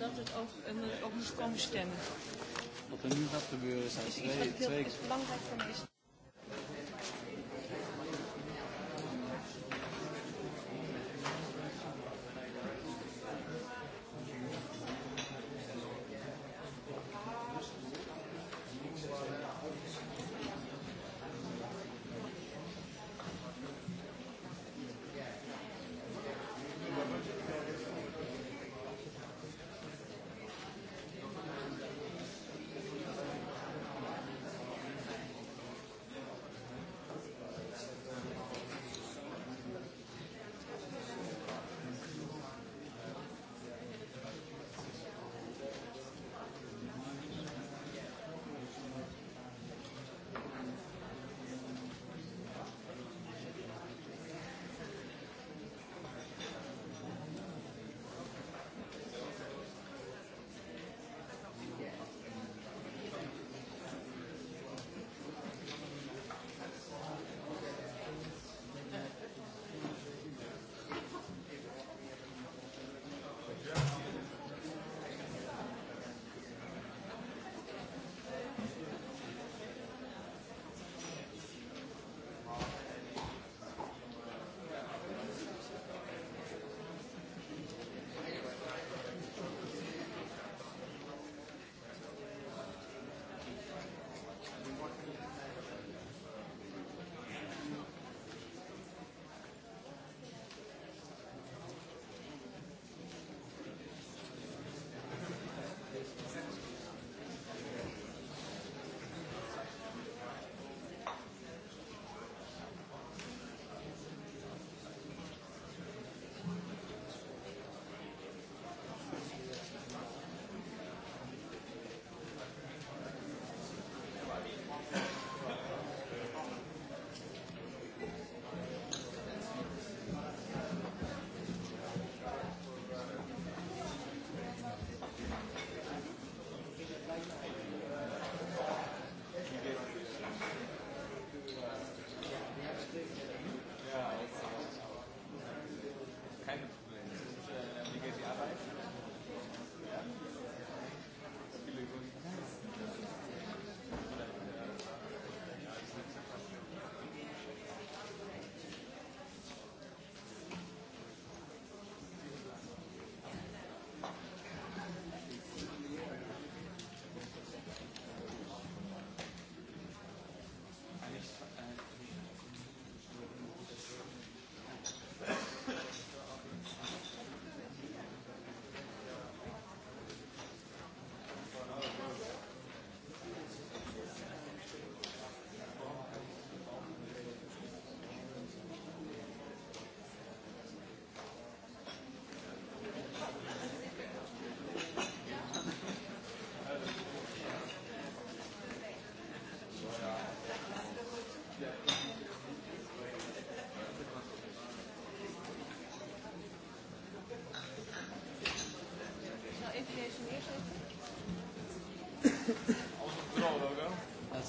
zodat het ook, eh, ook moest komen stemmen. Wat er nu gaat gebeuren zijn twee... belangrijk voor mij.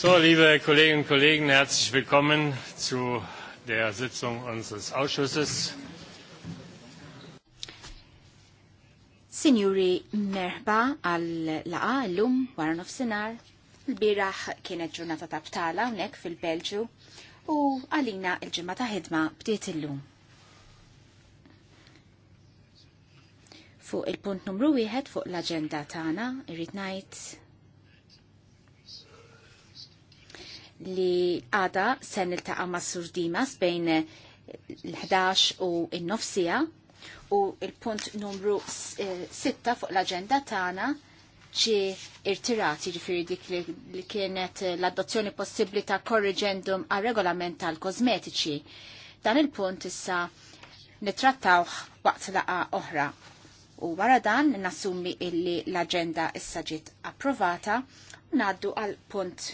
So, liebe Kolleginnen und Kollegen, herzlich willkommen zu der Sitzung unseres Ausschusses. Signori, merba għal-laqa l-lum wara nofsinar. L-biraħ kienet ġurnata ta' btala unek fil-Belġu u għalina il-ġimma ta' ħidma bdiet l lum Fuq il-punt numru wieħed fuq l-agenda tagħna irrid ngħid li għada se niltaqa' ma' surdima s bejn l-11 u n-nofsija u il-punt numru 6 fuq l-agenda tagħna ġi irtirati ġifiri dik li kienet l-adozzjoni possibbli ta' korriġendum għal regolament tal-kosmetiċi. Dan il-punt issa nitrattawħ waqt laqa oħra. U wara dan nassumi illi l-agenda issa ġiet approvata naddu għal punt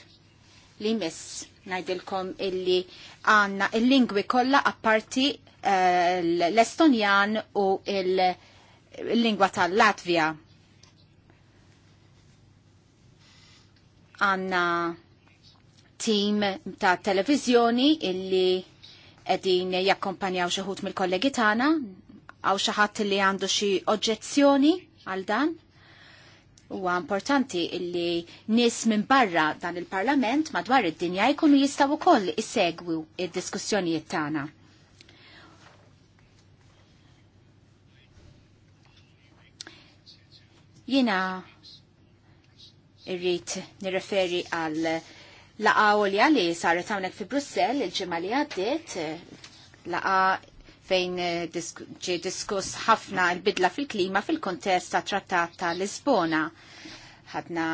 li miss najdilkom illi għanna il-lingwi kolla apparti uh, l-Estonjan u il-lingwa tal-Latvija. Għanna tim ta' televizjoni illi edin jakkompanjaw xaħut mill-kollegi tagħna, għaw xaħat li għandu xi oġġezzjoni għal dan. Huwa importanti illi nies minn barra dan il-Parlament madwar id-dinja jkunu jistgħu wkoll isegwu id-diskussjonijiet tagħna. Jiena irrid nirreferi għal laqa li għali saret hawnhekk fi Brussell il-ġimgħa li għaddiet laqa fejn eh, ġi diskuss ħafna l-bidla fil-klima fil-kontest ta' trattat ta' Lisbona. Ħadna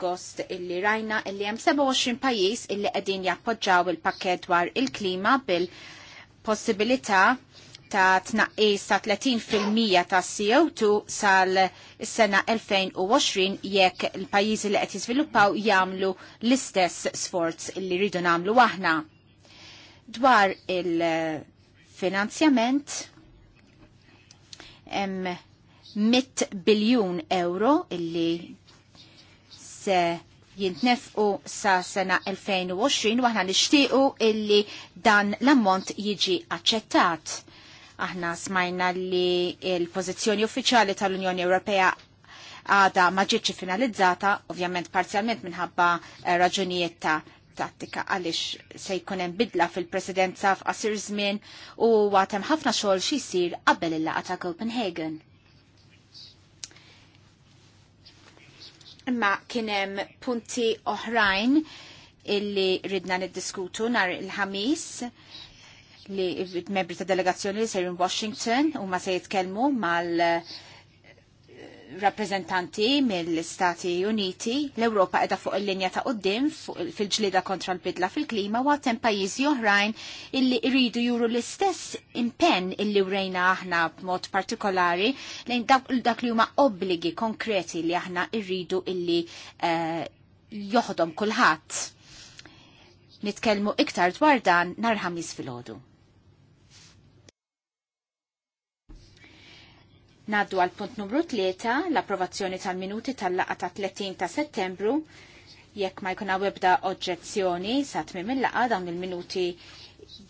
gost illi rajna illi hemm 27 pajjiż illi qegħdin jappoġġaw il-pakket dwar il-klima bil-possibilità ta' tnaqqis ta' 30% ta' CO2 sal-sena 2020 jekk il-pajjiżi li qed jiżviluppaw jagħmlu l-istess sforz li rridu nagħmlu aħna. Dwar il- finanzjament hemm 100 biljun euro illi se jintnefqu sa sena 2020 u aħna nixtiequ illi dan l-ammont jiġi aċċettat. Aħna smajna li l-pożizzjoni uffiċjali tal-Unjoni Ewropea għada ma ġietx finalizzata, ovvjament parzjalment minħabba eh, raġunijiet ta' tattika għaliex se jkun hemm bidla fil-presidenza f'qasir żmien u għatem ħafna xogħol xi jsir qabel il-laqgħa ta' Copenhagen. Imma kien hemm punti oħrajn illi ridna niddiskutu nhar il-ħamis li membri ta' delegazzjoni li sejrin Washington u ma se jitkellmu mal- uh, rappresentanti mill-Stati Uniti, l-Europa edha fuq il-linja ta' qoddim fil-ġlida kontra l-bidla fil-klima u għatem pajizi oħrajn illi rridu juru l-istess impenn illi urejna aħna b'mod partikolari lejn dak li huma obbligi konkreti li aħna rridu illi eh, joħdom kulħadd. Nitkellmu iktar dwar dan nar fil-ħodu. Naddu għal punt numru 3, l-approvazzjoni tal-minuti tal-laqa ta' 30 ta' settembru. Jekk ma jkun webda oġġezzjoni sa' tmim il-laqa dawn il-minuti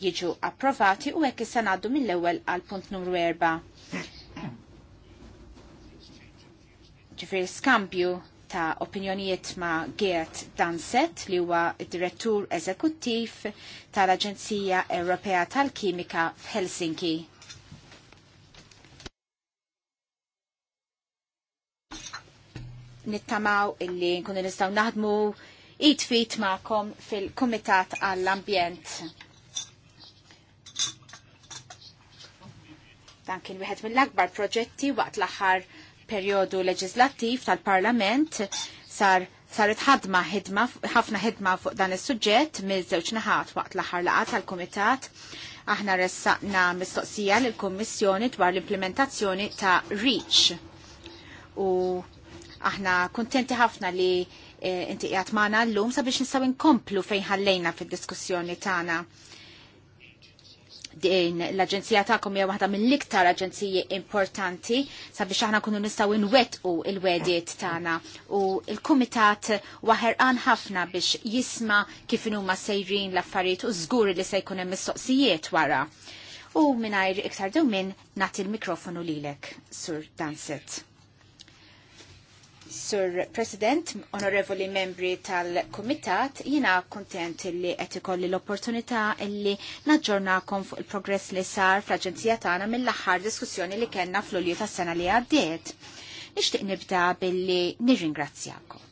jiġu approvati u hekk issa ngħaddu mill-ewwel għal punt numru 4. Ġifier skambju ta' opinjonijiet ma' Geert Danset li huwa direttur eżekuttiv tal-Aġenzija Ewropea tal-Kimika f'Helsinki. nittamaw illi nkunu nistaw naħdmu id-fit ma'kom fil-Kumitat għall-Ambjent. Dan kien wieħed mill-akbar proġetti waqt l-aħħar perjodu leġislattiv tal-Parlament sar saret ħadma ħidma ħafna ħidma fuq dan is-suġġett miż-żewġ naħat waqt l-aħħar laqgħa tal-Kumitat aħna ressaqna mistoqsija lill kummissjoni dwar l-implementazzjoni ta' REACH u Aħna kontenti ħafna li eh, inti qiegħed magħna llum sabiex nistgħu nkomplu fejn ħallejna fid-diskussjoni tagħna din l-aġenzija ta'kom hija waħda mill-iktar aġenziji importanti sabiex aħna kunu nistgħu nwettqu il-wediet tagħna u l-kumitat waħerqan ħafna biex jisma' kif huma sejrin l-affarijiet u żgur li se jkun hemm mistoqsijiet wara. U mingħajr iktar dew minn nagħti l-mikrofonu lilek, Sur Danset. Sur President, onorevoli membri tal-Kumitat, jina kontent li qed ikolli l-opportunità li naġġornakom fuq il-progress li sar fl-Aġenzija tagħna mill-aħħar diskussjoni li kellna fl-Ulju tas-sena li għaddiet. Nixtieq nibda billi nirringrazzjakom.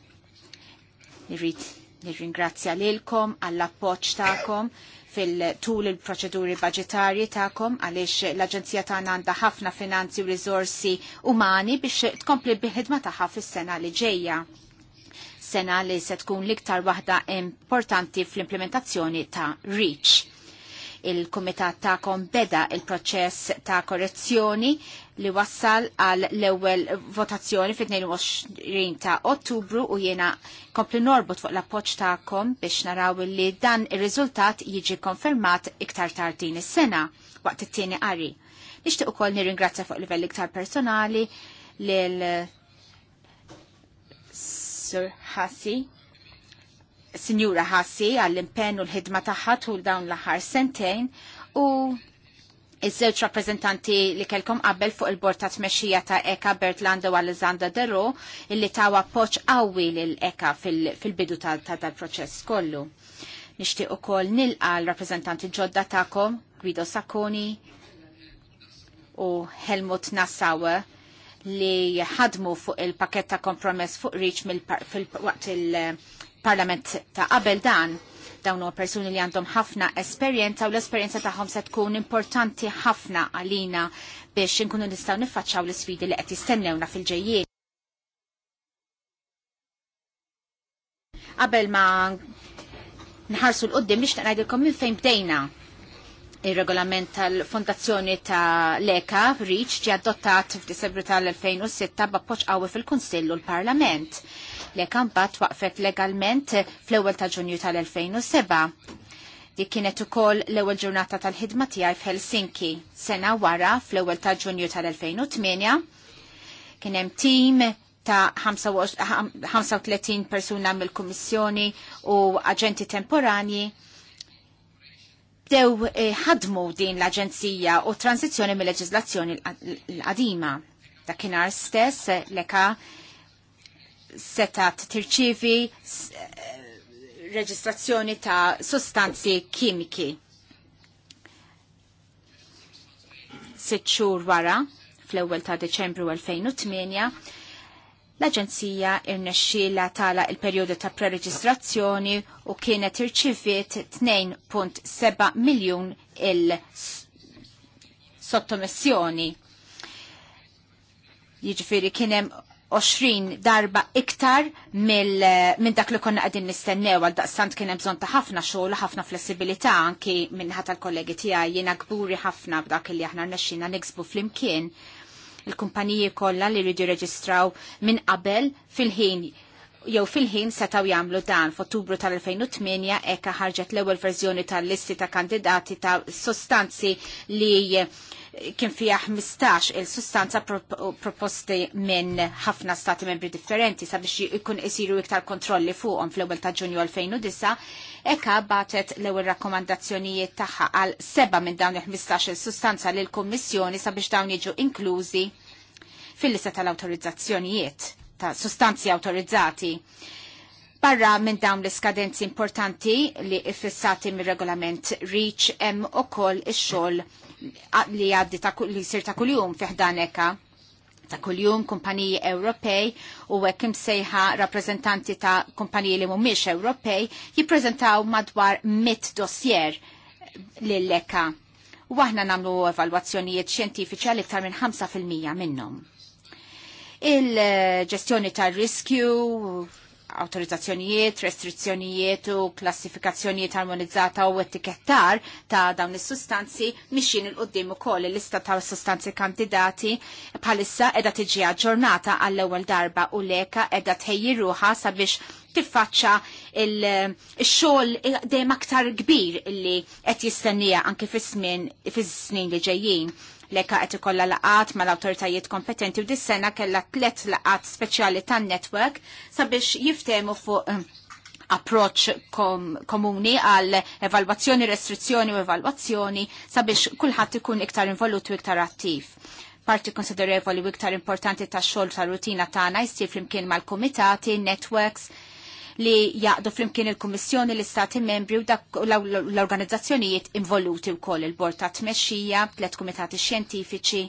Nirrid nirringrazzja lilkom għall-appoġġ tagħkom fil-tul il-proċeduri budgetari ta'kom għaliex l-Aġenzija tagħna għandha ħafna finanzi u rizorsi umani biex tkompli bil-ħidma tagħha fis-sena li ġejja sena li se tkun l-iktar waħda importanti fl-implementazzjoni ta' REACH Il-Kumitat ta'kom beda il-proċess ta' korrezzjoni li wassal għal l-ewwel votazzjoni fit-22 ta' Ottubru u jiena kompli norbut fuq l-appoġġ tagħkom biex naraw li dan ir-riżultat jiġi konfermat iktar tard din is-sena waqt it-tieni qari. Nixtieq ukoll nirringrazzja fuq livell iktar personali lil Sir Hassi Sinjura Hassi għall-impenn u l-ħidma tagħha tul dawn l-aħħar sentejn u Iż-żewġ rappreżentanti li kelkom qabel fuq il-bord ta' tmexxija ta' Eka Bertlando u Alessandra Dero illi tawa poċ qawwi lil Eka fil-bidu fil ta' tal-proċess kollu. Nixtieq ukoll nilqa l-rappreżentanti ġodda tagħkom Guido Sacconi u Helmut Nassawa li ħadmu fuq il-pakket ta' kompromess fuq riċ waqt il- parlament ta' qabel dan dawn u persuni li għandhom ħafna esperjenza u l-esperjenza tagħhom se tkun importanti ħafna għalina biex inkunu nistgħu niffaċċaw l-isfidi li qed jistennewna fil-ġejjien. Qabel ma nħarsu l-qoddim biex ngħidilkom minn fejn bdejna Il-regolament tal-fondazzjoni ta' Leka Reach ġi adottat f'Disembru tal-2006 b'appoġġ qawwi fil-Kunsill u l-Parlament. Leka mbagħad waqfet legalment fl-ewwel ta' Ġunju tal-2007 Dik kienet ukoll l-ewwel ġurnata tal-ħidma tiegħi f'Helsinki. Sena wara fl-ewwel ta' Ġunju tal-2008 kien hemm tim ta' 35 persuna mill-Kummissjoni u aġenti temporanji bdew eh, ħadmu din l-Aġenzija u t-transizzjoni mill-leġizlazzjoni l-qadima. Dakinar stess eh, leka setat tirċivi eh, reġistrazzjoni ta' sostanzi kimiki. Sitt xhur wara, fl-ewwel ta' Deċembru 2008, L-Aġenzija irnexxiela tala il-perjodu ta' prereġistrazzjoni u kienet irċiviet 2.7 miljun il-sottomissjoni. Jiġifieri kien hemm 20 darba iktar mill, minn dak li konna qegħdin nistennew għal daqstant kien hemm bżonn ta' ħafna xogħol, u ħafna flessibilità anki minn ħadd tal-kollegi tiegħi jiena kburi ħafna b'dak li aħna rnexxina niksbu flimkien il-kumpaniji kollha li jridu jirreġistraw minn qabel fil-ħin jew fil-ħin setaw jagħmlu dan f'Ottubru tal-2008 ekka ħarġet l-ewwel verżjoni tal-listi ta' kandidati ta' sostanzi li kien fija 15 il-sustanza proposti minn ħafna stati membri differenti sabiex ikun isiru iktar kontrolli fuqhom fl-ewwel ta' Ġunju 2009, eka batet l-ewwel rakkomandazzjonijiet tagħha għal seba minn dawn il-15 il-sustanza lil kummissjoni sabiex dawn jiġu inklużi fil-lista tal-awtorizzazzjonijiet ta' sustanzi awtorizzati barra minn dawn l-iskadenzi importanti li ifissati mir regolament REACH hemm ukoll ix-xogħol li għaddi li sir ta' kuljum fiħdan eka ta' kuljum kumpaniji Ewropej u hekk sejħa rappreżentanti ta' kumpaniji li mhumiex Ewropej jippreżentaw madwar mit dossier l eka U aħna nagħmlu evalwazzjonijiet xjentifiċi għal iktar minn 5% minnhom. Il-ġestjoni tar riskju autorizzazzjonijiet, restrizzjonijiet u klassifikazzjonijiet armonizzata u etikettar ta' dawn is-sustanzi mixin il-qoddim ukoll il-lista ta' sustanzi kandidati bħalissa edha tiġi aġġornata għall-ewwel darba u leka edha tħejji ruħa sabiex tiffaċċa il-xogħol dejjem aktar kbir li qed jistennija anke fis-snin li ġejjin. Leka qed ikolla laqat mal-awtoritajiet kompetenti u dis-sena kellha tliet laqat speċjali tan-network sabiex jiftemu fuq eh, approach kom komuni għal evalwazzjoni, restrizzjoni u evalwazzjoni sabiex kulħadd ikun iktar involut u iktar attiv parti konsiderevoli u iktar importanti ta' xogħol ta' rutina tagħna jsir flimkien mal-komitati, networks, li jaqdu flimkien il-Kummissjoni, l-Istati membri u l-organizzazzjonijiet involuti u koll il-Bord ta' Tmexxija, tliet kumitati xjentifiċi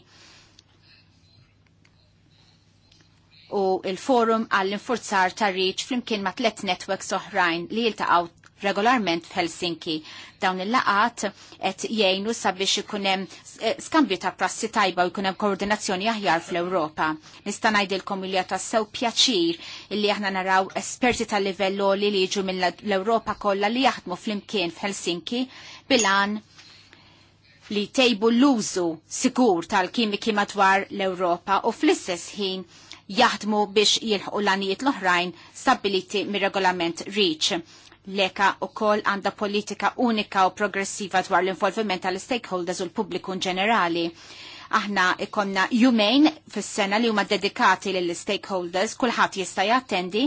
u il-Forum għall-infurzar ta' riċ flimkien ma' tliet networks oħrajn li jiltaqgħu regolarment f'Helsinki. Dawn il-laqat qed jgħinu sabiex ikun hemm eh, skambju ta' prassi tajba u jkun hemm koordinazzjoni aħjar fl-Ewropa. Nista' ngħidilkom il ta' tassew pjaċir illi aħna naraw esperti tal livell li li jiġu l ewropa kollha li jaħdmu flimkien f'Helsinki bilan li tejbu l-użu sigur tal-kimiki madwar l-Ewropa u fl-istess ħin jaħdmu biex jilħqu l-anijiet l-oħrajn stabiliti mir regolament REACH. Leka u kol għanda politika unika u progressiva dwar l-involviment tal-stakeholders u l-pubbliku ġenerali. Aħna ikonna jumejn fis-sena li huma dedikati lill stakeholders kulħadd jista' jattendi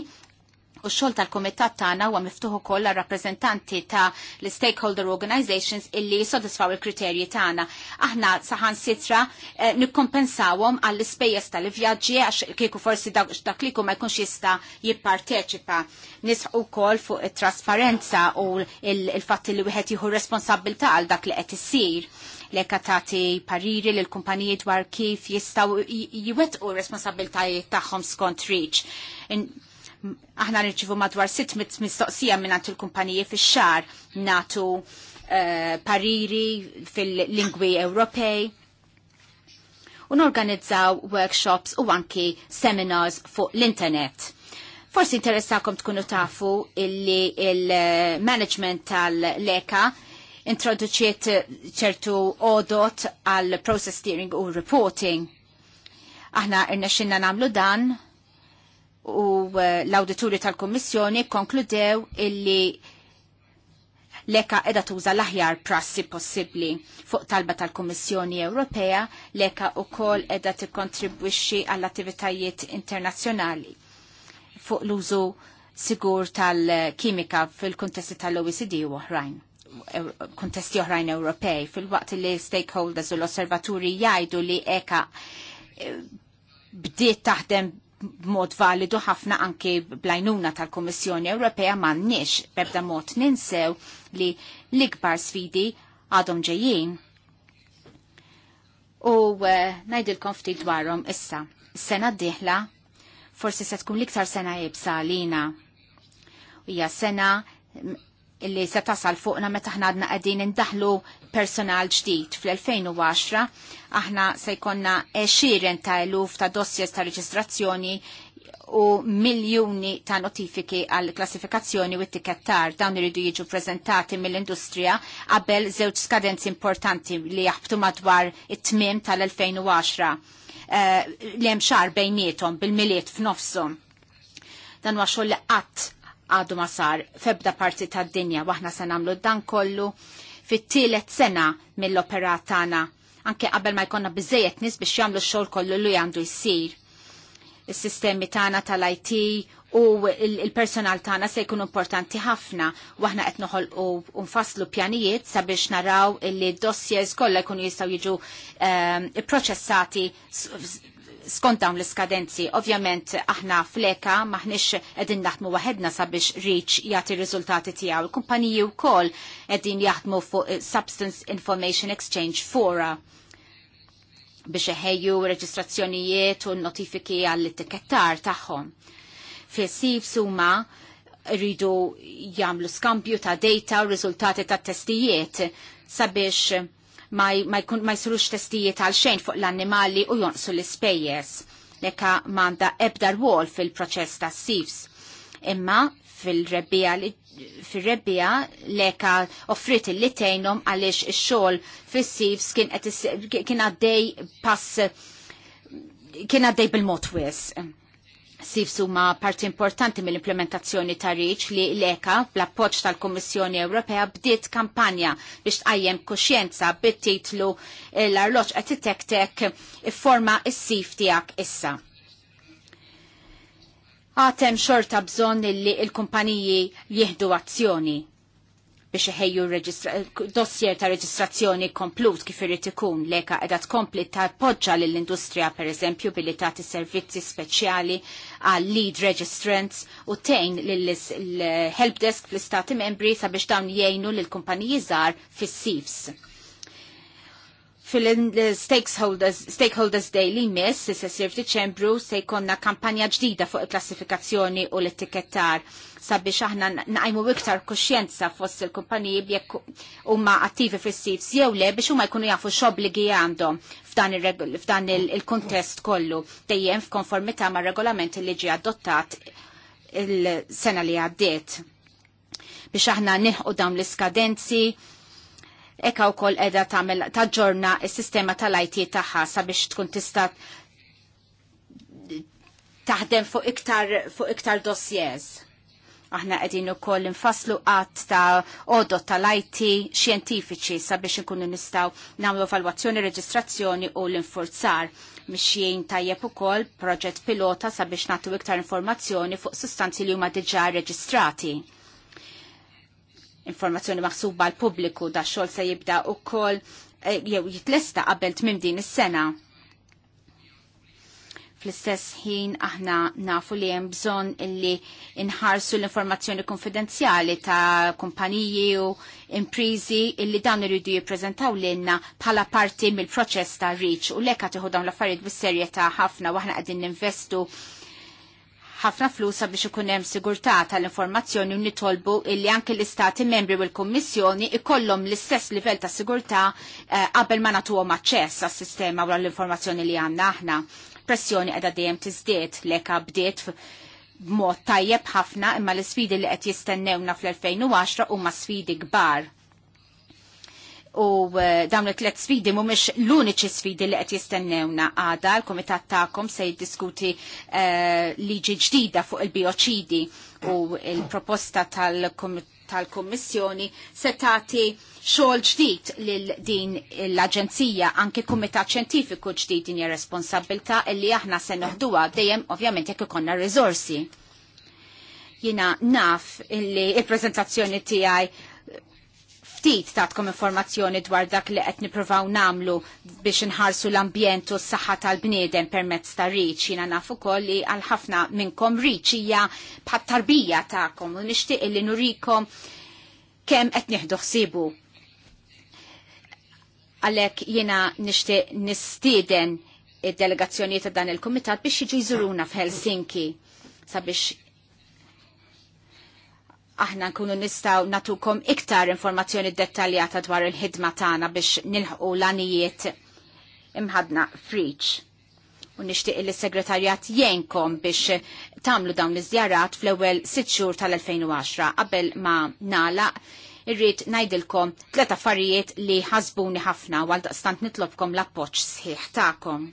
U xol tal-komitat tagħna huwa miftuħ ukoll rappreżentanti ta' l-stakeholder organizations illi sodisfaw il-kriterji tagħna. Aħna saħan sitra eh, nikkompensawhom għall-ispejjeż tal-vjaġġi għax kieku forsi dak, liku ma jkunx jista' jipparteċipa. Nisħu ukoll fuq it-trasparenza u il-fatti li wieħed jieħu responsabilità għal dak li qed issir lekka tati pariri l kumpaniji dwar kif jistaw jiwet u responsabiltajiet taħħom skont reach aħna nirċivu madwar 600 mistoqsija minn il-kumpaniji fix-xar natu uh, pariri fil-lingwi Ewropej u norganizzaw workshops u anki seminars fuq l-internet. Forsi interessakom tkunu tafu illi il-management tal-leka introduċiet ċertu odot għal process steering u reporting. Aħna irnexxinna namlu dan u eh, l-awdituri tal-Kommissjoni konkludew illi leka edha tuża l-aħjar prassi possibbli fuq talba tal-Kummissjoni Ewropea leka u kol edha tikkontribwixxi għall-attivitajiet internazzjonali fuq l-użu sigur tal-kimika fil-kontesti tal-OECD u oħrajn kontesti oħrajn Ewropej fil-waqt li stakeholders u l-osservaturi jgħidu li eka eh, bdiet taħdem b'mod validu ħafna anke blajnuna tal-Kommissjoni Ewropea m'għandniex b'ebda mod ninsew li l-ikbar sfidi għadhom ġejjin. U uh, ngħidilkom ftit dwarhom issa. sena d-dieħla forsi se tkun l-iktar sena jibsa għalina. Hija sena illi se tasal fuqna meta aħna għadna qegħdin indaħlu personal ġdid fl-2010 aħna se jkollna xiren ta' eluf ta' dossiers ta' reġistrazzjoni u miljuni ta' notifiki għal klassifikazzjoni u t-tikettar dawn iridu jiġu prezentati mill-industrija qabel żewġ skadenzi importanti li jaħbtu madwar it-tmim tal-2010 uh, li hemm xar bejnietom bil-miliet f'nofshom. Dan huwa xogħol qatt għadu ma sar febda parti tad dinja waħna se nagħmlu dan kollu fit-tielet sena mill-opera tagħna anke qabel ma jkollna bizzejet nis biex jagħmlu x-xogħol kollu li għandu jsir. Is-sistemi tagħna tal-IT u il-personal tagħna se jkun importanti ħafna waħna qed noħolqu nfasslu pjanijiet sabiex naraw li d-dossiers kollha jkunu jistgħu jiġu um, ipproċessati skont dawn l-iskadenzi. Ovvjament aħna fleka maħnix edin naħdmu waħedna sabiex reach jati riżultati tiegħu. Il-kumpaniji wkoll edin jaħdmu fuq Substance Information Exchange Fora biex eħeju reġistrazzjonijiet u notifiki għall-etikettar tagħhom. Fil-sib suma rridu jagħmlu skambju ta' data u riżultati ta' testijiet sabiex ma, jisrux testijiet għal xejn fuq l-annimali u jonqsu l-ispejjeż. Lekka manda ebda rwol fil-proċess ta' sifs. Imma fil-rebbija fil-rebbija leka offrit li tejnom għalix il-xol fil-sifs kien għaddej pass kien għaddej bil-motwis. Sif huma parti importanti mill-implementazzjoni ta' Reach li l-EKA bl-appoġġ tal-Kummissjoni Ewropea bdiet kampanja biex tqajjem kuxjenza bit-titlu eh, l arloġ qed titektek forma s-sif tiegħek issa. Għatem xorta bżonn li l-kumpaniji jieħdu azzjoni biex iħejju dossier ta' reġistrazzjoni komplut kif irid ikun leka qiegħda tkompli ta' poġġa lill-industrija pereżempju billi tagħti servizzi speċjali għal lead registrants u tejn lill-helpdesk fl-istati membri sabiex dawn jgħinu lill kumpaniji żgħar fis-sifs fil-stakeholders stakeholders day li miss, s sir f'Diċembru se jkonna kampanja ġdida fuq il-klassifikazzjoni u l-etikettar sabiex aħna naqajmu iktar kuxjenza fost il-kumpaniji bjekk huma attivi fis-sifs jew le biex huma jkunu jafu x'obbligi għandhom f'dan il-kontest kollu dejjem f'konformità ma' regolamenti li ġie adottat il-sena li għaddiet biex aħna neħqu dawn l-iskadenzi Eka u kol edha tamel taġġorna il-sistema tal-IT taħħa sabiex tkun tista taħdem fuq iktar, fuq iktar dossiers. Aħna edin u koll infaslu għat ta' odot tal-IT xjentifiċi sabiex nkunu nistaw namlu evalwazzjoni reġistrazzjoni u l-infurzar mixjien tajjeb ukoll proġett pilota sabiex nagħtu iktar informazzjoni fuq sustanzi li huma diġà reġistrati informazzjoni maħsuba għal pubbliku da xol se jibda wkoll eh, jew jitlesta qabel tmim din is-sena. Fl-istess ħin aħna nafu li hemm bżonn illi inħarsu l-informazzjoni konfidenzjali ta' kumpaniji u imprizi illi dawn iridu jippreżentaw lilna bħala parti mill-proċess ta' riċ u lekka tieħu dawn l-affarijiet bis-serjetà ħafna waħna qegħdin ninvestu ħafna flusa biex ikun hemm sigurtà tal-informazzjoni u nitolbu illi anke l-istati membri u l-Kummissjoni ikollhom l-istess livell ta' sigurtà eh, qabel ma nagħtuhom aċċess għas-sistema wara l-informazzjoni li għandna aħna. Pressjoni qiegħda dejjem tiżdied l'ek bdiet b'mod tajjeb ħafna imma l isfidi li qed jistennewna fl-2010 huma sfidi kbar u eh, dawn it-tlet sfidi mhumiex l-uniċi sfidi li qed jistennewna għada l-kumitat tagħkom se jiddiskuti eh, liġi ġdida fuq il-bioċidi u il-proposta tal-Kummissjoni se tagħti xogħol ġdid lil din l-Aġenzija anke kumitat Ċjentifiku ġdid din responsabilità li aħna se noħduha dejjem ovvjament jekk ikonna riżorsi jina naf li il-prezentazzjoni tijaj ftit tatkom informazzjoni dwar dak li qed nippruvaw namlu biex inħarsu l-ambjent u s-saħħa tal-bniedem permezz ta' riċ. Jiena naf ukoll li għal ħafna minnkom riċ hija bħat tarbija tagħkom u nixtieq li nurikom kemm qed nieħdu ħsibu Għalhekk jiena nixtieq nistieden id-delegazzjoni ta' dan il kumitat biex jiġu jżuruna f'Helsinki sabiex aħna nkunu nistaw natukom iktar informazzjoni dettaljata dwar il-ħidma tagħna biex nilħqu l-anijiet imħadna friċ. U nixtieq lis segretarjat jenkom biex tamlu dawn iż-żjarat fl-ewwel sitt xhur tal-2010 qabel ma nala irrid ngħidilkom tleta affarijiet li ħasbuni ħafna għal daqstant nitlobkom l-appoġġ sħiħ tagħkom.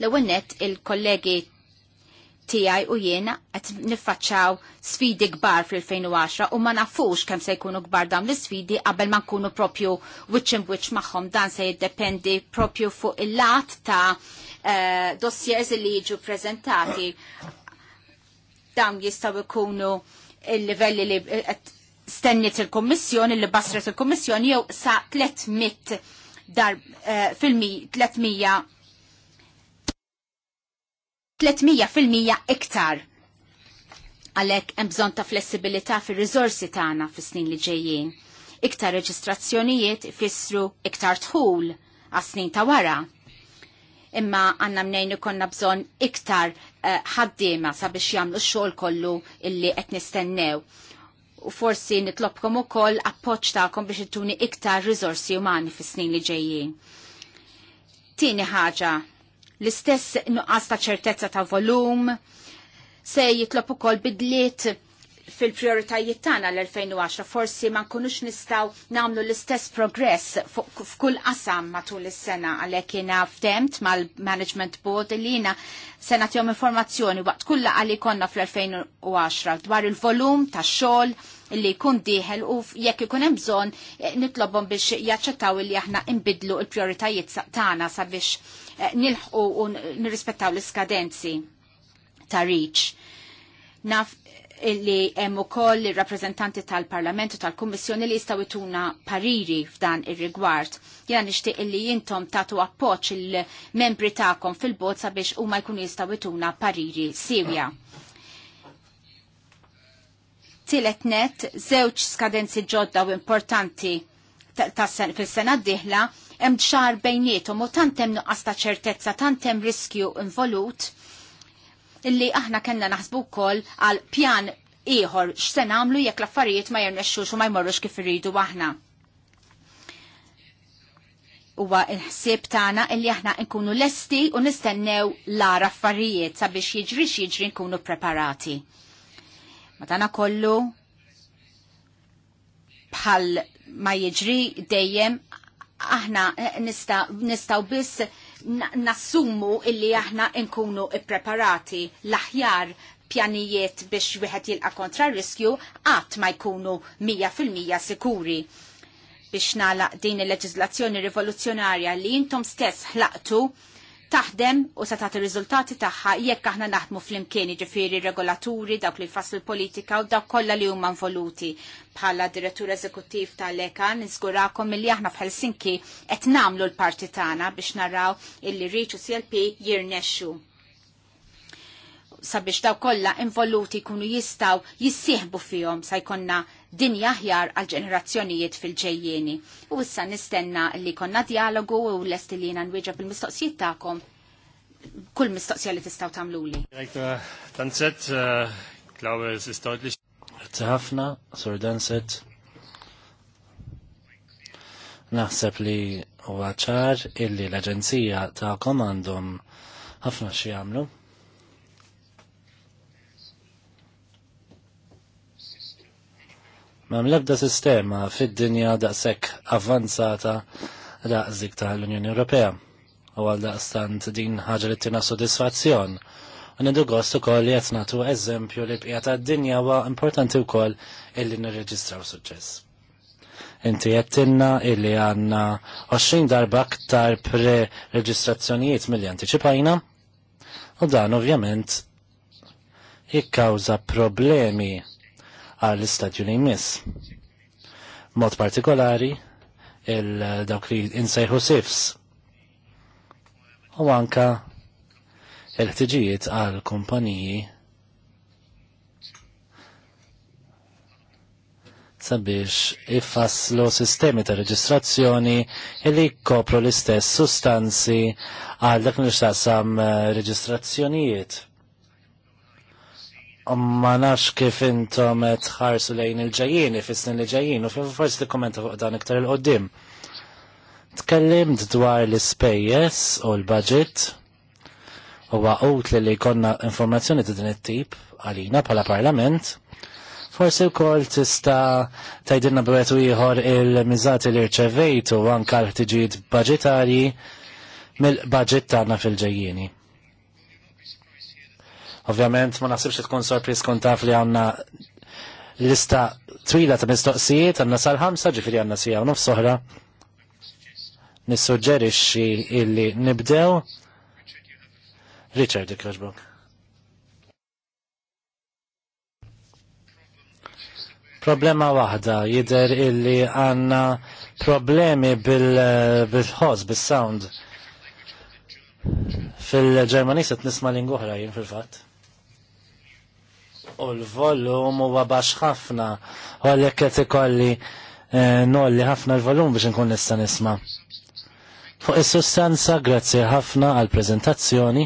L-ewwel nett il-kollegi tiegħi u jiena qed niffaċċaw sfidi kbar fil-2010 u ma nafux kemm se jkunu kbar dawn l-isfidi qabel ma nkunu propju wiċċ imwiċċ magħhom dan se jiddependi propju fuq il-lat ta' uh, dossiers li jiġu preżentati dawn jistgħu jkunu il-livelli li eh, stennit il-Kommissjoni, li basret il-Kommissjoni jew sa 300 dar uh, fil-mi 300 300% iktar. Għalek hemm bżonn ta' flessibilità fir-riżorsi tagħna fis-snin li ġejjin. Iktar reġistrazzjonijiet ifissru iktar tħul għas-snin ta' wara. Imma għanna mnejn ikonna bżonn iktar eh, ħaddiema uh, sabiex jagħmlu x-xogħol kollu illi qed nistennew u forsi nitlobkom u koll appoċ biex ittuni iktar rizorsi umani fis snin li ġejjin. Tini ħaġa l-istess nuqqas ta' ċertezza ta' volum, se jitlob ukoll bidliet fil-prioritajiet tagħna l-2010 forsi ma nkunux nistgħu nagħmlu l-istess progress f'kull qasam matul is-sena għalhekk jiena ftemt mal-Management Board li jiena se nagħtihom informazzjoni waqt kulla laqgħa li konna fl-2010 dwar il-volum tax-xogħol li jkun dieħel u jekk ikun hemm bżonn eh, nitlobhom biex jaċċettaw li aħna nbidlu l-prioritajiet tagħna sabiex eh, nilħqu u nirrispettaw l-iskadenzi ta' reach naf li hemm ukoll ir-rappreżentanti tal-Parlament u tal-Kummissjoni li jistgħu jtuna pariri f'dan ir-rigward. Jiena nixtieq li jintom tagħtu appoġġ il-membri tagħkom fil-bozza biex huma jkunu jistgħu jtuna pariri siwja. Tielet net, żewġ skadenzi ġodda u importanti fil-sena d-dieħla hemm ċar bejnietom u tant hemm nuqqas ta' ċertezza, tant hemm riskju involut illi aħna kena naħsbu wkoll għal pjan ieħor x'se nagħmlu jekk l-affarijiet ma jirnexxux u ma jmorrux kif irridu aħna. Huwa l-ħsieb tagħna illi aħna nkunu lesti u nistennew l-ara affarijiet sabiex jiġri x'jiġri nkunu preparati. Matana kollu bħal ma jiġri dejjem aħna nista, nistaw biss nassumu illi aħna nkunu ippreparati l-aħjar pjanijiet biex wieħed jilqa kontra riskju qatt ma jkunu 100% sikuri biex nalaq din il-leġizlazzjoni rivoluzzjonarja li jintom stess ħlaqtu taħdem u se tagħti riżultati tagħha jekk aħna naħdmu fl-imkien ġifieri regolaturi dawk li fassu l-politika u dawk kollha li huma involuti. Bħala direttur eżekuttiv tal-Eka niżgurakom milli aħna f'Helsinki qed nagħmlu l-parti tagħna biex naraw illi riċu CLP jirnexxu sabiex daw kollha involuti jkunu jistgħu jissieħbu fihom sa jkollna din aħjar għal ġenerazzjonijiet fil-ġejjieni. U issa nistenna li konna dialogu u lest li jena nwieġa bil-mistoqsijiet ta'kom kull mistoqsija li tistaw tamluli. Danzet, Sur Danzet. Naħseb li u għacħar illi l-Aġenzija ta' komandum ħafna xi jagħmlu l-ebda sistema fid-dinja daqshekk avvanzata ta l unjoni Ewropea. U għal daqstant din ħaġa li tina soddisfazzjon. nidu gost kol li jatnatu eżempju li bqija tad dinja wa importanti u kol illi nirreġistraw suċċess. Inti jettinna illi għanna 20 darba aktar pre-reġistrazzjonijiet mill antiċipajna u dan ovvjament jikkawza problemi għall-istadju li jmiss. Mod partikolari il-dawk li insejħu sifs u anka il-ħtiġijiet għal kumpaniji sabiex ifasslu sistemi ta' reġistrazzjoni li kopru l-istess sustanzi għal dak nixtaqsam eh, reġistrazzjonijiet ma nafx kif intom tħarsu lejn il-ġajjini, fis li ġajjin, u forsi tikkommenta fuq dan iktar il-qoddim. Tkellimt dwar l-ispejjeż u l-budget u għaqut li li konna informazzjoni ta' din it-tip għalina bħala parlament. Forsi wkoll tista' tgħidilna bwetu ieħor il-miżati li rċevejtu anke l-ħtiġijiet budġetarji mill-budget tagħna fil-ġejjieni. Ovvjament ma naħsibx tkun sorpris kun taf li għandna lista twila ta' mistoqsijiet għandna sal ħamsa ġifiri għandna sija u nofs Nissuġġerixxi illi nibdew. Richard Kirchbrook. Problema waħda jidher illi għandna problemi bil-ħoż, bil-sound. Fil-Ġermanis qed nisma' lingwoħra jien fil-fatt u l-volum huwa għabax ħafna u għalhekk qed ikolli eh, nolli ħafna l-volum biex nkun nista' nisma'. Fuq is-sustanza grazzi ħafna għall preżentazzjoni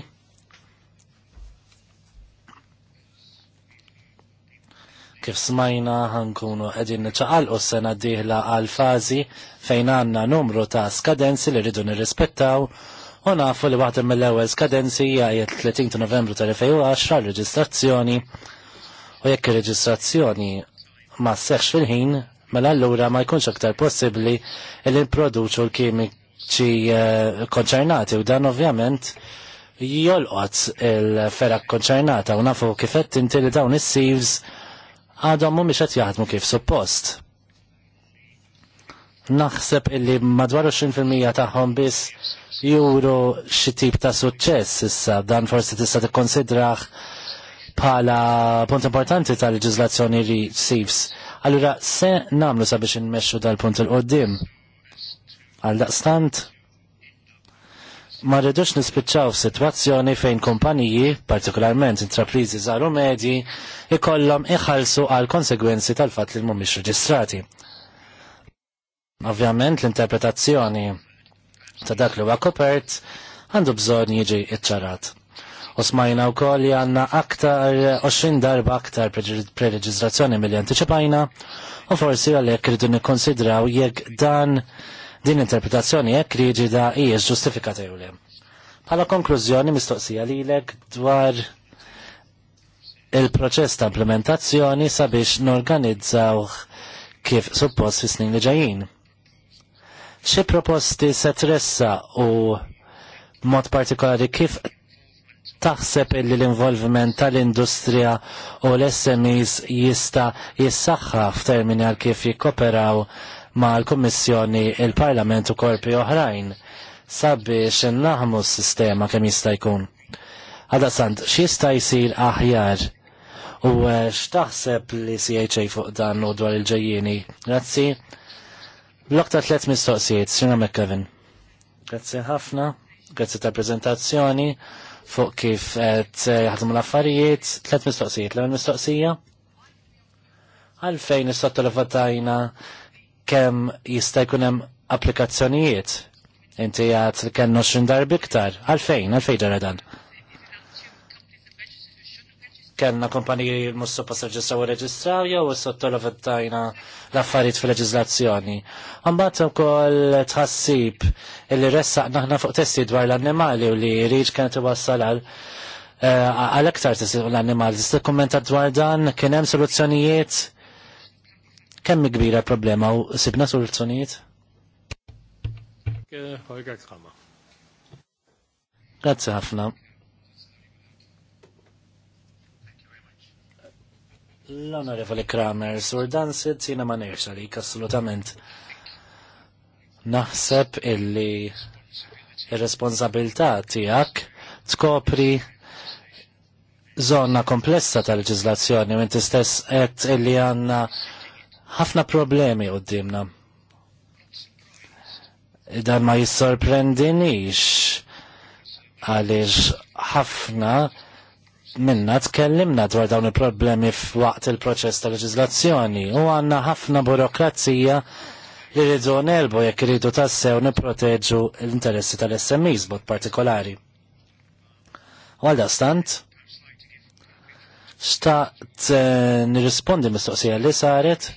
kif smajna ħankunu qegħdin niċaqalqu s-sena d-dieħla għal fażi fejn għandna numru ta' skadenzi li rridu nirrispettaw u nafu li waħda mill-ewwel skadenzi hija 30 ta' Novembru tal-2010 reġistrazzjoni U jekk ir-reġistrazzjoni ma seħx fil-ħin, mela allura ma jkunx aktar possibbli li nproduċu l-kimiċi eh, konċernati u dan ovvjament jolqot il-ferak konċernata u nafu kifett inti li dawn is-sieves għadhom mhumiex qed jaħdmu kif suppost. Naħseb illi madwar 20% tagħhom biss juru xi tip ta' suċċess issa dan forsi tista' tikkonsidrah pala punt importanti tal-leġizlazzjoni receivs. Allura, se namlu sabiex nmexxu dal-punt il-qoddim? Għal daqstant, ma rridux nispiċċaw situazzjoni fejn kumpaniji, partikolarment intraprizi u medji, ikollhom iħallsu għal konsegwenzi tal-fatt li mhumiex reġistrati. Ovvjament l-interpretazzjoni ta' dak li huwa kopert għandu bżonn jiġi iċċarat. U smajna u koll li għanna aktar 20 eh, darba aktar prereġistrazzjoni mill anticipajna u forsi għalek rridu nikkonsidraw jekk dan din interpretazzjoni jekk riġida hijiex ġustifikata jew le. Bħala konklużjoni mistoqsija lilek dwar il-proċess ta' implementazzjoni sabiex norganizzaw kif suppost fi snin li ġajin. Xi proposti se u mod partikolari kif taħseb illi l-involviment tal-industrija u l-SMEs jista jissaxħa f'termini għal kif jikkoperaw ma' l-Kommissjoni, il-Parlament u korpi oħrajn sabiex naħmu s-sistema kemm jista' jkun. Għada sant, x'jista' jsir aħjar u eh, x'taħseb li CHA fuq dan u dwar il-ġejjieni. Grazzi. Blok ta' tliet mistoqsijiet, x'inha Kevin? Grazzi ħafna, grazzi tal-preżentazzjoni fuq kif eh, ħadmu l-affarijiet, tlet mistoqsijiet, l mistoqsija għalfejn s sotto l-fattajna kemm jista' jkun hemm applikazzjonijiet. Inti għat li kellna 20 darbi iktar. Għalfejn, għalfejn ġara dan kellna kompaniji mussu passaġġi saw reġistraw jew sottolavittajna l-affarijiet fil leġislazzjoni Mbagħad ukoll tħassib li ressaq naħna fuq testi dwar l-annimali u li riġ kienet iwassal għal eh, għal aktar l-annimali. Tista' kummenta dwar dan kien hemm soluzzjonijiet kemm kbira problema u sibna soluzzjonijiet? Grazie ħafna. L-onorevoli Kramer, sur dan sit jina ma nerx għalik, assolutament. Naħseb illi il responsabilità tiegħek tkopri zona komplessa ta' leġizlazzjoni minn inti stess qed illi għandna ħafna problemi qudiemna. Dan ma jissorprendinix għaliex ħafna minna tkellimna dwar dawn il-problemi f'waqt il-proċess ta' leġizlazzjoni u għanna ħafna burokrazija li rridu nelbu jekk rridu tassew nipproteġu l-interessi tal-SMEs bot partikolari. Għalda stant, xtaqt eh, nirrispondi mistoqsija li saret,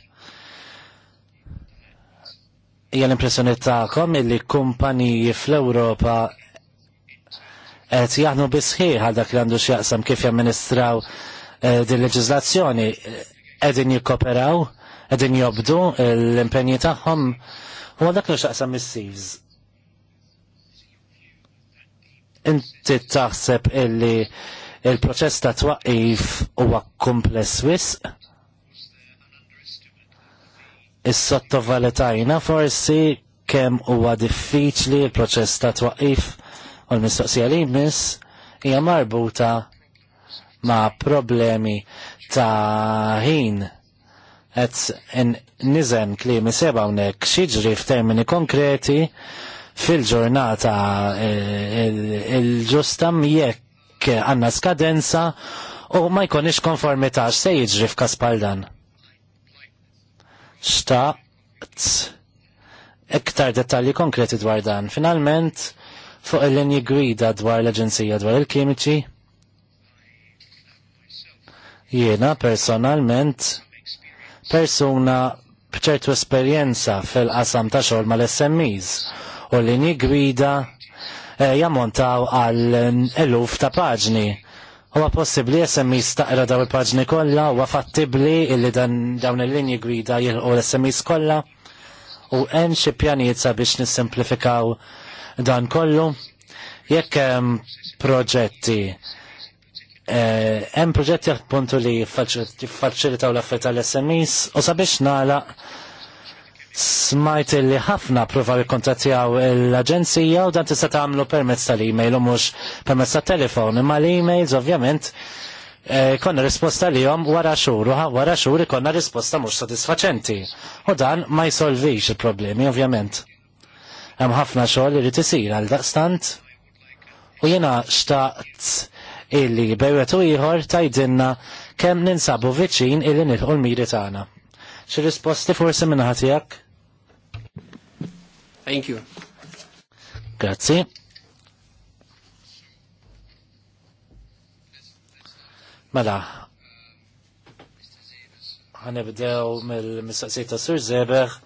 hija l-impressjoni tagħkom illi kumpaniji fl-Ewropa qed jaħnu bisħiħ għal dak li għandu x'jaqsam kif jamministraw eh, din leġiżlazzjoni qegħdin jikkoperaw, qegħdin jobdu l-impenji tagħhom u dak li x'jaqsam is-sivs. Inti taħseb illi il-proċess ta' twaqif huwa kumpless wisq? Is-sottovaletajna forsi kemm huwa diffiċli l proċess ta' twaqif? U l-mistoqsija li jmiss hija marbuta ma' problemi ta' ħin qed nizem klimi seba' hawnhekk xiġri f'termini konkreti fil-ġurnata eh, il-ġustam jekk għanna skadenza u ma jkunix konformità se jiġri f'kas dan. Xtaqt iktar dettalji konkreti dwar dan. Finalment, fuq il-linji gwida dwar l-Aġenzija dwar il-Kimiċi. Jiena personalment persuna bċertu esperjenza fil-qasam ta' xogħol mal-SMEs u l-linji gwida eh, jammontaw għal eluf ta' paġni. Huwa possibbli SMI staqra daw il-paġni kollha, huwa fattibbli illi dan dawn il-linji grida jilqu l-SMIs kollha u hemm xi pjanijiet sabiex nissimplifikaw dan kollu jekk hemm proġetti eh, hemm proġetti appuntu li jiffaċilitaw l-affet tal-SMEs u sabiex nagħlaq smajt li ħafna prova jikkontattjaw l-aġenzija u dan tista' tagħmlu permezz tal-email u mhux permezz tat-telefon. Imma l-emails ovvjament eh, konna risposta li jom wara xur, wara xur konna risposta mux satisfaċenti. U dan ma jisolvix il-problemi, ovvjament. Hemm ħafna xogħol irid isir għal daqstant u jiena xtaqt illi bejwetu ieħor tajdinna kemm ninsabu viċin illi nilħu l-miri tagħna. Xi risposti forsi minn ħatijak? Thank you. Grazzi. Mela, ħanibdew mill-mistaqsijiet ta' Sur Zebeħ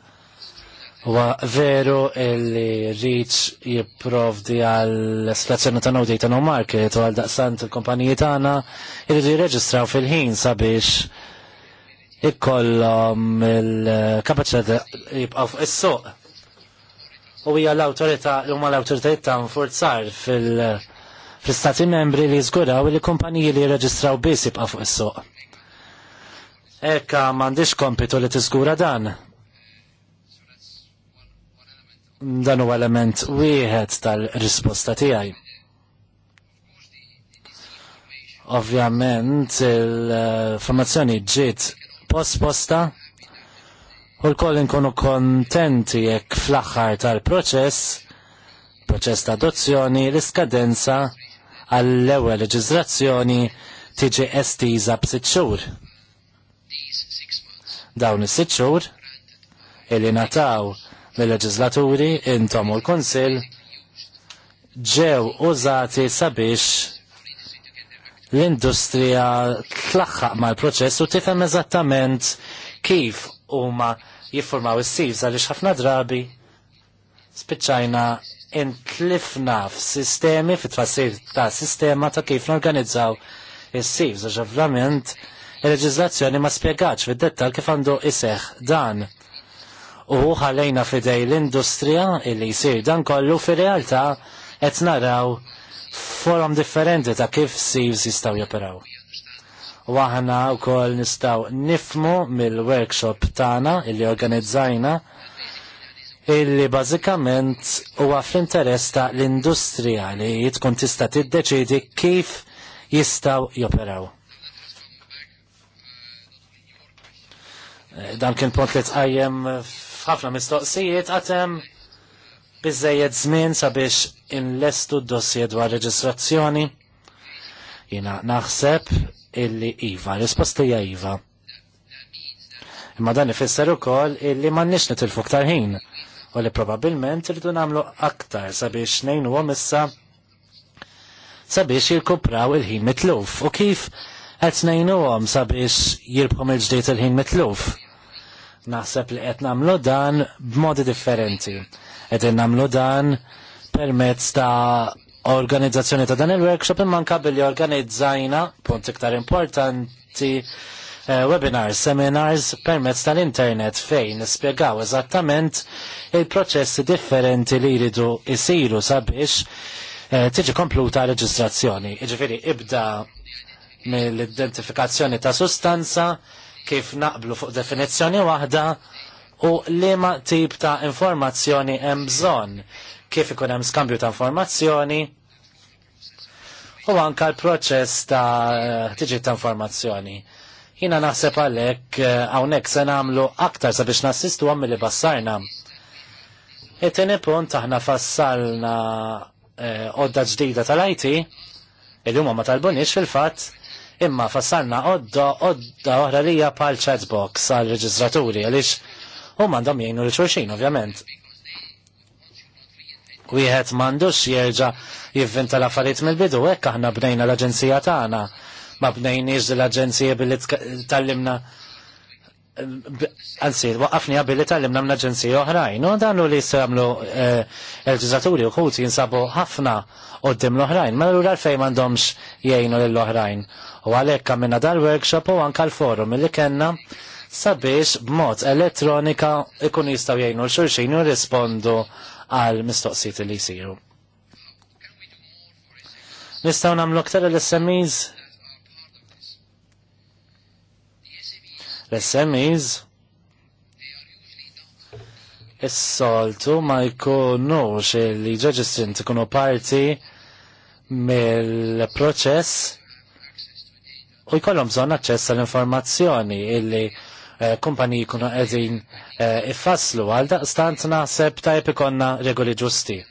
Wa veru illi reach jipprovdi għal esplazzjoni ta' no ta' no market u għal daqsant il-kompanijiet tagħna jridu jirreġistraw fil-ħin sabiex ikollhom il-kapaċità jibqgħu fuq is-suq. U hija l-awtorità huma l-awtoritajiet ta' nfurzar fil-Stati membri li jżguraw li kumpaniji li jirreġistraw biss jibqa' fuq is-suq. Ekka m'għandix kompitu li tiżgura dan dan huwa element wieħed tal-risposta tiegħi. Ovvjament il-formazzjoni ġiet posposta u l-koll nkunu kontenti jekk fl-aħħar tal-proċess, proċess ta' adozzjoni, l-iskadenza għall-ewwel leġiżrazzjoni tiġi estiża b'sitt xhur. Dawn is-sitt xhur li nataw mill-leġislaturi intom u l-Konsil ġew użati sabiex l-industrija tlaħħaq mal-proċess u tifhem eżattament kif huma jiffurmaw is-sivs għaliex ħafna drabi spiċċajna intlifna f'sistemi fit-tfassir ta' sistema ta' kif norganizzaw is-sivs għax ovvjament il-leġizlazzjoni ma spjegax fid-dettal kif għandu iseħ dan u ħalejna fidej l-industrija illi jisir dan kollu fi realtà qed naraw forom differenti ta' kif sivs jistaw joperaw. U aħna wkoll nistgħu nifmu mill-workshop tagħna illi organizzajna illi bażikament huwa fl-interess ta' l-industrija li tkun tista' tiddeċidi kif jistaw joperaw. Eh, dan kien punt li tqajjem f'ħafna mistoqsijiet għatem bizzejed żmien sabiex inlestu d-dossier dwar reġistrazzjoni. Jina naħseb illi Iva, rispostija Iva. Imma dan ifisser ukoll illi m'għandniex nitilfu ktar ħin u li probabilment irridu nagħmlu aktar sabiex ngħinuhom issa sabiex jirkupraw il-ħin mitluf u kif qed ngħinuhom sabiex jirbħom il-ġdejt il-ħin mitluf Naħseb li qed nagħmlu dan b'modi differenti. Qed nagħmlu dan permezz ta' organizzazzjoni ta' dan il-workshop imma li organizzajna, punt iktar importanti, eh, webinars, seminars permezz tal-internet fejn nispjegaw eżattament il-proċessi differenti li jridu jisiru sabiex eh, tiġi kompluta reġistrazzjoni. Jiġifieri ibda mill-identifikazzjoni ta' sustanza kif naqblu fuq definizzjoni waħda u liema tip ta' informazzjoni hemm bżonn kif ikun hemm skambju ta' informazzjoni u anka l-proċess ta' tiġi ta' informazzjoni. Jina naħseb għalek għawnek eh, se namlu aktar sabiex nassistu għam li bassarna. It-tini punt aħna fassalna eh, għodda ġdida tal-IT, il-jumma ma talbunix fil-fat, imma fassalna odda odda oħra lija pal chatbox għal reġistraturi għaliex u mandom jgħinu li xulxin ovvjament. Wieħed m'għandux jerġa' jivvinta l-affarijiet mill-bidu hekk aħna bnejna l-aġenzija tagħna. Ma bnejniex l-aġenzija billi tallimna Anzi, waqafni għabili tal-lim mnaġenzija oħrajn, u danu li s-samlu l eh, ġizaturi u kuti jinsabu ħafna u d-dim l-oħrajn, ma l-għura l-fej mandomx jgħinu l-oħrajn. U għalhekk għamilna dal-workshop u anke l-forum li kellna sabiex b'mod elettronika ikun jistgħu jgħinu l xurxin u rispondu għal mistoqsijiet li jisiru. Nistgħu nagħmlu aktar l-SMEs? L-SMEs is-soltu ma jkunux il ġeġistrin tkunu parti mill-proċess u jkollhom bżonn aċċess għall-informazzjoni illi eh, kumpaniji kunu qegħdin eh, ifasslu għal daqstant naħseb tajb ikonna regoli ġusti.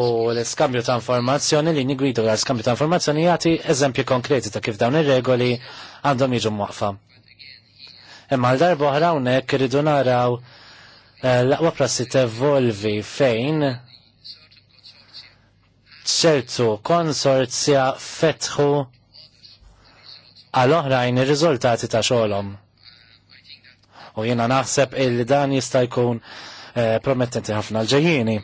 U l-iskambju ta' informazzjoni li nigwidu għal skambju ta' informazzjoni jagħti eżempji konkreti ta' kif dawn ir-regoli għandhom jiġu mwaqfa. Imma għal darba oħra hawnhekk iridu naraw eh, l-aqwa prassi tevolvi fejn ċertu konsorzja fetħu għal-oħrajn ir-riżultati ta' xogħolhom. U jiena naħseb illi dan jista' jkun eh, promettenti ħafna l-ġejjieni.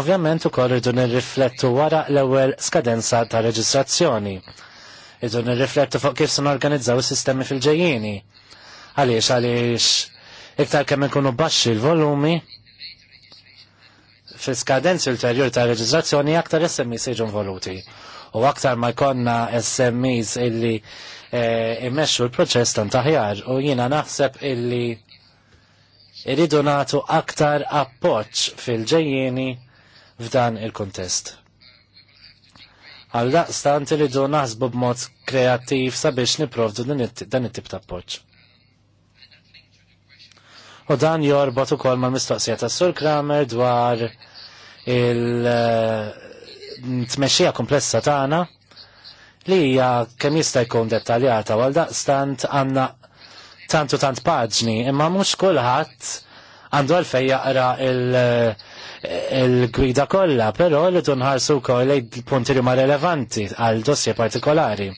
Ovvjament ukoll irdu nirriflettu wara l-ewwel skadenza ta' reġistrazzjoni. Irdu nirriflettu fuq kif se norganizzaw is-sistemi fil-ġejjieni. Għaliex għaliex iktar kemm ikunu baxxi l-volumi, fil-skadenzi ulterjur ta' reġistrazzjoni aktar SMI seġu involuti u aktar ma jkonna SMEs illi eh, immexxu l-proċess tant aħjar u jiena naħseb illi irridu nagħtu aktar appoġġ fil-ġejjieni f'dan il-kontest. Għal-daqstant irridu naħsbu b'mod kreattiv sabiex niprovdu dan it-tip ta' appoġġ. U dan jorbot ukoll mal-mistoqsija tas Sur Kramer dwar il- tmexxija komplessa tagħna li hija kemm jista' jkun dettaljata għal daqstant għandna tantu tant paġni, imma mhux kulħadd għandu għalfej jaqra il-gwida kollha, però li tunħarsu wkoll punti li ma relevanti għal dossier partikolari.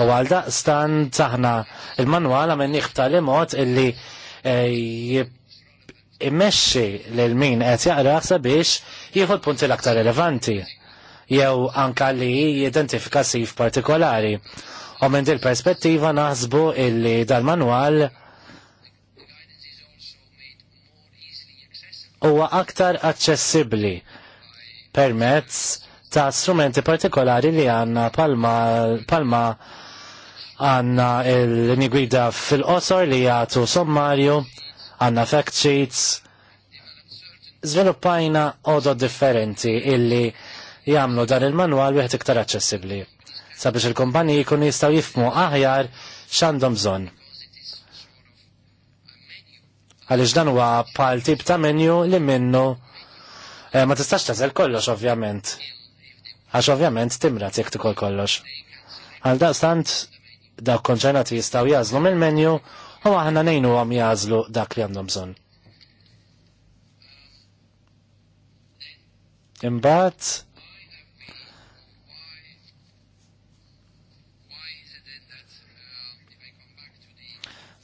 U għal daqstan taħna il-manwala minn iħta li mod illi eh, immexxi lil min qed jaqra sabiex jieħu l-punti l-aktar relevanti jew anka li jidentifika sif partikolari. U minn dil perspettiva naħsbu illi dal-manwal huwa aktar aċċessibbli permezz ta' strumenti partikolari li għanna palma, palma għanna il-nigwida fil-qosor li jgħatu sommarju, għanna fact sheets, zviluppajna odod differenti illi jgħamlu dan il-manwal wieħed iktar aċċessibbli sabiex il-kumpaniji jkunu jistgħu jifmu aħjar x'għandhom bżonn. Għaliex dan huwa bħal tip ta' menju li minnu eh, ma tistax tażel kollox ovvjament. Għax ovvjament timrat jekk tikol kollox. Għal daqstant dawk konċernati jistgħu jażlu mill-menju u aħna nejnu għam jażlu dak li għandhom bżonn. Imbagħad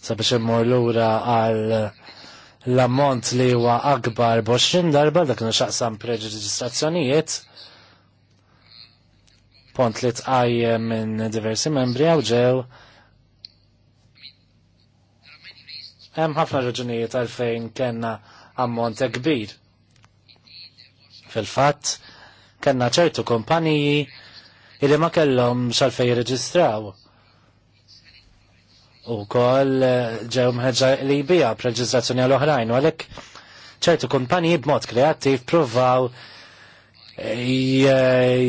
sabiex immur lura għal l-ammont li huwa akbar b'20 darba dak xaqsam preġiġistrazzjonijiet, pont li tqajjem minn diversi membri għaw ġew hemm ħafna raġunijiet għalfejn kellna ammont kbir. Fil-fatt, kellna ċertu kumpaniji li ma kellhom xalfej jirreġistraw u kol eh, ġew mħeġa li bija preġizzazzjoni għal-oħrajn, u għalek ċertu kumpaniji b'mod kreattiv provaw eh,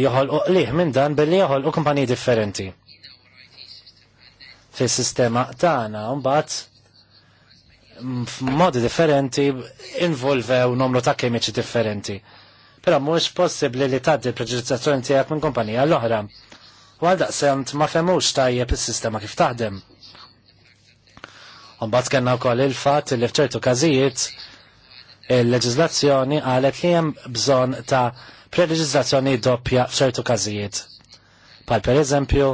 joħol u liħ minn dan billi joħol u kumpaniji differenti fis sistema tagħna mbagħad f'modi differenti involvew numru ta' kemiċi differenti. Però mhux possibbli li tgħaddi l-preġizzazzjoni tiegħek minn kumpanija l-oħra. Għal daqsemt ma femux tajjeb is-sistema kif taħdem. Mbagħad u wkoll il-fatt li f'ċertu każijiet il-leġiżlazzjoni qalet li hemm bżonn ta' preleġiżlazzjoni doppja f'ċertu każijiet. Pal pereżempju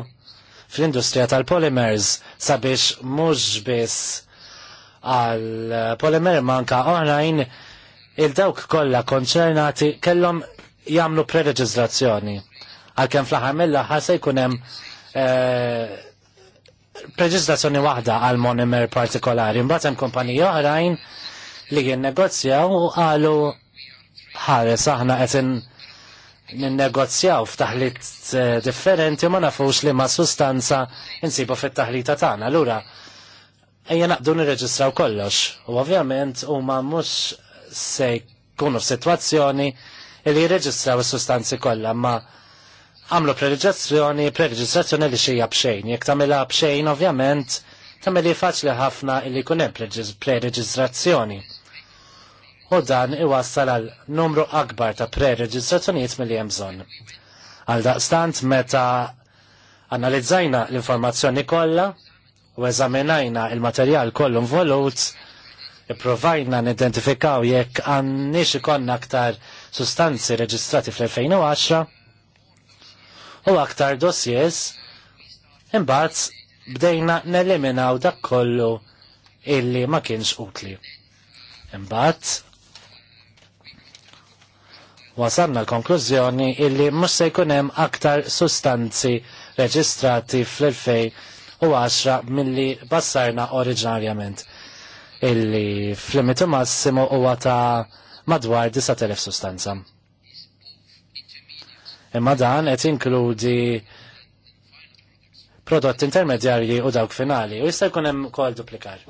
fl-industrija tal-polymers sabiex mhux biss għal polymer manka oħrajn il-dawk kollha konċernati kellhom jagħmlu preleġiżlazzjoni. Għalkemm fl-aħħar mill-aħħar se jkun hemm eh, preġistazzjoni waħda għal monimer partikolari, mbagħad hemm kumpaniji oħrajn li jinnegozjaw u qalu ħares aħna qed ninnegozjaw f'taħlit eh, differenti ma nafux li ma sustanza insibu fit-taħlita tagħna. Allura ejja naqdu nirreġistraw kollox u ovvjament huma mhux se jkunu f'sitwazzjoni li jirreġistraw is-sustanzi kollha ma' għamlu prereġistrazzjoni, prereġistrazzjoni li xija bxejn. Jek tamela bxejn, ovvjament, tameli faċli ħafna illi kunem prereġistrazzjoni. U dan iwassal għal numru akbar ta' prereġistrazzjonijiet mill-li jemżon. Għal daqstant meta analizzajna l-informazzjoni kollha u eżaminajna il-materjal kollu involut, provajna nidentifikaw jekk għannix ikonna aktar sustanzi reġistrati fl-2010, u aktar dossiers imbagħad bdejna neliminaw dak kollu illi ma kienx utli. Imbagħad wasalna l-konklużjoni illi mhux se jkun hemm aktar sustanzi reġistrati fl-2010 milli bassarna oriġinarjament illi fl-limitu massimo huwa ta' madwar 9000 sustanza. Imma dan qed inkludi prodotti intermedjarji u dawk finali u jista' jkun hemm ukoll duplikar.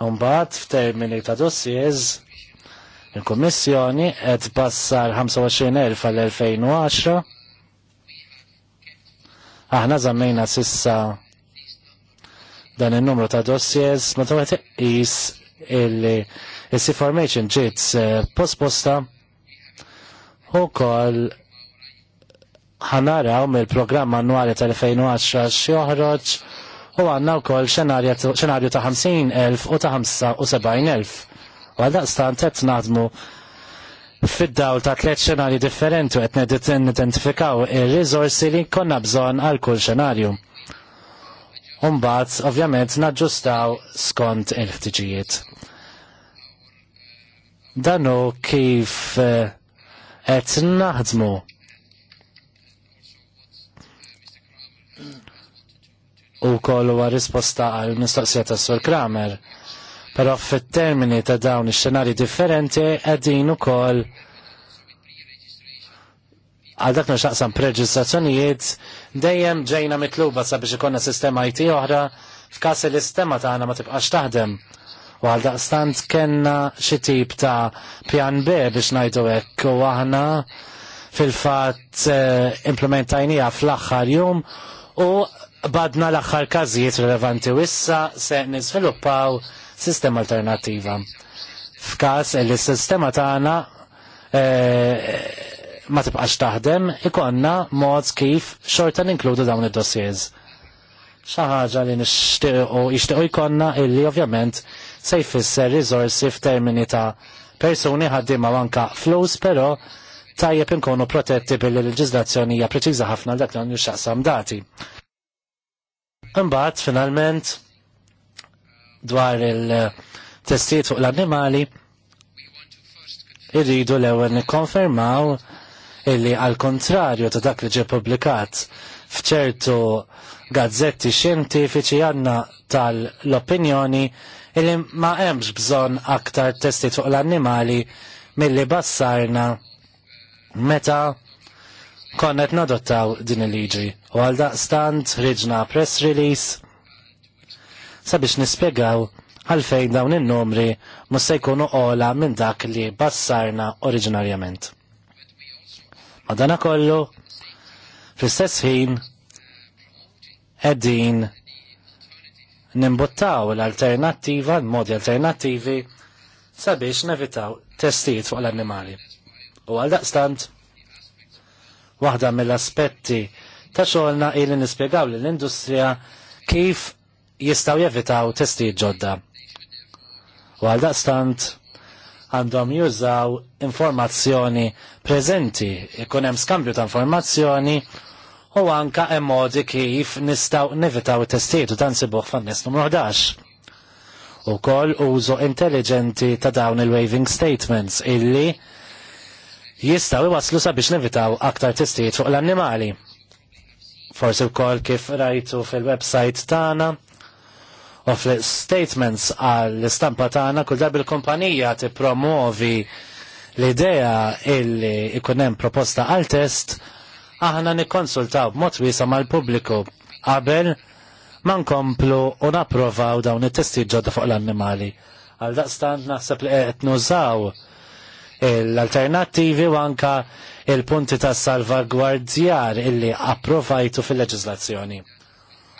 Mbagħad f'termini ta' dossiers il-Kummissjoni qed passar 25,000 għal 2010 aħna żammejna sissa dan il-numru ta' dossiers ma tawet qis illi is information ġiet eh, posposta u koll ħanaraw mill-programm annwali tal-2010 xjoħroġ u għanna u kol xenarju ta' 50.000 u ta' 75.000. U għal qed naħdmu fid-dawl ta' tliet xenarji differenti u qed nidentifikaw ir-riżorsi li konna bżonn għal kull xenarju. Umbagħad ovvjament naġġustaw skont il-ħtiġijiet danu kif eh, qed naħdmu. U kollu huwa risposta għal mistoqsija ta' Sur Kramer. Però fit-termini ta' dawn ix-xenarji differenti qegħdin ukoll għal dak nxaqsam preġistrazzjonijiet dejjem ġejna mitluba sabiex ikonna sistema IT oħra f'każ il-sistema tagħna ma tibqax taħdem U għal daqstant kena xitib ta' pjan B biex najdu ekk u aħna fil-fat eh, implementajnija fl-axħar jum u badna l-axħar kazijiet rilevanti u issa se nisviluppaw sistema alternativa. F'kas li s-sistema tagħna eh, ma tibqax taħdem, ikonna mod kif xorta ninkludu dawn id-dossiers. ħaġa li nixtiequ jixtiequ jkollna illi ovvjament se jfisser riżorsi f'termini ta' persuni ħaddiema anka flus, però tajjeb inkunu protetti bil leġislazzjoni hija preċiża ħafna dak li xaqsam dati. Imbagħad finalment dwar il-testijiet fuq l-annimali irridu l-ewwel nikkonfermaw illi għal kontrarju ta' dak li ġie publikat f'ċertu gazzetti xjentifiċi għandna tal-opinjoni illi ma hemmx bżonn aktar testi fuq l-annimali milli bassarna meta konnet nadottaw din il-liġi u għal daqstant riġna press release sabiex nispiegaw għalfejn dawn in-numri mhux se jkunu ola minn dak li bassarna oriġinarjament. Madana kollu, fl-istess ħin, eddin nimbuttaw l-alternattiva, modi alternattivi sabiex nevitaw testijiet fuq l-annimali. U għal daqstant, waħda mill-aspetti ta' xolna il nispjegaw lill industrija kif jistgħu jevitaw testijiet ġodda. U għal daqstant, għandhom jużaw informazzjoni preżenti, ikun hemm skambju ta' informazzjoni u anka hemm modi kif nistgħu nevitaw it-testijiet u dan sibuh fan-nies numru 11. Ukoll użu intelligenti ta' dawn il-waving statements illi jistaw iwaslu sabiex nevitaw aktar testijiet fuq l-annimali. Forsi wkoll kif rajtu fil-website tagħna u fl-statements għall-istampa tagħna kull darba il ti tippromovi l-idea illi ikun hemm proposta għal test aħna nikkonsultaw b'mod wiesa mal-pubbliku qabel ma nkomplu u napprovaw dawn it-testi ġodda fuq l-annimali. Għal daqstant naħseb li qed nużaw l-alternattivi u anka il-punti ta' salvagwardjar illi approvajtu fil-leġislazzjoni.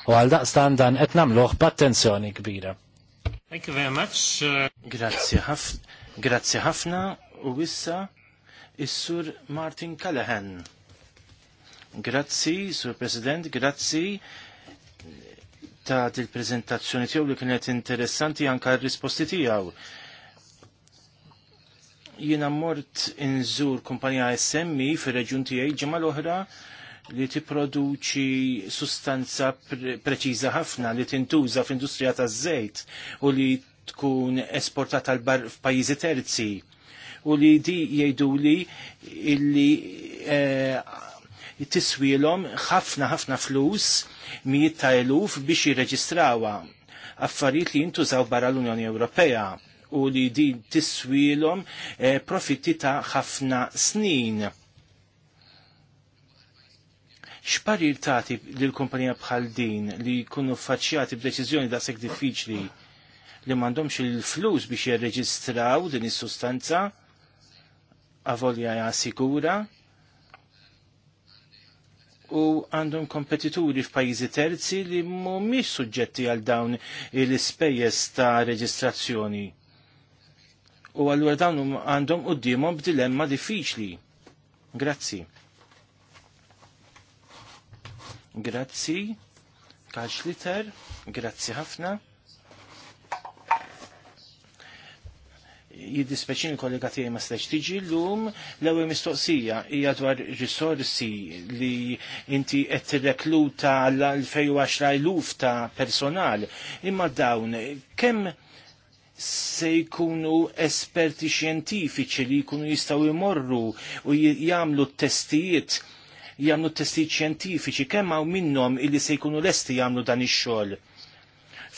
U għal daqstant dan qed nagħmluh b'attenzjoni kbira. Thank you very much. Grazzi ħafna. Grazzi ħafna u issa is-sur Martin Callahan. Grazzi, Sur President, grazzi ta' il-prezentazzjoni tiegħu li kienet interessanti anka r-risposti tiegħu. Jiena mort inżur kumpanija SMI fir-reġjun tiegħi ġimgħa l-oħra li tipproduċi sustanza preċiża ħafna li tintuża fl-industrija taż-żejt u li tkun esportata l-bar f'pajjiżi terzi u li di jgħidu li illi eh, tiswilhom ħafna ħafna flus mijiet ta' eluf biex jirreġistrawha affarijiet li jintużaw barra l-Unjoni Ewropea u li di tiswilom eh, profitti ta' ħafna snin. X'parir tagħti l kumpanija bħal din li jkunu faċċjati b'deċiżjoni sek diffiċli li m'għandhomx il-flus biex jirreġistraw din is-sustanza avolja sigura u għandhom kompetituri f'pajjiżi terzi li mhumiex suġġetti għal dawn l-ispejjeż ta' reġistrazzjoni. U allura dawn għandhom qudiemhom b'dilemma diffiċli. Grazzi. Grazzi, kaċ liter, grazzi ħafna. jiddispeċin kollega tiegħi ma stax tiġi llum l-ewwel mistoqsija hija dwar risorsi li inti qed tirrekluta l-2010 iluf ta' personal. Imma dawn kemm se jkunu esperti xjentifiċi li jkunu jistgħu jmorru u jagħmlu t-testijiet jagħmlu t-testijiet xjentifiċi kemm hawn minnhom illi se jkunu lesti jagħmlu dan ix-xogħol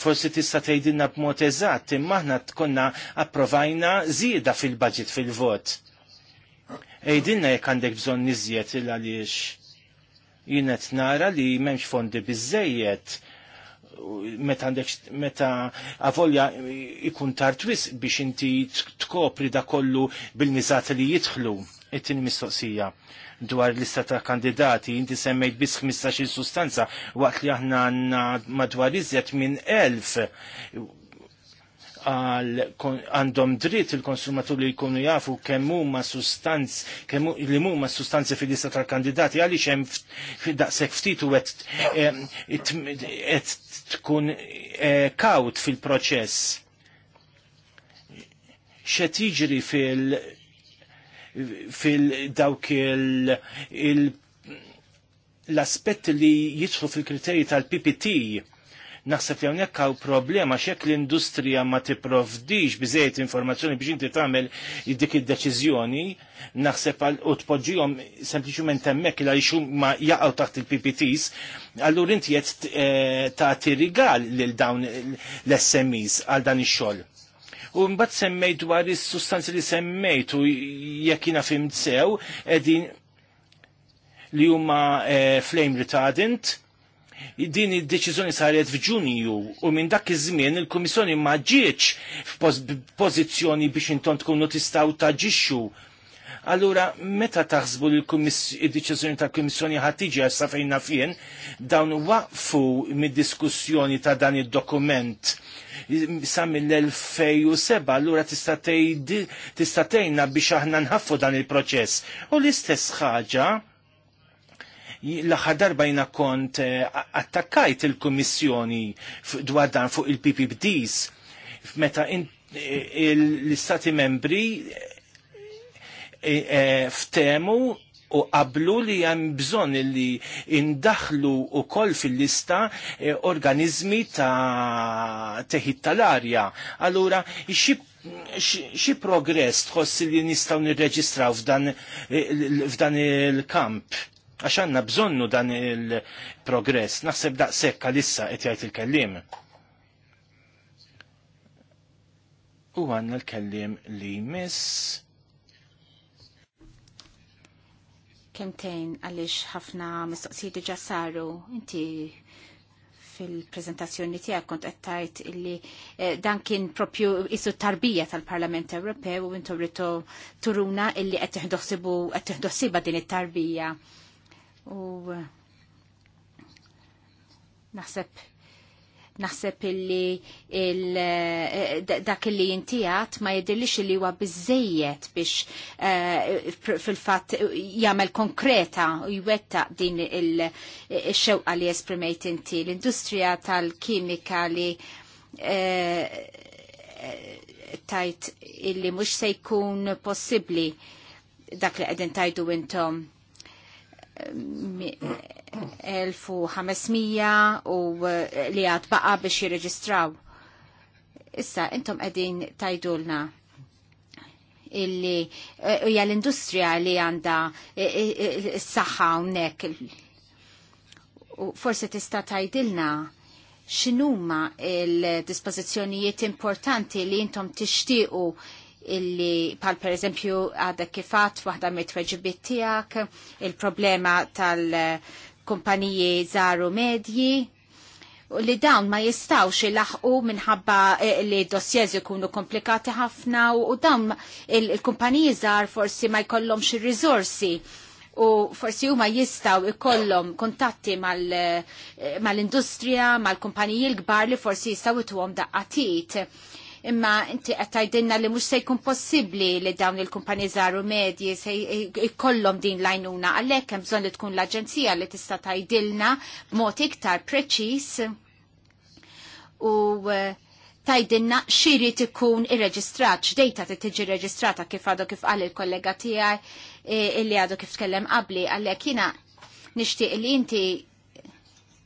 forsi tista' tgħidilna b'mod eżatt imma aħna tkonna approvajna żieda fil-budget fil-vot. Ejdilna jekk għandek bżonn niżjed il għaliex jien qed nara li m'hemmx fondi biżejjed meta għandek meta avolja ikun tartwis biex inti tkopri da kollu bil miżat li jidħlu it-tini mistoqsija dwar lista ta' kandidati, inti semmejt bis 15 sustanza waqt li aħna għanna madwar iżjed minn 1000 għandhom dritt il-konsumatur li jkunu jafu kemm huma sustanz kemm li huma sustanzi fil-lista tal-kandidati għaliex hemm daqshekk ftit u tkun eh, kaut fil-proċess. X'qed jiġri fil-, -fil fil-dawk l-aspett li jitħu fil-kriterji tal-PPT. Naħseb li hawnhekk hawn problema x'hekk l-industrija ma tipprovdix biżejjed informazzjoni biex inti tagħmel dik id-deċiżjoni, naħseb u tpoġġihom sempliċiment hemmhekk li għaliex ma jaqgħu taħt il-PPTs, allura inti qed eh, tagħti rigal lil dawn l-SMEs għal dan ix-xogħol U mbagħad semmejt dwar is-sustanzi li semmejt u jekk jiena fimt sew li huma eh, flame retardant. Din id-deċiżjoni saret f'Ġunju u minn dak iż-żmien il-Kummissjoni ma ġietx f'pożizzjoni biex intom tkunu tistgħu taġixxu. Allura, meta taħsbu l id-deċiżjoni tal-Kummissjoni ħad tiġi sa fejn fien, dawn waqfu mid-diskussjoni ta' dan id-dokument sa mill-2007, allura tista' tgħinna biex aħna nħaffu dan il-proċess. U l-istess ħaġa l-aħħar darba jina kont eh, attakkajt il-Kummissjoni dwar dan fuq il-PPBDs meta eh, l-Istati membri eh, ftemu u qablu li hemm bżonn li indaħlu wkoll fil-lista eh, organizmi ta' teħid tal-arja. Allura xi progress tħoss li nistgħu nirreġistraw eh, f'dan il-kamp? Għax għandna bżonnu dan il-progress, naħseb sekka lissa qed jgħid il-kellim. U għanna l-kellim li jmiss kemtejn għaliex ħafna mistoqsijiet diġà saru inti fil-prezentazzjoni tiegħek kont qed tgħid illi eh, dan kien propju isu tarbija tal-Parlament Ewropew u intom rritu turuna illi qed tiħdoħsibu qed din it-tarbija. U eh, naħseb naħseb illi il, eh, dak illi jintijat ma jidillix illi huwa bizzejiet biex uh, eh, fil-fat jagħmel konkreta u jwetta din il-xewqa li esprimejt inti l-industrija tal-kimika li uh, tajt illi mhux se jkun possibbli dak li qegħdin tajdu intom 1500 u eh, li għad baqa biex jirreġistraw. Issa, intom għedin tajdulna illi eh, l-industrija li għanda eh, s-saħħa unnek. U forse tista tajdilna x'inhuma il-dispożizzjonijiet importanti li intom tixtiequ illi pal per eżempju għadda kifat waħda mit-tweġibit tijak, il-problema tal-kumpaniji zaru medji, u li dawn ma jistawx ilaħqu minħabba eh, li dossiers ikunu komplikati ħafna u dawn il-kumpaniji zar forsi ma jkollhomx ir rizorsi u forsi huma jistaw ikollhom kontatti eh, mal-industrija, mal-kumpaniji l-kbar li forsi jistaw ituhom daqqatit imma inti qed li mhux se jkun possibbli li dawn il-kumpani żaru medji se jkollhom din l-għajnuna għalhekk hemm bżonn li tkun l-aġenzija li tista' tajdilna mod iktar preċiż u eh, tajdinna xiri ikun irreġistrat, x'dejta t tiġi reġistrata kif għadu kif għal il-kollega tijaj eh, illi għadu kif tkellem qabli, għallek jina nishtiq li inti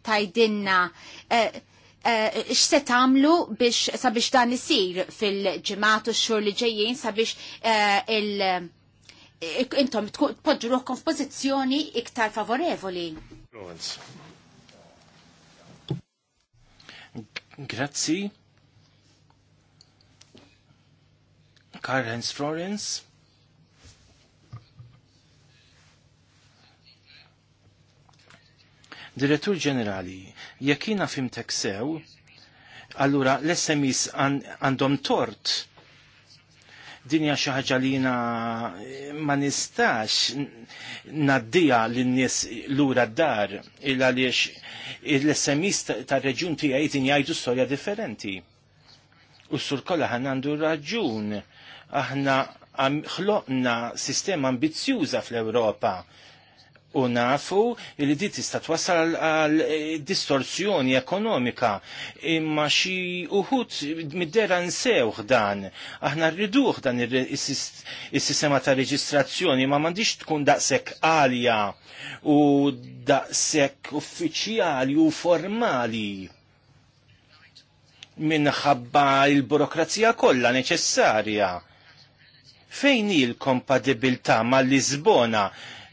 tajdinna eh, Eh, x'se tagħmlu biex sabiex dan isir fil-ġimgħat u x-xhur li ġejjin sabiex eh, il- eh, intom tpoġġu ruħkom f'pożizzjoni iktar favorevoli. Grazzi. Karl Heinz Florence. Direttur ġenerali, jekk jiena fimtek sew, allura l-SMIs għandhom tort dinja xi ħaġa li jina eh, ma nistax naddija lin-nies lura d-dar il għaliex l-SMIs tar-reġjun tiegħi din jgħidu storja differenti. U sur kollha ħan għandu raġun aħna ħloqna sistema ambizzjuża fl-Ewropa u nafu li di tista' twassal għal eh, distorsjoni ekonomika imma xi uħud middera nsewħ dan. Aħna rriduh dan is-sistema ta' reġistrazzjoni ma m'għandix tkun daqshekk għalja u daqshekk uffiċjali u formali minħabba il-burokrazija kollha neċessarja. Fejn il kompatibilta mal-Lisbona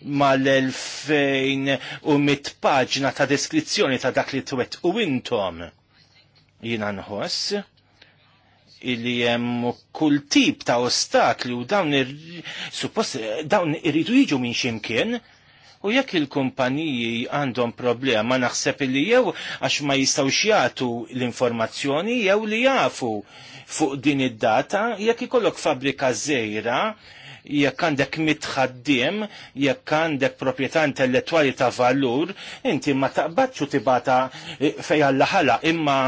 mal-2000 paġna ta' deskrizzjoni ta' dak li twet u intom jina nħoss illi jem kull tip ta' ostakli u dawn ir, suppost dawn irridu jiġu minn ximkien u jekk il-kumpaniji għandhom problema naħseb illi jew għax ma jistawx jagħtu l-informazzjoni jew li jafu fuq din id-data jekk ikollok fabrika żejra jekk għandek mitħaddiem, jekk għandek proprjetà intellettwali ta' valur, inti ma taqbadx u tibata eh, fej alla ħala, imma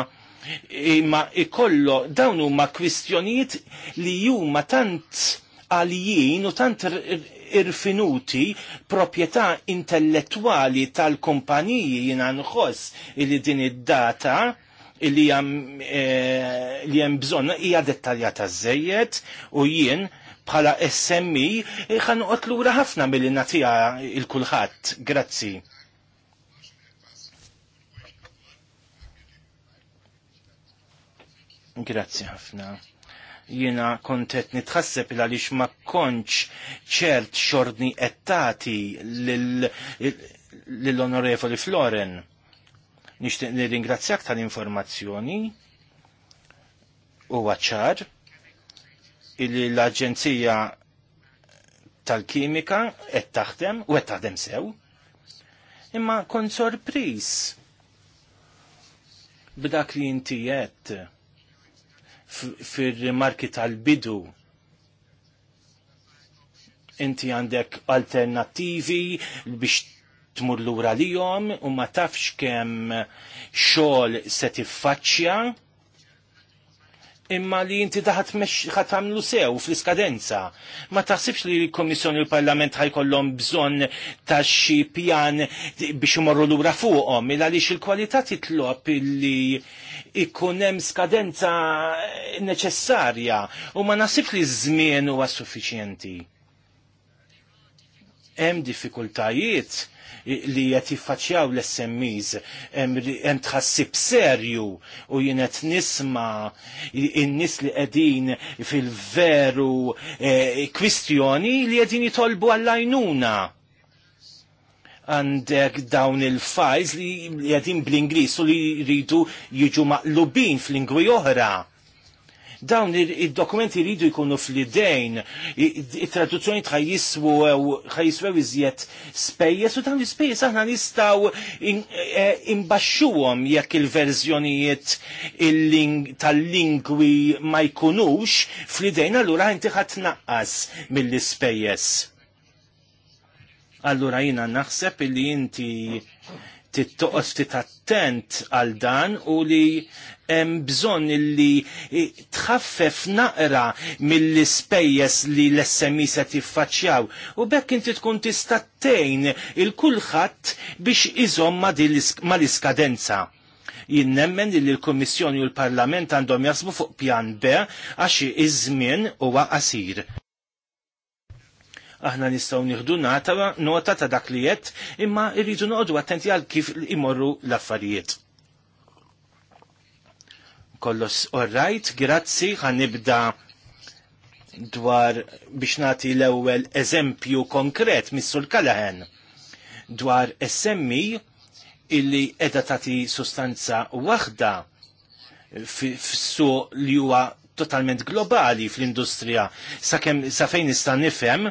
imma ikollo dawn huma kwistjonijiet li huma tant għalijin u tant irfinuti proprjetà intellettwali tal-kumpaniji jina nħoss li din id-data eh, li jem, e, li jem bżon hija dettaljata żejjed u jien bħala SMI e, eh, ħan lura ħafna mill natija il-kulħadd. Grazzi. Grazzi ħafna. Jiena kontet nitħasseb il għaliex ma konċ ċert xorni ettati lill-onorevoli Floren. Nixtieq nirringrazzjak tal-informazzjoni u għacċar illi l-Aġenzija tal-Kimika qed taħdem u qed taħdem sew. Imma kont sorpriż b'dak li inti qed fir-rimarki tal-bidu inti għandek alternativi biex tmur lura lihom u ma tafx kemm xogħol se tiffaċċja imma li inti taħat ħat għamlu sew fl-iskadenza. Ma taħsibx li l-Komissjoni u l-Parlament ħajkollhom bżonn ta' xi pjan biex imorru lura fuqhom, il għaliex il-kwalità titlob li ikun hemm skadenza neċessarja u ma naħsibx li żmien huwa suffiċjenti. Hemm diffikultajiet li qed jiffaċċjaw l-SMEs hemm tħassib serju u jien qed nisma' in-nies li qegħdin fil-veru eh, kwistjoni li qegħdin jitolbu għall-għajnuna għandek dawn il-fajz li jadin bl-Inglis u li jridu jiġu maqlubin fl-lingwi oħra Dawn id-dokumenti jridu jkunu fl-idejn, il traduzzjoni tħajjiswew iżjed spejjes u dawn l-spejjes aħna nistaw e, imbaxxuhom jekk il-verżjonijiet tal-lingwi ma jkunux fl-idejn allura inti ħadd naqqas mill-ispejjes. Allura jina naħseb illi inti tittoqos titattent għal dan u li hemm bżonn li tħaffef naqra mill-ispejjeż li l-SMI se tiffaċċjaw u bekk inti tkun tista' ttejn il kulħadd biex iżomm ma' l-iskadenza. Jinnemmen li l-Kommissjoni u l-Parlament għandhom jasbu fuq pjan B għax iż-żmien huwa qasir aħna nistgħu nieħdu nota ta' dak li jett, imma irridu noqogħdu attenti għal kif imorru l-affarijiet. Kollos orrajt, grazzi, ħanibda dwar biex nagħti l-ewwel eżempju konkret mis-Sur Kalahen dwar SMI illi edha tagħti sustanza waħda f'suq li huwa totalment globali fl-industrija sakemm sa fejn nista' nifhem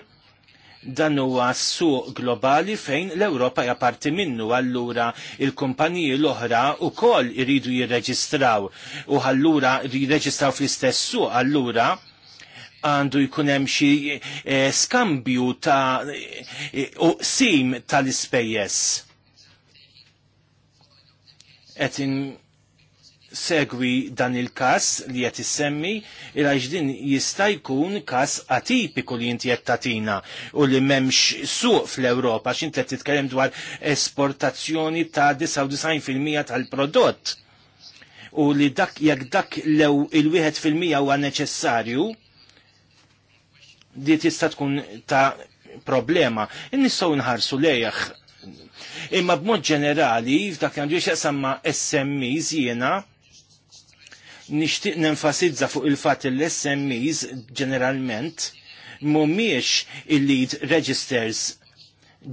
dan huwa suq globali fejn l-Ewropa hija parti minnu allura il-kumpaniji l-oħra wkoll iridu jirreġistraw u allura jirreġistraw fl-istess suq allura għandu jkun hemm xi eh, skambju ta' eh, u sim tal-ispejjeż. Qed segwi dan il-kas li qed issemmi il għax din jista' jkun kas atipiku li inti jettatina u li m'hemmx suq fl-Ewropa xin inti titkellem dwar esportazzjoni ta' 99% tal-prodott. U li dak jekk dak lew il-1 fil-mija huwa neċessarju, di tista' tkun ta' problema. Innistgħu nħarsu lejh Imma b'mod ġenerali, f'dak li jiex jasamma SMEs jiena, nixtieq nenfasizza fuq il fat l smes ġeneralment mumiex il-lead registers.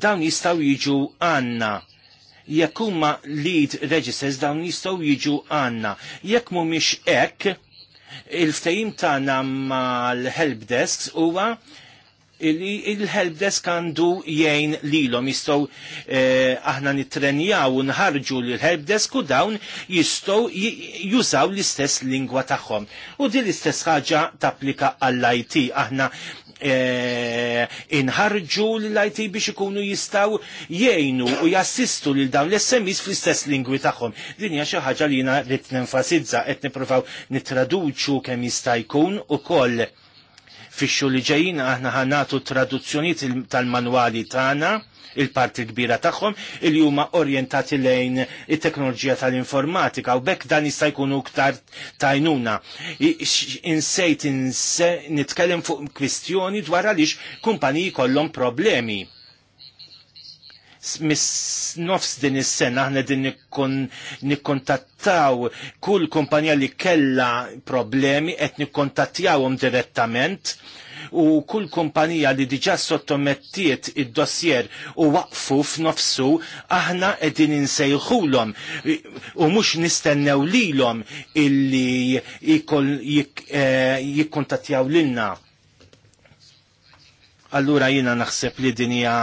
Dawn jistaw jiġu għanna. Jekk huma lead registers dawn jistaw jiġu għanna. Jekk mumiex hekk, il-ftajim tagħna mal-help desks huwa il helpdesk desk għandu jgħin lilhom jistgħu eh, aħna nitrenjaw u nħarġu l-help desk u dawn jistgħu jużaw l-istess lingwa tagħhom. U din l-istess ħaġa tapplika għall-IT aħna eh, inħarġu l-IT biex ikunu jistaw jgħinu u jassistu lil dawn l-SMIs fl-istess lingwi tagħhom. Din hija xi ħaġa li jiena rid nenfasizza qed nippruvaw nittraduċu kemm jista' jkun ukoll Fixxu li ġejjin aħna ħanatu traduzzjonijiet tal-manwali tagħna il-parti kbira tagħhom il huma orjentati lejn it-teknoloġija tal-informatika u bekk dan jista' jkunu ktar tajnuna. Insejt nitkellem fuq kwistjoni dwar għaliex kumpaniji kollhom problemi mis-nofs din is-sena aħna din nikkontattaw kull kumpanija li kella problemi qed nikkontattjawhom direttament u kull kumpanija li diġa sottomettiet id-dossier u waqfu f'nofsu aħna qegħdin insejħulhom u mhux nistennew lilhom illi eh, jikkontattjaw lilna allura jina naħseb li dinja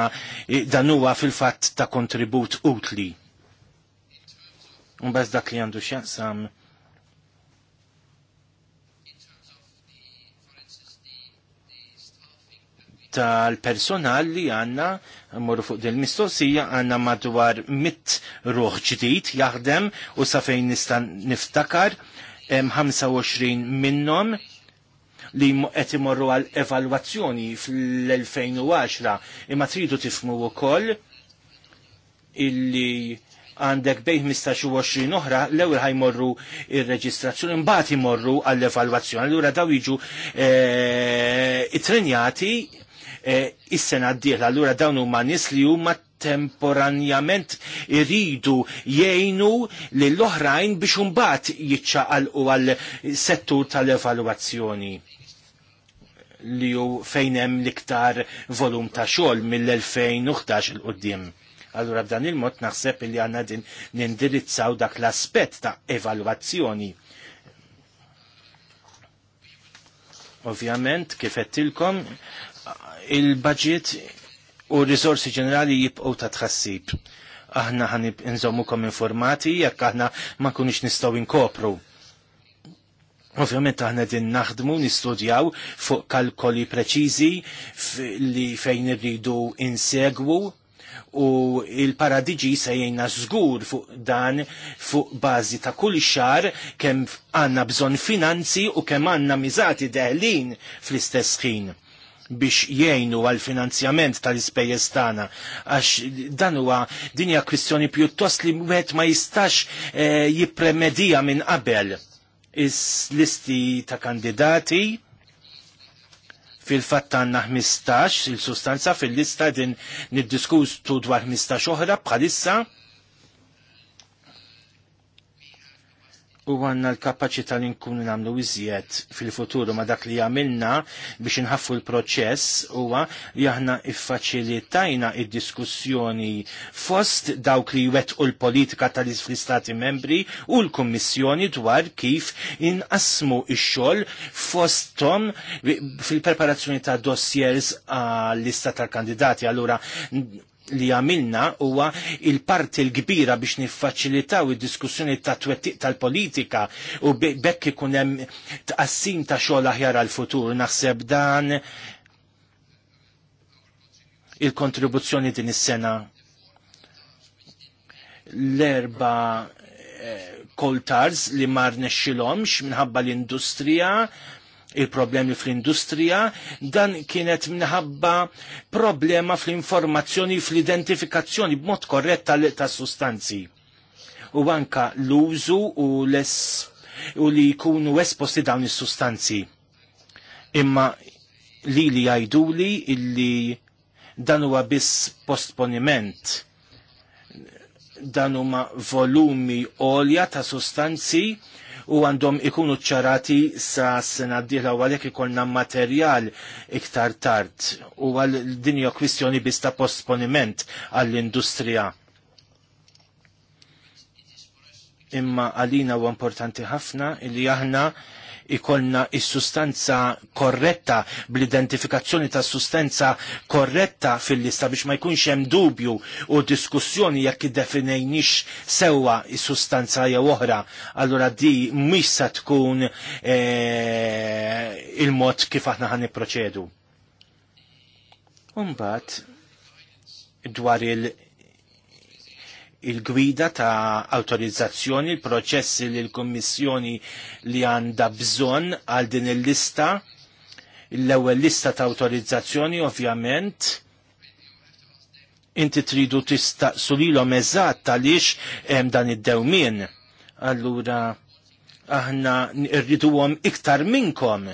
dan huwa fil-fatt ta' kontribut utli. bazz dak li għandu xjaqsam tal-personal li għanna, morru fuq del-mistoqsija, għanna madwar mit ruħ ġdid jaħdem u safejn nista' niftakar 25 minnom li qed imorru għal evalwazzjoni fl-2010 imma tridu tifmu wkoll illi għandek bejn 15-20 oħra l-ewwel ħajmorru ir-reġistrazzjoni mbagħad imorru għall-evalwazzjoni. Allura daw jiġu eh, it-trenjati eh, is-sena d-dieħla. Allura dawn huma nies li huma temporanjament iridu jgħinu lill oħrajn biex imbagħad jiċċaqalqu għal settur tal-evalwazzjoni li ju fejnem liktar volum ta' xol mill-2011 il-qoddim. Allura b'dan il-mod naħseb li għanna din nindirizzaw dak l-aspett ta' evalwazzjoni. Ovvjament, kif qedtilkom, il-budget u r-risorsi ġenerali jibqgħu ta' tħassib. Aħna ħan nżommukom informati jekk aħna ma kunix nistgħu inkopru Ovvjament aħna din naħdmu nistudjaw fuq kalkoli preċiżi li fejn irridu insegwu u il-paradiġi se jgħina żgur fuq dan fuq bażi ta' kull xar kemm għandna bżonn finanzi u kemm għandna miżati deħlin fl-istess ħin biex jgħinu għal finanzjament tal-ispejjeż tagħna għax dan huwa dinja kwistjoni pjuttost li wieħed ma jistax e, jippremedija minn qabel is-listi ta' kandidati fil-fatt għanna 15 il-sustanza fil-lista din niddiskustu dwar 15 oħra bħalissa u għanna l-kapacità li nkunu namlu iżjed fil-futuru ma dak li għamilna biex nħaffu l-proċess huwa li aħna iffaċilitajna id-diskussjoni fost dawk li u l-politika tal-istati membri u l-Kommissjoni dwar kif inqasmu ix-xogħol fosthom fil-preparazzjoni ta' dossiers għall-lista tal-kandidati. Allura li għamilna huwa il-parti l-kbira biex niffaċilitaw id-diskussjoni ta' twettiq tal-politika u bekk ikun hemm tqassim ta' xogħol aħjar għall-futur naħseb dan il-kontribuzzjoni din is-sena l-erba' eh, koltars li mar nexxilhomx minħabba l-industrija il-problemi fl-industrija, dan kienet minħabba problema fl-informazzjoni, fl-identifikazzjoni b'mod korrett ta' sustanzi. U anka l-użu u, u li jkunu esposti dawn is-sustanzi. Imma li li għajduli illi dan huwa biss postponiment dan huma volumi olja ta' sustanzi u għandhom ikunu ċarati sa sena d-dieħla u għalhekk ikollna materjal iktar tard u għal dinja kwistjoni bista postponiment għall-industrija imma għalina u importanti ħafna illi aħna ikolna il sustanza korretta bl-identifikazzjoni ta' sustanza korretta fil-lista biex ma jkunx hemm dubju u diskussjoni jekk iddefinejnix sewwa il sustanza jew oħra, allura di mhix se tkun e, il-mod kif aħna ħan nipproċedu. Umbat dwar il- il-gwida ta' autorizzazzjoni, il-proċessi li l-Kommissjoni li għanda bżon għal din il-lista, l-ewwel lista ta' autorizzazzjoni ovvjament. Inti tridu tistaqsu lilhom eżatt għaliex hemm dan id-dewmien. Allura aħna rriduhom iktar minnkom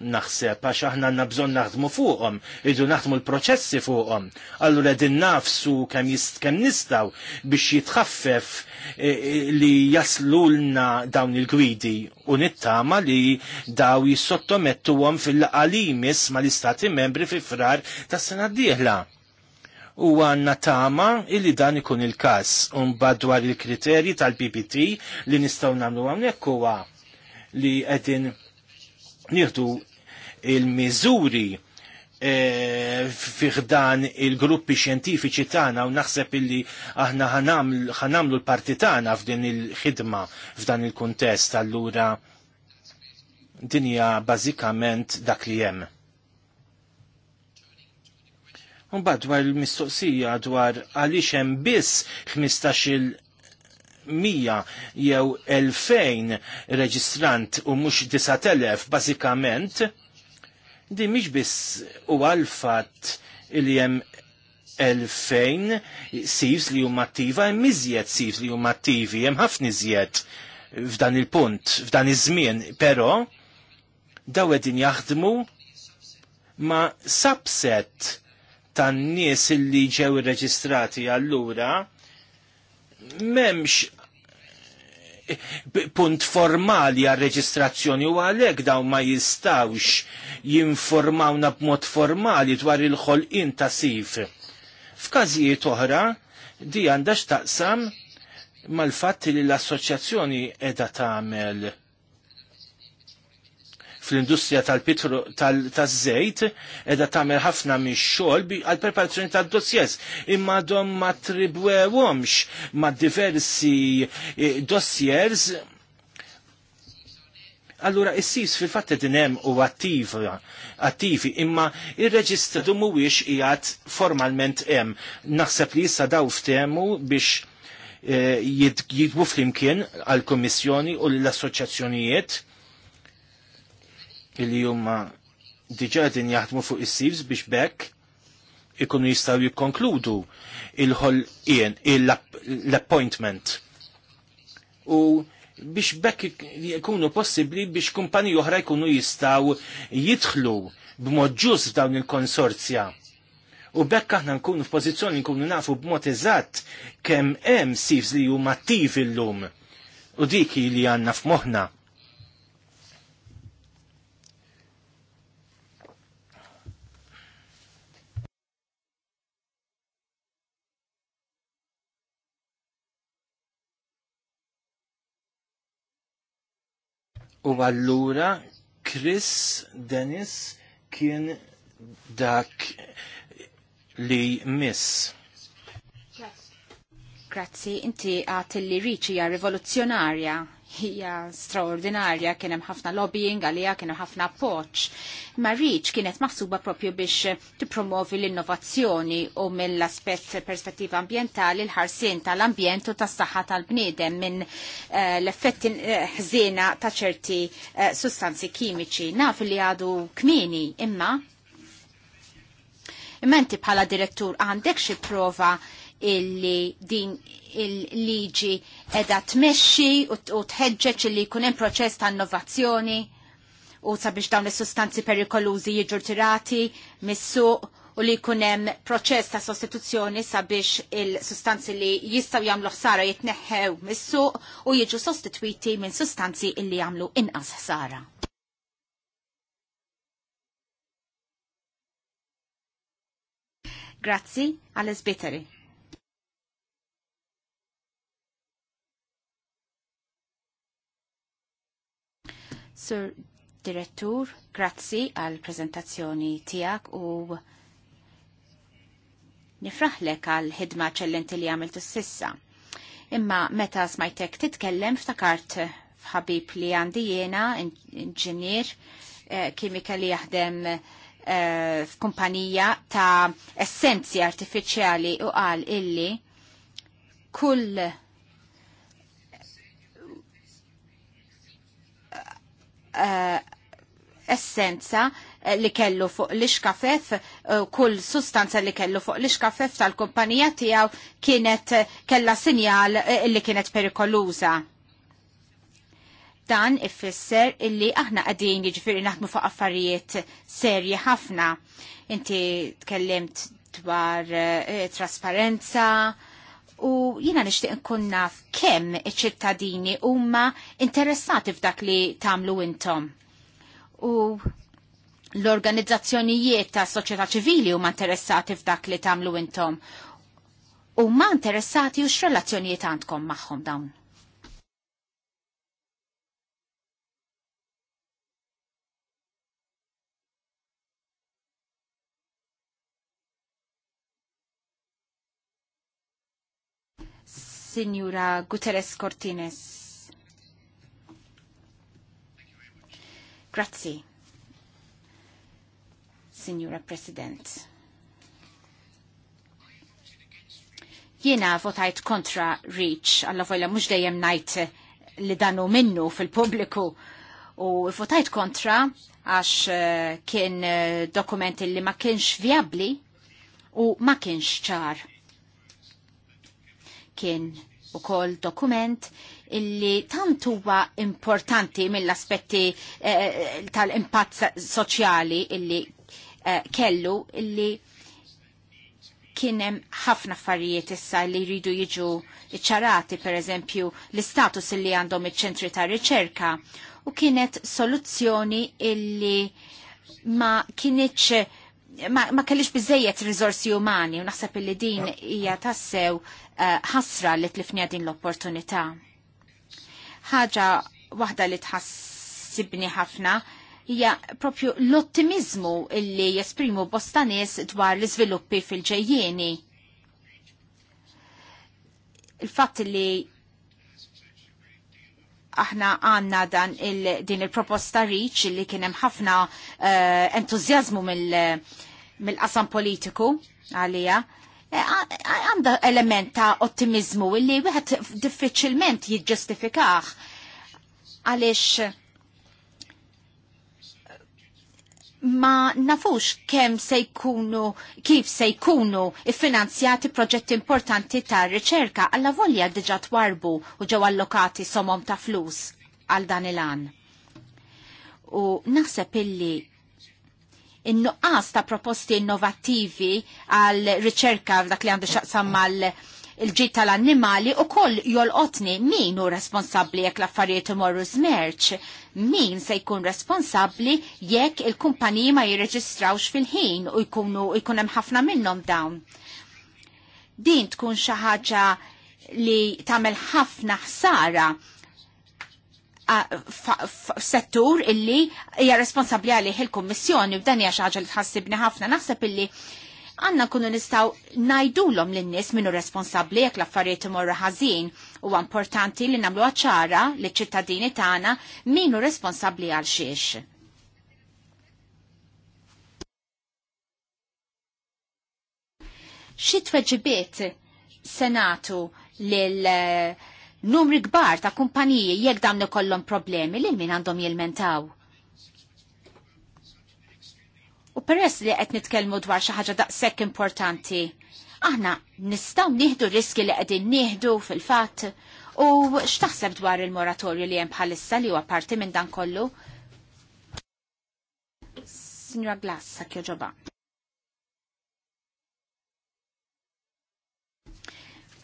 naħseb għax aħna għanna bżonn naħdmu fuqhom, idu naħdmu l-proċessi fuqhom. Allura din nafsu kemm kemm nistgħu biex jitħaffef e, e, li jaslulna dawn il-gwidi u nittama li daw jissottomettuhom fil-qalimis mal-istati membri fi frar tas sena d-dieħla. U għanna tama illi dan ikun il-kas un dwar il-kriterji tal-PPT li nistaw namlu għamnek huwa li għedin nieħdu il-miżuri eh, fiħdan il-gruppi xjentifiċi tagħna u naħseb illi aħna ħanamlu l-parti tagħna f'din il-ħidma f'dan il-kuntest allura dinja bażikament dak li hemm. Mbagħad dwar il-mistoqsija dwar għaliex hemm biss 15 mija jew elfejn reġistrant u mhux 9000 bażikament Di mhix biss u għalfat il jem elfejn sivs li huma attiva, hemm iżjed sivs li huma attivi, hemm ħafna iżjed f'dan il-punt, f'dan iż-żmien, però daw qegħdin jaħdmu ma' subset tan-nies li ġew irreġistrati allura m'hemmx punt formali għal reġistrazzjoni u għalhekk dawn ma jistawx jinformawna b'mod formali dwar il-ħolqien ta' sif. F'każijiet oħra, di għandha x'taqsam mal-fatt li l-assoċjazzjoni qiegħda tagħmel fl-industrija tal-pitru tal-żejt edha tagħmel ħafna mix-xogħol għal preparazzjoni tad-dossiers imma dom ma tribwewhomx ma' diversi eh, dossiers Allura is-sis fil-fatt din hemm u attiva, attivi, imma ir-reġistru mhuwiex qiegħed formalment hemm. Naħseb li issa daw ftehmu biex eh, jidbu flimkien għal-Kommissjoni u l-Assoċjazzjonijiet li huma diġadin din jaħdmu fuq is-sivs biex bekk ikunu jistaw jikkonkludu il-ħol l-appointment. U biex bekk jikunu possibli biex kumpani oħra jkunu jistaw jidħlu b'mod ġus f'dawn il-konsorzja. U bekk aħna nkunu f'pożizzjoni nkunu nafu b'mod eżatt kemm hemm sivs li huma attiv illum. U dik li għandna f'moħħna U allura Chris Dennis kien dak li miss. Grazzi, inti għat li riċi rivoluzjonarja hija straordinarja, kien hemm ħafna lobbying għalija, kien hemm ħafna appoġġ. Ma riċ kienet maħsuba propju biex tippromovi l-innovazzjoni u mill-aspett perspettiva ambjentali l-ħarsien tal-ambjent u tas-saħħa tal-bniedem minn eh, l-effetti eh, ħżiena ta' ċerti eh, sustanzi kimiċi. Naf li għadu kmini imma Imma inti bħala direttur għandek xi prova illi din il-liġi edha tmexxi u tħeġġeġ illi jkun hemm proċess ta' innovazzjoni u sabiex dawn is-sustanzi perikolużi jiġu tirati mis-suq u li kunem proċess ta' sostituzzjoni sabiex il-sustanzi li jistaw jamlu ħsara jitneħħew mis-suq u jiġu sostituiti minn sustanzi illi jamlu inqas ħsara. Grazzi, għal Bitteri. Sur Direttur, grazzi għal prezentazzjoni tijak u nifraħlek għal ħidma ċellenti li għamilt sissa Imma meta smajtek titkellem ftakart fħabib li għandi jena, inġinier, eh, kimika li jaħdem eh, f'kumpanija ta' essenzi artifiċjali u għal illi kull Eh, essenza li kellu fuq l-iskafef, eh, kull sustanza li kellu fuq l-iskafef tal-kumpanija tijaw kienet eh, kella sinjal li kienet perikoluza. Dan ifisser illi aħna għadin jiġifieri naħdmu fuq affarijiet serji ħafna. Inti tkellimt dwar trasparenza, u jina nishtiq nkun naf kemm iċ-ċittadini huma interessati f'dak li tagħmlu intom. U l-organizzazzjonijiet ta' soċjetà ċivili huma interessati f'dak li tagħmlu intom. Huma interessati u x'relazzjonijiet għandkom magħhom dawn. Signora Guterres Cortines. Grazzi, Signora President. Jiena votajt kontra Reach, għalla vojla mux dejjem najt li danu minnu fil-publiku u votajt kontra għax eh, kien eh, dokumenti li ma kienx viabli u ma kienx ċar kien u kol dokument illi tant huwa importanti mill-aspetti eh, tal-impatt soċjali illi eh, kellu illi kienem ħafna affarijiet issa li jridu jiġu iċċarati per eżempju l-istatus illi għandhom iċ-ċentri ta' riċerka u kienet soluzzjoni illi ma kienieċ ma, ma kellix bizzejiet rizorsi umani u naħseb illi din hija tassew ħasra li tlifnija din l-opportunità. Ħaġa waħda li tħassibni ħafna hija propju l-ottimizmu illi jesprimu bosta nies dwar l-iżviluppi fil-ġejjieni. Il-fatt li aħna għanna dan il, din il-proposta riċ li kienem ħafna uh, eh, entuzjazmu mill-qasam mil politiku għalija Eh, għanda element ta' ottimizmu illi wieħed diffiċilment jiġġustifikaħ għaliex ma nafux kem se jkunu, kif se jkunu finanzjati proġetti importanti ta' riċerka għalla volja diġa twarbu u ġew allokati somom ta' flus għal dan il għan U naħseb illi in-nuqqas ta' proposti innovattivi għal riċerka dak li għandu xaqsam mal il-ġit tal-annimali u koll jolqotni min u responsabli jekk l-affarijiet imorru zmerċ, min se jkun responsabli jekk il-kumpaniji ma jirreġistrawx fil-ħin u jkunu jkunem ħafna minnhom dawn. Din tkun xi ħaġa li tagħmel ħafna ħsara settur illi hija responsabbli għalih il-Kummissjoni u dan hija xi ħaġa li tħassibni ħafna naħseb illi għanna kunu nistaw najdulom l-nis minu responsabli jek laffariet imorru ħazin u importanti li namlu għacċara li ċittadini tagħna minu responsabli għal xiex. Xi tweġibiet senatu lil uh, numri kbar ta' kumpaniji jekk dan ikollhom problemi lil min għandhom jilmentaw. U peress li qed nitkellmu dwar xi ħaġa daqshekk importanti, aħna nistgħu nieħdu riski li qegħdin nieħdu fil-fatt u x'taħseb dwar il-moratorju li hemm bħalissa li huwa parti minn dan kollu? Signora Glass, sakjo ġoba.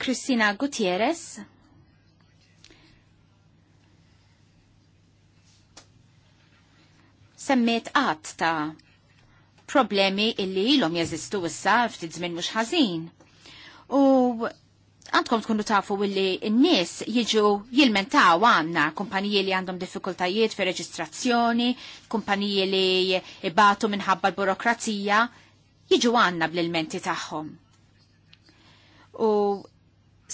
Kristina Gutierrez, semmiet għat ta' problemi illi ilhom jeżistu issa ftit żmien mhux ħażin. U għandkom tkunu tafu illi n-nies jiġu jilmentaw għanna kumpaniji li għandhom diffikultajiet fi reġistrazzjoni, kumpaniji li ibatu minħabba l-burokrazija, jiġu għanna bl-ilmenti tagħhom. U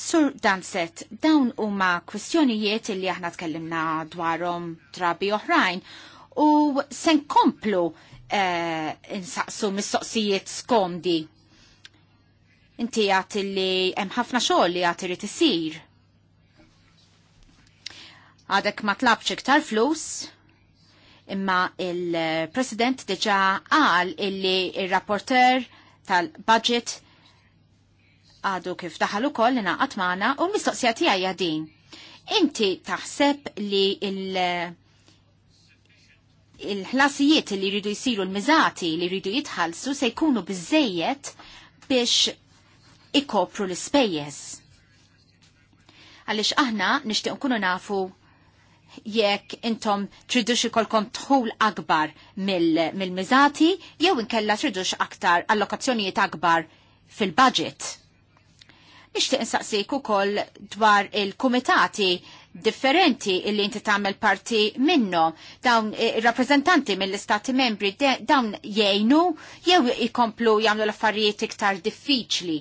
Sur Danset, dawn huma kwistjonijiet li aħna tkellimna dwarhom trabi oħrajn u sen komplu uh, insaqsu mis-soqsijiet skomdi. Inti għat li hemm ħafna xogħol li għat irid isir. Għadek ma tlabx iktar flus, imma il-President diġa qal illi il-rapporter tal-budget għadu kif daħal ukoll li naqgħat magħna u mistoqsija tiegħi din. Inti taħseb li il- il-ħlasijiet li jridu jisiru l-mizati li jridu jitħalsu se jkunu bizzejiet biex ikopru l-spejjes. Għalix aħna nishtiq nkunu nafu jekk intom tridux ikolkom tħul akbar mill-mizati mil jew inkella tridux aktar allokazzjonijiet akbar fil-budget. Nishtiq insaqsik ukoll dwar il-kumitati differenti illi inti tagħmel parti minnhom. Dawn eh, rappreżentanti mill-istati membri dawn jgħinu jew ikomplu jagħmlu l-affarijiet iktar diffiċli.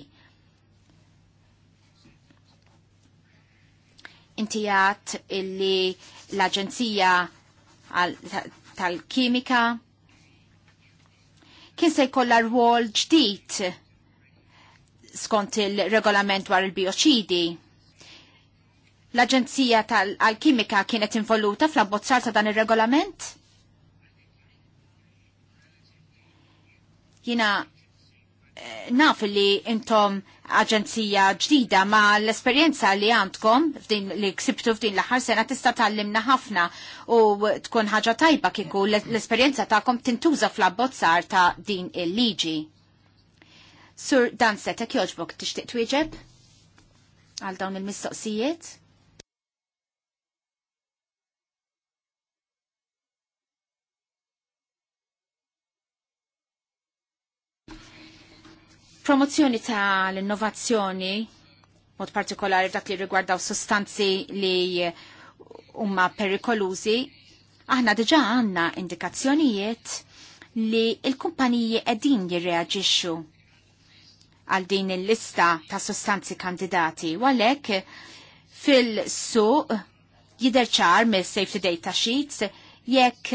Inti jgħat illi l-Aġenzija tal-Kimika kien se jkollha rwol ġdid skont il-regolament dwar il-bioċidi L-Aġenzija tal-Kimika kienet involuta fl-abbozzar ta' dan ir-regolament? Jina eh, naf li intom aġenzija ġdida ma l-esperienza li għandkom f'din li ksibtu f'din l-aħħar sena tista' tallimna ħafna u tkun ħaġa tajba kiku l-esperienza tagħkom tintuża fl-abbozzar ta' din il-liġi. Sur dan setek joġbok tixtieq twieġeb għal dawn il-mistoqsijiet? Promozzjoni ta' l-innovazzjoni, mod partikolari f'dak li rigwardaw sostanzi li huma perikolużi, aħna diġa għanna indikazzjonijiet li il-kumpaniji edin jirreagġixxu għal din il-lista ta' sostanzi kandidati. Walek fil-suq jiderċar mill safety data sheets jekk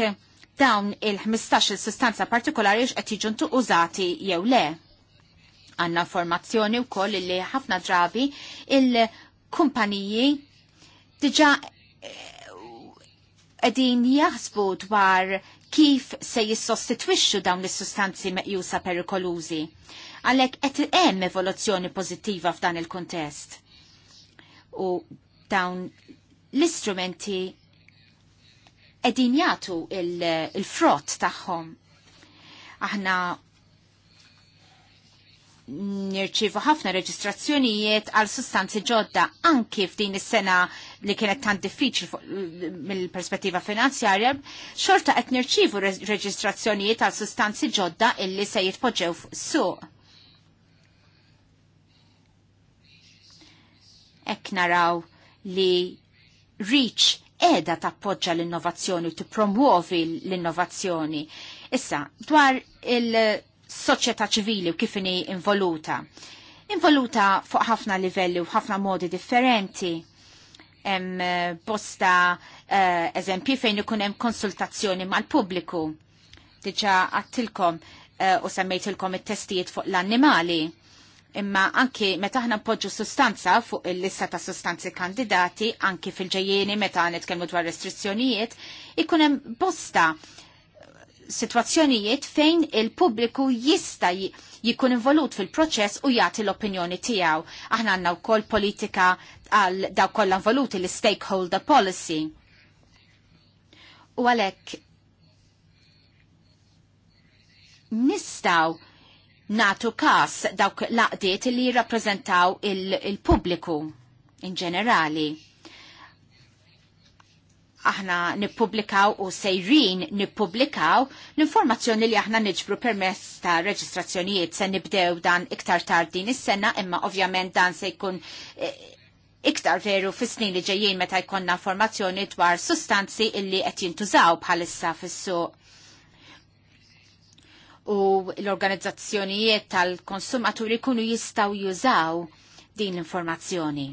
dawn il-15 sostanza partikolari x'qed jiġu użati jew le. Għanna formazzjoni u koll li ħafna drabi il-kumpaniji diġa eh, għedin jaħsbu dwar kif se jissostitwixxu dawn is-sustanzi meqjusa perikolużi. Għalhekk qed hemm evoluzzjoni pożittiva f'dan il-kuntest. U dawn l-istrumenti qegħdin jatu il-frott il Aħna nirċivu ħafna reġistrazzjonijiet għal sustanzi ġodda anki f'din is-sena li kienet tant diffiċli mill-perspettiva finanzjarja, xorta qed nirċivu reġistrazzjonijiet għal sustanzi ġodda illi se jitpoġġew suq. Ek naraw li reach edha tappoġġa l-innovazzjoni u tippromuovi l-innovazzjoni. Issa, dwar il- soċjetà ċivili u kif inhi involuta. Involuta fuq ħafna livelli u ħafna modi differenti hemm eh, bosta uh, eżempji fejn ikun hemm konsultazzjoni mal-pubbliku. Diġà għattilkom uh, u semmejtilkom it-testijiet fuq l-annimali. Imma anki meta aħna npoġġu sustanza fuq il-lista ta' sustanzi kandidati, anki fil-ġejjeni meta kemmu dwar restrizzjonijiet, ikun hemm bosta situazzjonijiet fejn il-pubbliku jista jikun involut fil-proċess u jagħti l-opinjoni tiegħu. Aħna għandna wkoll politika għal daw kollha involuti l-stakeholder policy. U għalhekk nistaw natu kas dawk laqdiet li jirrappreżentaw il-pubbliku il in ġenerali aħna nippubblikaw u sejrin nippubblikaw l-informazzjoni li aħna niġbru permess ta' reġistrazzjonijiet se nibdew dan iktar tard din is-sena imma ovvjament dan se jkun eh, iktar veru fis snin li ġejjin meta jkonna informazzjoni dwar sustanzi illi qed jintużaw bħalissa fis-suq u l-organizzazzjonijiet tal-konsumaturi kunu jistaw jużaw din l-informazzjoni.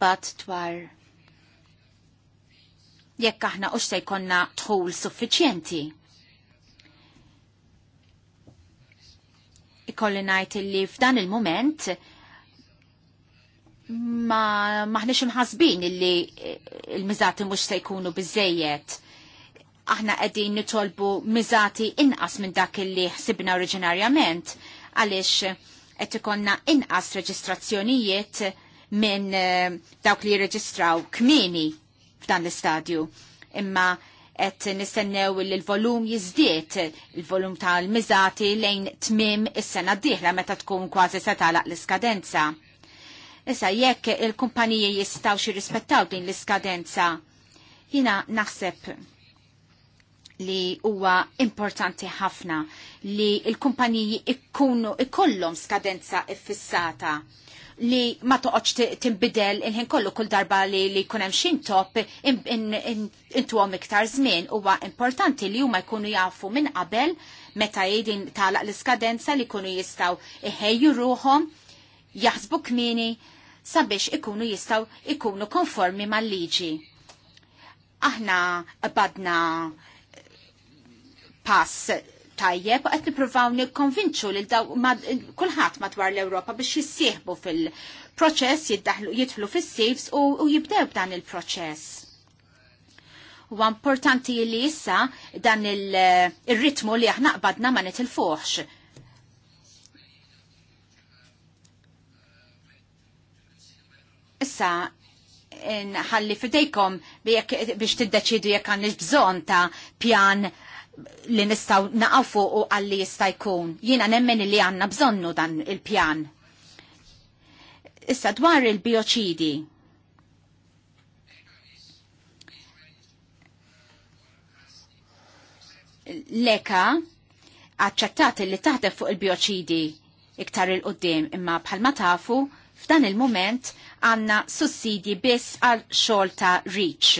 bat dwar jekk aħna u se jkollna tħul suffiċjenti. Ikolli najt li f'dan il-mument ma maħniex imħasbin illi il-miżati mhux se jkunu bizzejiet. aħna qegħdin nitolbu miżati inqas minn dak li ħsibna oriġinarjament għaliex qed ikonna inqas reġistrazzjonijiet minn eh, dawk li jirreġistraw kmini f'dan l-istadju. Imma qed nistennew li l-volum jizdiet, il-volum tal-miżati lejn tmim is-sena d-dieħla meta tkun kważi se l-iskadenza. Issa jekk il-kumpaniji jistaw jirrispettaw din l-iskadenza, jina naħseb li huwa importanti ħafna li l-kumpaniji ikkunu ikollhom skadenza iffissata li ma toqgħodx tinbidel il-ħin kollu kull darba li li jkun hemm intu intuhom iktar żmien huwa importanti li huma jkunu jafu minn qabel meta jgħidin talaq l-iskadenza li jkunu jistgħu iħejju ruhom jaħsbu kmini sabiex ikunu jistaw ikunu konformi mal-liġi. Aħna badna pass tajjeb qed nippruvaw nikkonvinċu lil daw kulħadd madwar l-Ewropa biex jissieħbu fil-proċess jiddaħlu jidħlu fis-safes u, u jibdew dan il-proċess. Huwa importanti li issa dan il-ritmu li aħna qbadna ma nitilfuħx. Issa, nħalli fidejkom biex tiddeċidu jekk għandix bżonn ta' pjan li nistaw naqafu u għalli jista' jkun. Jiena nemmen li għanna bżonnu dan il-pjan. Issa dwar il-bioċidi. Leka għacċattat li taħdef fuq il-bioċidi iktar il-qoddim imma bħalma tafu f'dan il-moment għanna sussidji biss għal xolta reach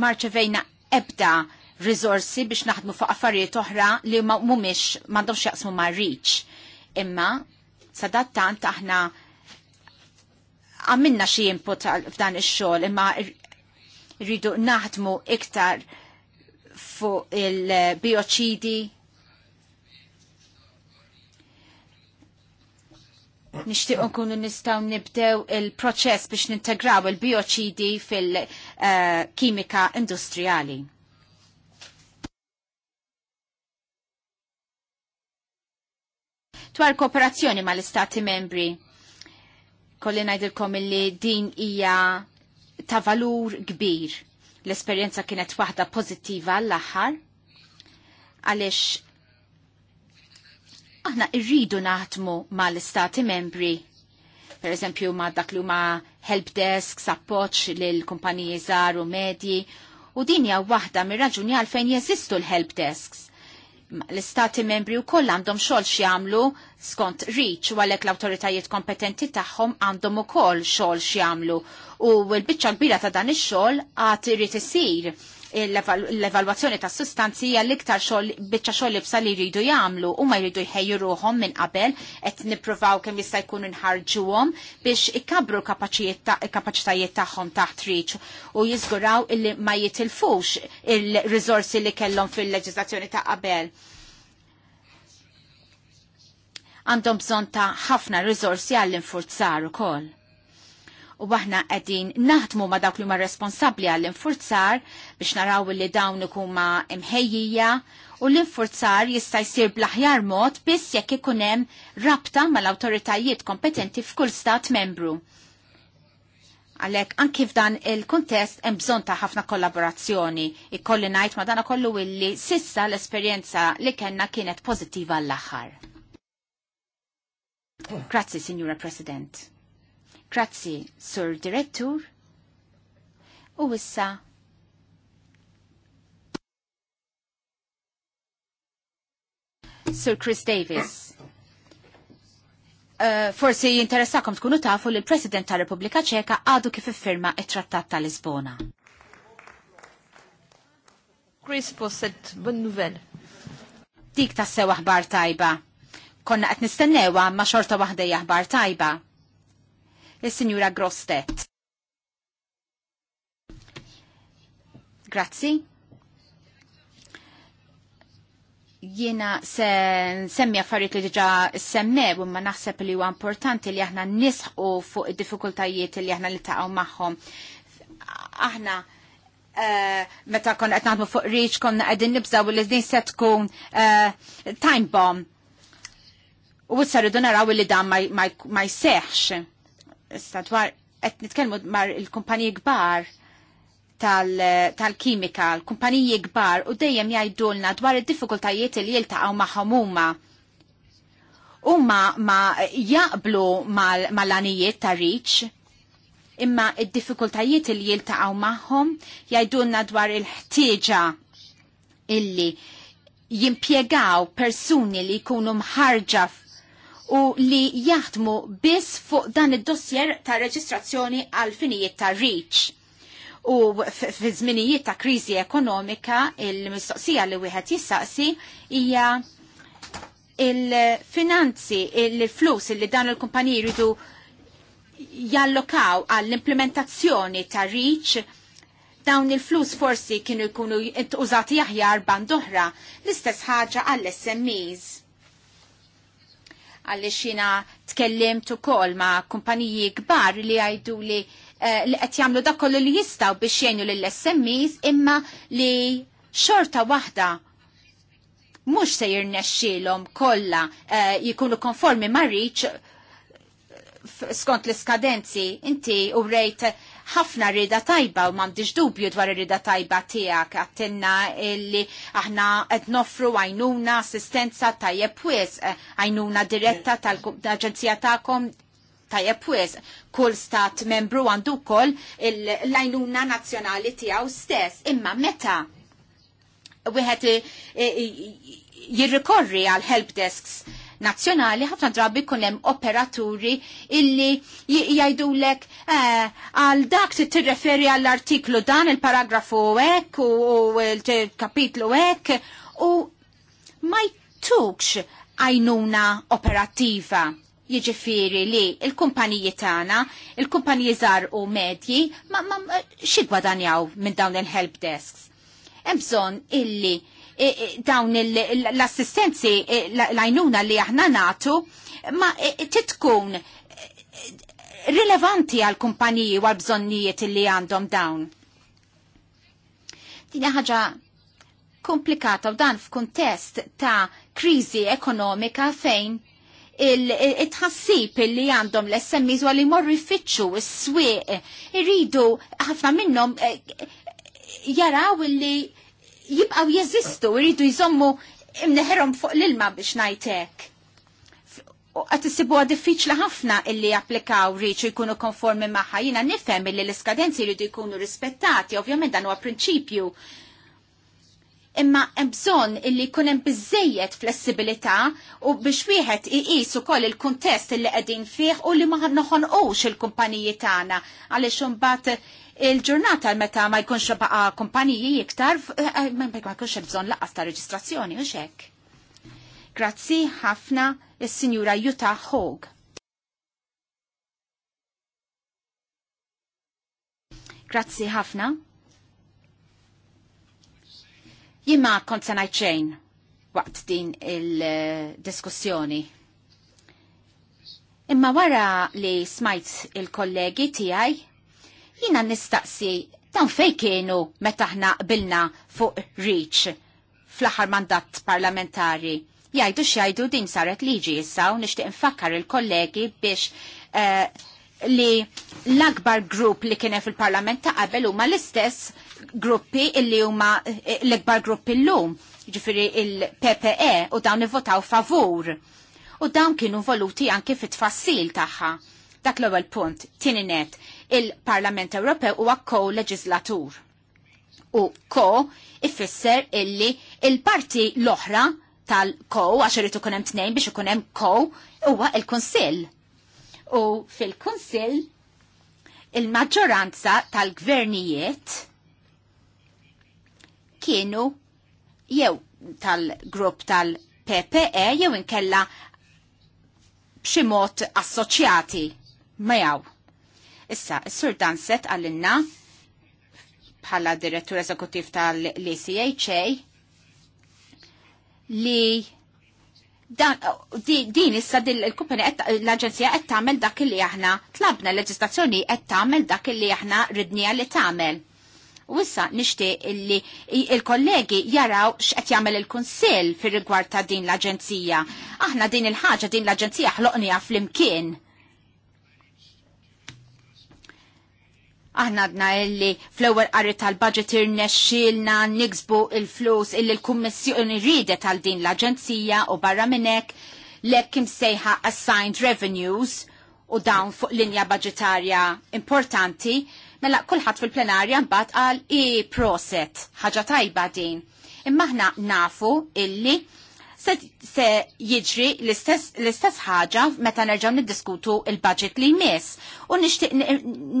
marċevejna ebda rizorsi biex naħdmu fuq affarijiet oħra li mumiex m'għandhomx jaqsmu ma' reach. Imma sadattant aħna għamilna xi input f'dan ix-xogħol imma rridu naħdmu iktar fuq il-bioċidi nishtiq nkunu nistaw nibdew il-proċess biex nintegraw il-bioċidi fil-kimika industrijali. Twar kooperazzjoni mal-Istati membri, kolli najdilkom illi din hija ta' valur kbir. L-esperienza kienet waħda pozittiva l-aħħar, għalix aħna irridu naħdmu mal-istati membri. Per eżempju, ma dak li huma help desk, appoċ kumpaniji żgħar u medji, u din hija waħda mir-raġuni għalfejn jeżistu l-help desks. L-istati membri u koll għandhom xogħol x'jagħmlu skont riċ u għalek l-awtoritajiet kompetenti tagħhom għandhom ukoll xogħol x'jagħmlu u l-biċċa kbira ta' dan ix-xogħol għad irid isir l-evalwazzjoni ta' sustanzi hija l-iktar xogħol biċċa xogħol ibsa li jridu jagħmlu u ma jridu jħejju ruhom minn qabel qed nippruvaw kemm jista' jkun nħarġuhom biex ikabru l-kapaċitajiet tagħhom taħt riċ u jiżguraw illi ma jitilfux il-riżorsi li kellhom fil-leġiżlazzjoni ta' qabel għandhom bżon ta' ħafna riżorsi għall-infurzar ukoll u aħna qegħdin naħdmu ma dawk li huma responsabbli għall-infurzar biex naraw li dawn ikuma imħejjija u l-infurzar jista' jsir bl-aħjar mod biss jekk ikun hemm rabta mal-awtoritajiet kompetenti f'kull stat membru. Għalhekk anki f'dan il kontest hemm bżonn ta' ħafna kollaborazzjoni. Ikolli ngħid ma dana kollu illi sissa l-esperjenza li kellna kienet pożittiva l-aħħar. Grazzi, Signora President. Grazzi, Sur Direttur. U issa Sir Chris Davis. Uh, forsi jinteressakom tkunu tafu li l-President ta' Repubblika Ċeka għadu kif iffirma it-Trattat ta' Lisbona. Chris posset bon Dik ta' sewa aħbar tajba. Konna qed nistennewa ma' xorta waħdejja ħbar tajba il-Sinjura Grostet. Grazzi. Jiena se semmi affarijiet li diġa semmew imma naħseb li huwa importanti li aħna nisħu fuq id-diffikultajiet li aħna niltaqgħu magħhom. Aħna eh, meta konna qed naħdmu fuq riċ konna qegħdin nibżgħu li din se tkun eh, time bomb. U saru naraw li dan ma jseħħx. Issa qed nitkellmu mar il-kumpaniji kbar tal-kimika, tal l-kumpaniji kbar u dejjem jgħidulna dwar id-diffikultajiet li jiltaqgħu magħhom huma. Huma ma jaqblu mal-anijiet ta' riċ, imma id-diffikultajiet li jiltaqgħu magħhom jgħidulna dwar il-ħtieġa illi jimpjegaw persuni li jkunu mħarġa u li jaħdmu biss fuq dan id-dossier ta' reġistrazzjoni għal finijiet ta' reach. U fi żminijiet ta' kriżi ekonomika, il-mistoqsija li wieħed jissaqsi hija il-finanzi, il-flus il li dan il-kumpaniji jridu jallokaw għall-implementazzjoni ta' reach dawn il-flus forsi kienu jkunu użati aħjar band oħra, l-istess ħaġa għall-SMEs għalli xina tkellimt ukoll ma' kumpaniji kbar li għajdu li eh, li qed jagħmlu dak kollu li jistgħu biex jgħinu lill-SMEs imma li xorta waħda mux se jirnexxilom kollha eh, jikunu konformi ma' skont l-iskadenzi inti u rejt ħafna rida tajba u m'għandix dubju dwar ir-rida tajba tiegħek għattinna illi aħna qed nofru għajnuna assistenza tajjeb wis eh, għajnuna diretta tal-aġenzija tagħkom tajjeb wis kull stat membru għandu wkoll l-għajnuna nazzjonali tiegħu stess. Imma meta wieħed jirrikorri għal helpdesks nazzjonali ħafna drabi kunem hemm operaturi illi jajdulek, eh, għal dak se tirreferi għall-artiklu dan il-paragrafu hekk u il-kapitlu hekk u ma jtukx għajnuna operattiva jieġifiri li il-kumpaniji tagħna, il-kumpaniji zar u medji, ma, ma xie gwadanjaw minn dawn il-help desks. Hemm bżonn illi E, e, dawn l-assistenzi e, l-għajnuna li aħna natu ma titkun rilevanti għal kumpaniji u għal bżonnijiet li għandhom dawn. Dina ħaġa komplikata u dan f'kuntest ta' kriżi ekonomika fejn il-tħassib il li għandhom l-SMIs u li morri fitxu s-swieq irridu ħafna minnom jaraw li jibqaw jeżistu, jridu jżommu imneħerom fuq l-ilma biex najtek. Għat isibu għad diffiċli ħafna illi applikaw riċu jkunu konformi maħħa. Jina nifhem illi l-iskadenzi jridu jkunu rispettati, ovvjament dan huwa prinċipju. Imma hemm bżonn illi jkun hemm biżejjed flessibilità u biex wieħed iqis ukoll il-kuntest illi qegħdin fih u li ma noħonqux il-kumpaniji tagħna għaliex imbagħad il-ġurnata meta ma jkunx baqa kumpaniji iktar, eh, eh, ma jkunx bżon laqas ta' reġistrazzjoni, u xek. Grazzi ħafna il-Sinjura Jutta Hogg. Grazzi ħafna. Jimma kont se ċejn waqt din il-diskussjoni. Imma wara li smajt il-kollegi tiegħi Jina nistaqsi, dan fej kienu meta ħna qbilna fuq reach fl-aħħar mandat parlamentari. Jajdu xajdu din saret liġi issa u nixtieq nfakkar il-kollegi biex uh, li l-akbar grupp li kienem fil-parlament ta' qabel huma l-istess gruppi illi huma eh, l-akbar grupp l-lum, ġifiri il-PPE u dawn votaw favur. U dawn kienu voluti anke fit-tfassil tagħha. Dak l-ewwel punt, tieni net, Il-Parlament Ewropew huwa ko-leġislatur. U ko ifisser illi il-parti l-oħra tal-ko, għax irrid ikun hemm tnejn biex ikun hemm ko, huwa il-Kunsill. U fil-Kunsill il-maġġoranza tal-gvernijiet kienu jew tal-grupp tal-PPE jew inkella b'xi mod assoċjati jaw. Issa, s-sur Danset għallinna bħala direttur eżekutiv tal-ACHA li dan, di, din issa l-kumpani l-Aġenzija qed tagħmel dak li aħna tlabna l-leġislazzjoni qed tagħmel dak li aħna ridnija li tagħmel. U issa nixtieq li il-kollegi jaraw x'qed jagħmel il-Kunsill fir-rigward ta' din l-Aġenzija. Aħna din il-ħaġa din l-Aġenzija ħloqnija flimkien. imkien Aħna għadna illi fl-ewwel qari tal-budget irnexxielna niksbu il-flus illi l-Kummissjoni ridet għal din l-Aġenzija u barra minn hekk lekk imsejħa assigned revenues u dawn fuq linja budgetarja importanti, mela kulħadd fil-plenarja mbagħad qal i proset ħaġa tajba din. Imma aħna nafu illi se jiġri l-istess ħaġa meta nerġgħu niddiskutu il-budget li jmiss. U nixtieq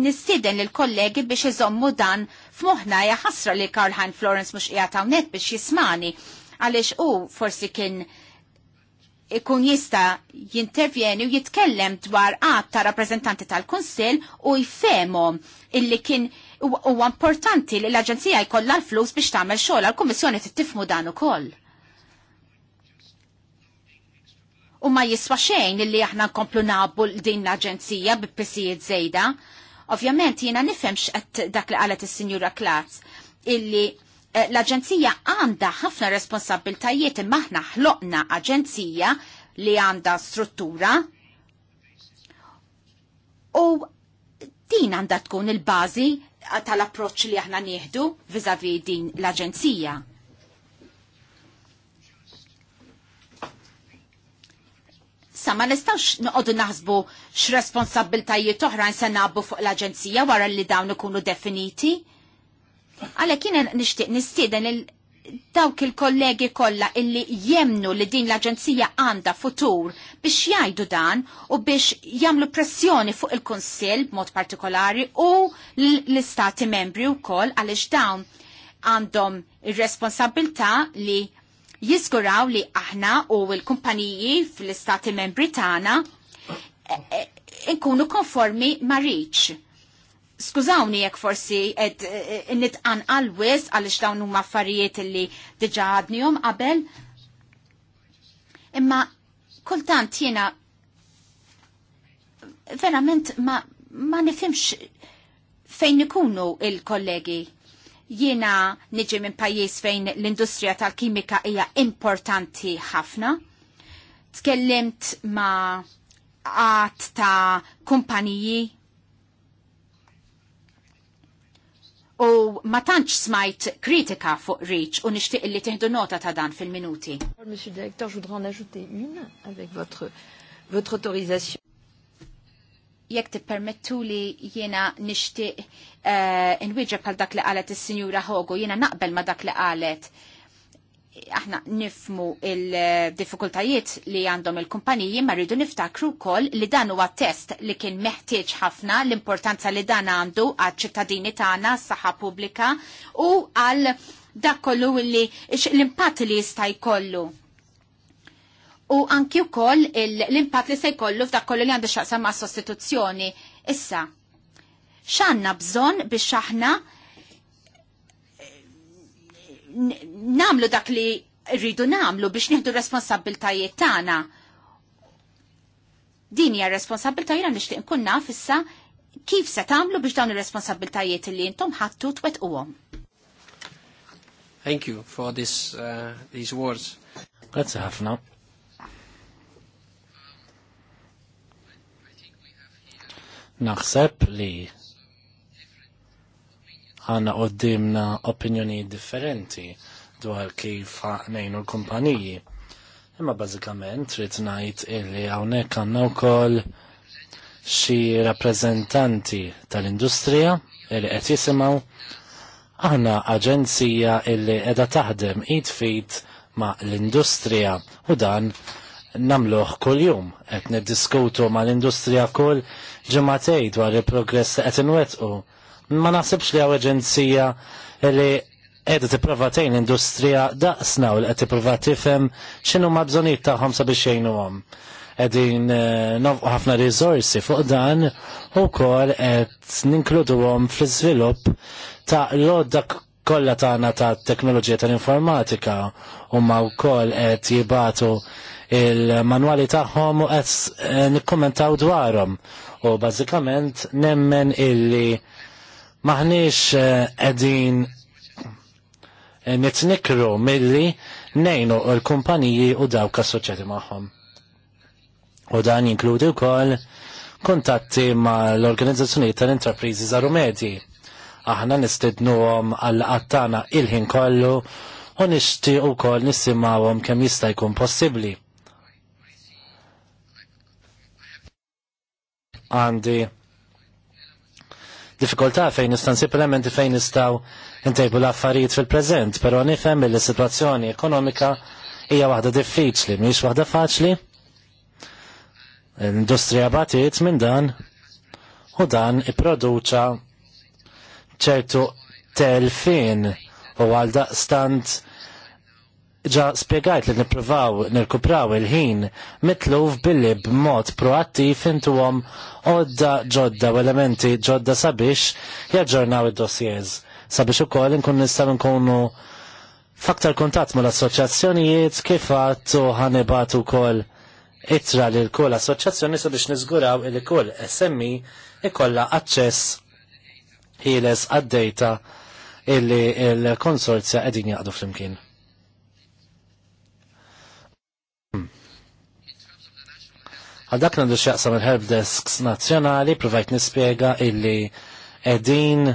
nistieden kollegi biex iżommu dan f'moħħna jaħasra li Karl Hein Florence mhux qiegħed hawnhekk biex jismani għaliex hu forsi kien ikun jista jintervjeni u jitkellem dwar għad ta' rappresentanti tal-Konsil u jfemom illi kien u importanti li l-Aġenzija jkollha l-flus biex tagħmel xogħol għall-Kummissjoni tittifmu dan ukoll. u ma jiswa xejn illi aħna nkomplu nabu din l-aġenzija bi pisijiet zejda. Ovvjament jiena nifhem x'qed dak li qalet is-Sinjura Klaz, illi eh, l-aġenzija għandha ħafna responsabiltajiet imma aħna ħloqna aġenzija li għandha struttura u din għandha tkun il-bażi eh, tal-approċċ li aħna nieħdu viżavi din l-aġenzija. Sa ma nistawx noqogħdu naħsbu x'responsabbiltajiet oħrajn se nabbu fuq l-aġenzija wara li dawn ikunu definiti. Għalhekk jien nixtieq nistieden dawk il-kollegi kollha illi jemnu li din l-Aġenzija għandha futur biex jgħidu dan u biex jagħmlu pressjoni fuq il-Kunsill b'mod partikolari u l-Istati membri wkoll għaliex dawn għandhom ir-responsabilità li jiżguraw li aħna u l-kumpaniji fl-istati membri tagħna eh, eh, inkunu konformi ma' riċ. Skużawni jekk forsi qed eh, nitqan għal-wis għaliex dawn huma affarijiet li diġa' għadnihom qabel. Imma kultant jiena verament ma, ma nifimx fejn ikunu il-kollegi Jiena niġi minn pajjiż fejn l-industrija tal-kimika hija importanti ħafna. Tkellimt ma' għat ta' kumpaniji u ma tantx smajt kritika fuq Reach u nixtieq li tieħdu nota ta' dan fil-minuti. Monsieur Directeur, je voudrais en ajouter une avec votre votre autorisation jekk tippermettu li jiena nixtieq uh, inwieġeb għal dak li qalet is-Sinjura Hogo, jiena naqbel ma dak li qalet. Aħna nifmu il-diffikultajiet li għandhom il-kumpaniji ma rridu niftakru wkoll li dan huwa test li kien meħtieġ ħafna l-importanza li dan għandu għad ċittadini tagħna s-saħħa pubblika u għal dak kollu li l-impatt li jista' jkollu u anki wkoll l-impatt li se jkollu f'dak kollu li għandu xaqsa ma' sostituzzjoni. Issa, x'għandna bżonn biex aħna eh, namlu dak li rridu namlu biex nieħdu responsabiltajiet tagħna. Din hija responsabilità jiena nixtieq nkun naf issa kif se tagħmlu biex dawn ir-responsabiltajiet li intom ħattu twettquhom. Thank you for this, uh, these words. Grazie ħafna Naħseb li għanna għoddimna opinjoni differenti dwar kif għanajnu l-kumpaniji. Imma bażikament trid ngħid illi hawnhekk għandna wkoll xi rappreżentanti tal-industrija illi qed jisimaw aħna aġenzija illi edha taħdem id fit ma' l-industrija u dan namluħ kull-jum qed niddiskutu mal-industrija kull ġematej dwar il-progress li qed inwettqu. Ma naħsibx li għaw aġenzija li qiegħda tipprova tgħin industrija daqsna u li qed tipprova tifhem x'inhu ma bżonijiet tagħhom sabiex jgħinuhom. Qegħdin eh, nofqu ħafna riżorsi fuq dan u wkoll qed ninkluduhom fl-iżvilupp ta' lodda kollha tagħna ta' teknoloġija tal-informatika huma wkoll qed jibatu il-manwali tagħhom u qed eh, nikkommentaw dwarhom u bazzikament nemmen illi maħniex edin eh, eh, nitnikru milli nejnu l-kumpaniji u dawk assoċjati magħhom. U dan jinkludi wkoll kontatti ma l-organizzazzjonijiet tal-intrapriżi Zaru medji. Aħna nistednuhom għall qattana il-ħin kollu u nixtieq ukoll nisimgħuhom kemm jista' jkun possibbli. għandi diffikultà fejn nista' nsib fejn nistgħu ntejbu l-affarijiet fil-preżent, però nifhem li s-sitwazzjoni ekonomika hija waħda diffiċli, mhix waħda faċli. L-industrija batiet minn dan u dan ipproduċa ċertu telfin u għal daqstant ġa spiegajt li niprovaw nirkupraw il-ħin mitluf billi b'mod proattiv intuhom odda ġodda u elementi ġodda sabiex jaġġornaw id-dossiers sabiex ukoll nkun nistgħu nkunu faktar kuntatt mal-assoċjazzjonijiet kif għattu u koll itra li lil kull assoċjazzjoni sabiex nizguraw li kull SMI e ikolla aċċess ħieles għad-data illi l-konsorzja qegħdin jaqdu flimkien. Għal dak nandu xaqsam il-help desks nazjonali, provajt nispiega illi edin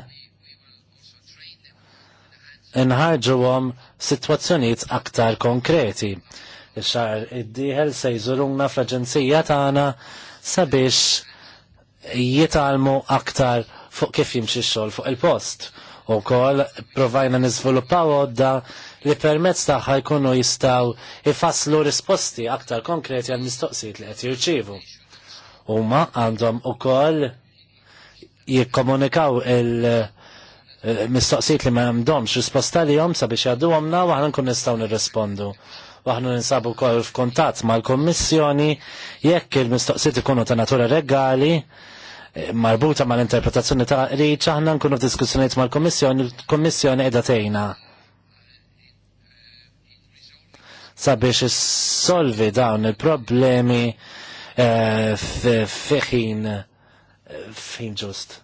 għom situazzjoniet aktar konkreti. Ixar id-diħel se jżuruna fl-aġenzija tagħna sabiex jitalmu aktar fuq kif jimxi xogħol fuq il-post U kol provajna nizvolupaw odda li permezz taħħa jkunu jistaw ifasslu risposti aktar konkreti għal mistoqsijiet li qed jirċievu. Huma għandhom ukoll jikkomunikaw il-mistoqsijiet eh, li ma għandhomx risposta li jom sabiex jgħaddu għomna u għana nkun nistaw nirrespondu. U ninsabu kol f'kuntat mal-kommissjoni jekk il-mistoqsijiet ikunu ta' natura regali marbuta mal-interpretazzjoni ta' li aħna nkunu ma' mal komissjoni il komissjoni qiegħda tejna. Sabiex issolvi dawn il-problemi eh, fiħin fiħin ġust.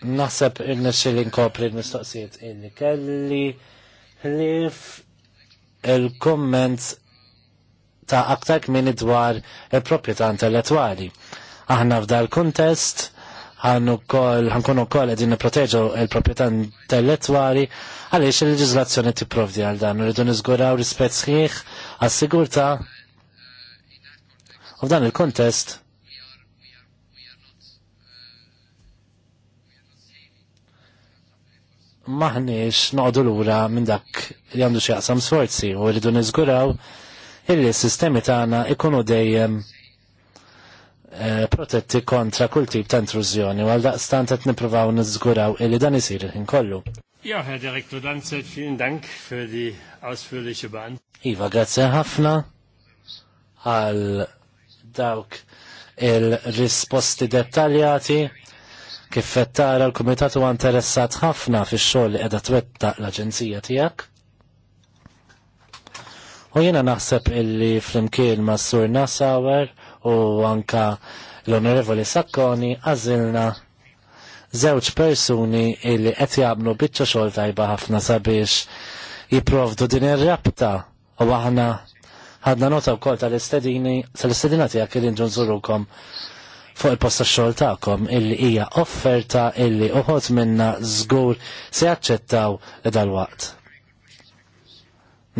Naħseb il li nkopri l-mistoqsijiet il-li kelli ħlif il-komment ta' aktar kmini dwar il-proprjetà intellettwali. Aħna f'dal kuntest ħankunu kol għedin proteġu il-proprietà intellettuali għaliex il-leġizlazzjoni tipprovdi għal dan. Rridu nizguraw rispett sħiħ għas-sigurta u f'dan il-kontest maħniex noqdu lura minn dak li għandu xieqsam sforzi u rridu nizguraw illi s-sistemi tagħna ikunu dejjem eh, protetti kontra kull tip ta' intrużjoni, għal daqstant qed nippruvaw niżguraw illi dan isir il-ħin kollu. Ja, Herr Direktor Danzet, fin Dank für di ausführliche Beantwortung. Iva, grazie ħafna għal dawk il-risposti dettaljati kif fettara l-Kumitat għan interessat ħafna fix xogħol li qiegħda twettaq l-Aġenzija tiegħek. U jena naħseb illi flimkien ma' Sur Nasawer u anka l-Onorevoli Sakkoni għazilna zewċ persuni illi qed jagħmlu biċċa xogħol tajba ħafna sabiex jipprovdu din ir-rabta u aħna ħadna nota wkoll tal-istedini tal-istedina tiegħek li nżurukom fuq il-posta xogħol tagħkom illi hija offerta illi uħod minna żgur se jaċċettaw dal-waqt.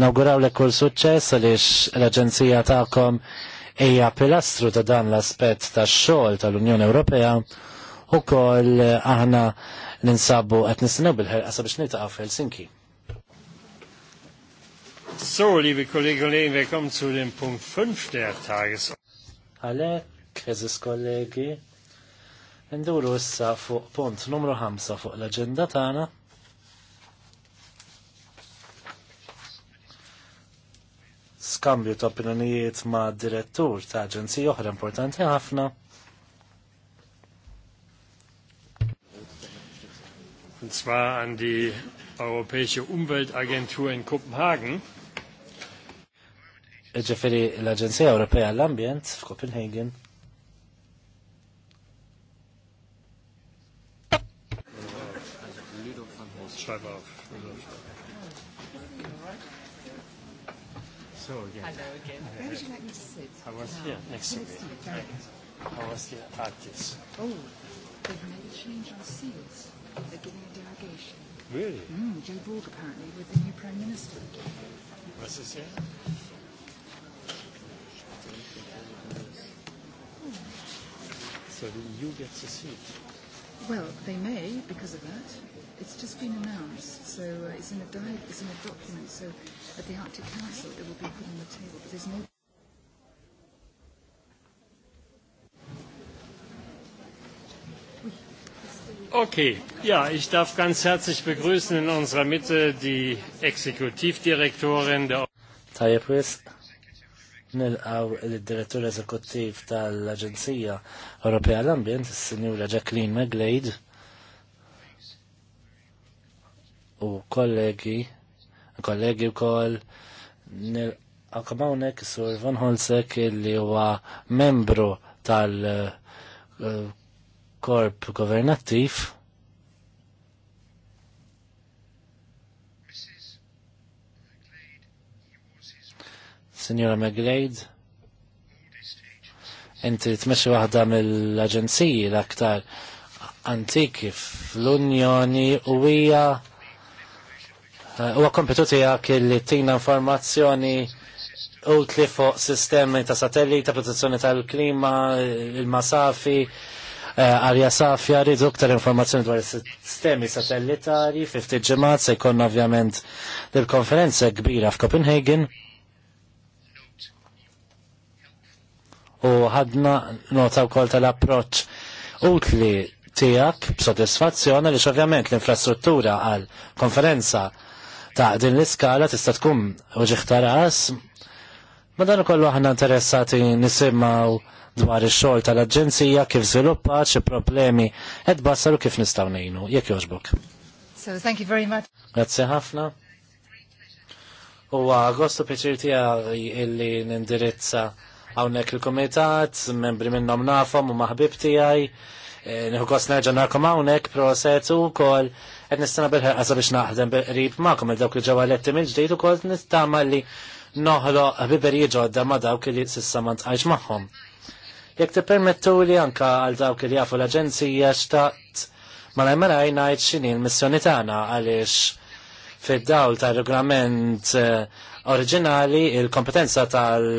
Nawguraw li kull suċċess għaliex l-Aġenzija tagħkom hija pilastru ta' dan l-aspett tax-xogħol tal-Unjoni Ewropea u koll aħna ninsabu qed nistennew bil ħelqa sabiex nitaqgħu f'Helsinki. So, liebe Kollegen und Kollegen, wir kommen zu dem Punkt 5 der Tagesordnung. Alle, Kresses Kollegi, nduru issa fuq punt numru 5 fuq l-agenda tagħna. skambju ta' opinjonijiet ma' direttur ta' aġenzija oħra importanti ħafna. Und zwar an die Europäische Umweltagentur in Kopenhagen. Ġifiri l-Aġenzija Ewropea l-Ambjent f'Kopenhagen. f'Copenhagen. Schreiber saw again. Hello again. Where would you like me to sit? I was oh. here ah, next to me. Right. I was here at this. Oh, they've made a change on seats. They're giving a delegation. Really? Mm, Joe Borg apparently with the new Prime Minister. Was this here? So the EU gets a seat. Well, they may because of that. It's just been announced, so uh, it's in a di- it's in a document. So at the Arctic Council, it will be put on the table. But there's no Okay, ja, ich darf ganz herzlich begrüßen in unserer Mitte die Exekutivdirektorin der Tajib Wis, nilqaw il-direttur eżekuttiv tal-Aġenzija Ewropea l-Ambjent, is-Sinjura Jacqueline Maglade, u kollegi kollegi wkoll nil-akamawnek sur Van Holsek li huwa membru tal-korp eh, governattiv Signora McGlade, inti tmexxi waħda mill agenziji l-aktar antiki fl-Unjoni u hija Eh, huwa uh, kompetu tiegħek li tina informazzjoni utli fuq sistemi ta' satellita, ta' protezzjoni tal-klima, il-masafi, eh, arja safja, rridu aktar informazzjoni dwar sistemi satellitari, 50 ġemat, se jkun ovvjament dil-konferenza kbira f'Copenhagen. U ħadna nota wkoll tal-approċċ utli tiegħek b'sodisfazzjoni li ovvjament l-infrastruttura għal konferenza ta' din l-iskala tista' tkun uġiħtar ras. Madan dan ukoll aħna interessati nisimgħu dwar ix-xogħol tal-Aġenzija kif żviluppat xi problemi qed bassalu kif nistgħu ngħinu. Jekk jogħġbok. So thank you very much. Grazzi ħafna. Huwa agostu Piċir tiegħi illi nindirizza hawnhekk il-kumitat, membri minnhom nafhom u maħbib tiegħi. Eh, nħu kost nerġa' narkom hawnhekk proset ukoll għed nistana bil għasab biex naħdem bil-rib magħkom il dawk il ġewwa eletti mill-ġdejt ukoll nistama li noħloq ħbiberijiet ġodda ma' dawk li s-samant ma ntqajx magħhom. Jekk tippermettu li anka għal dawk li jafu l-aġenzija xtaqt ma najmaraj ngħid x'inhi l-missjoni tagħna għaliex fid-dawl tal-regolament eh, oriġinali il-kompetenza tal-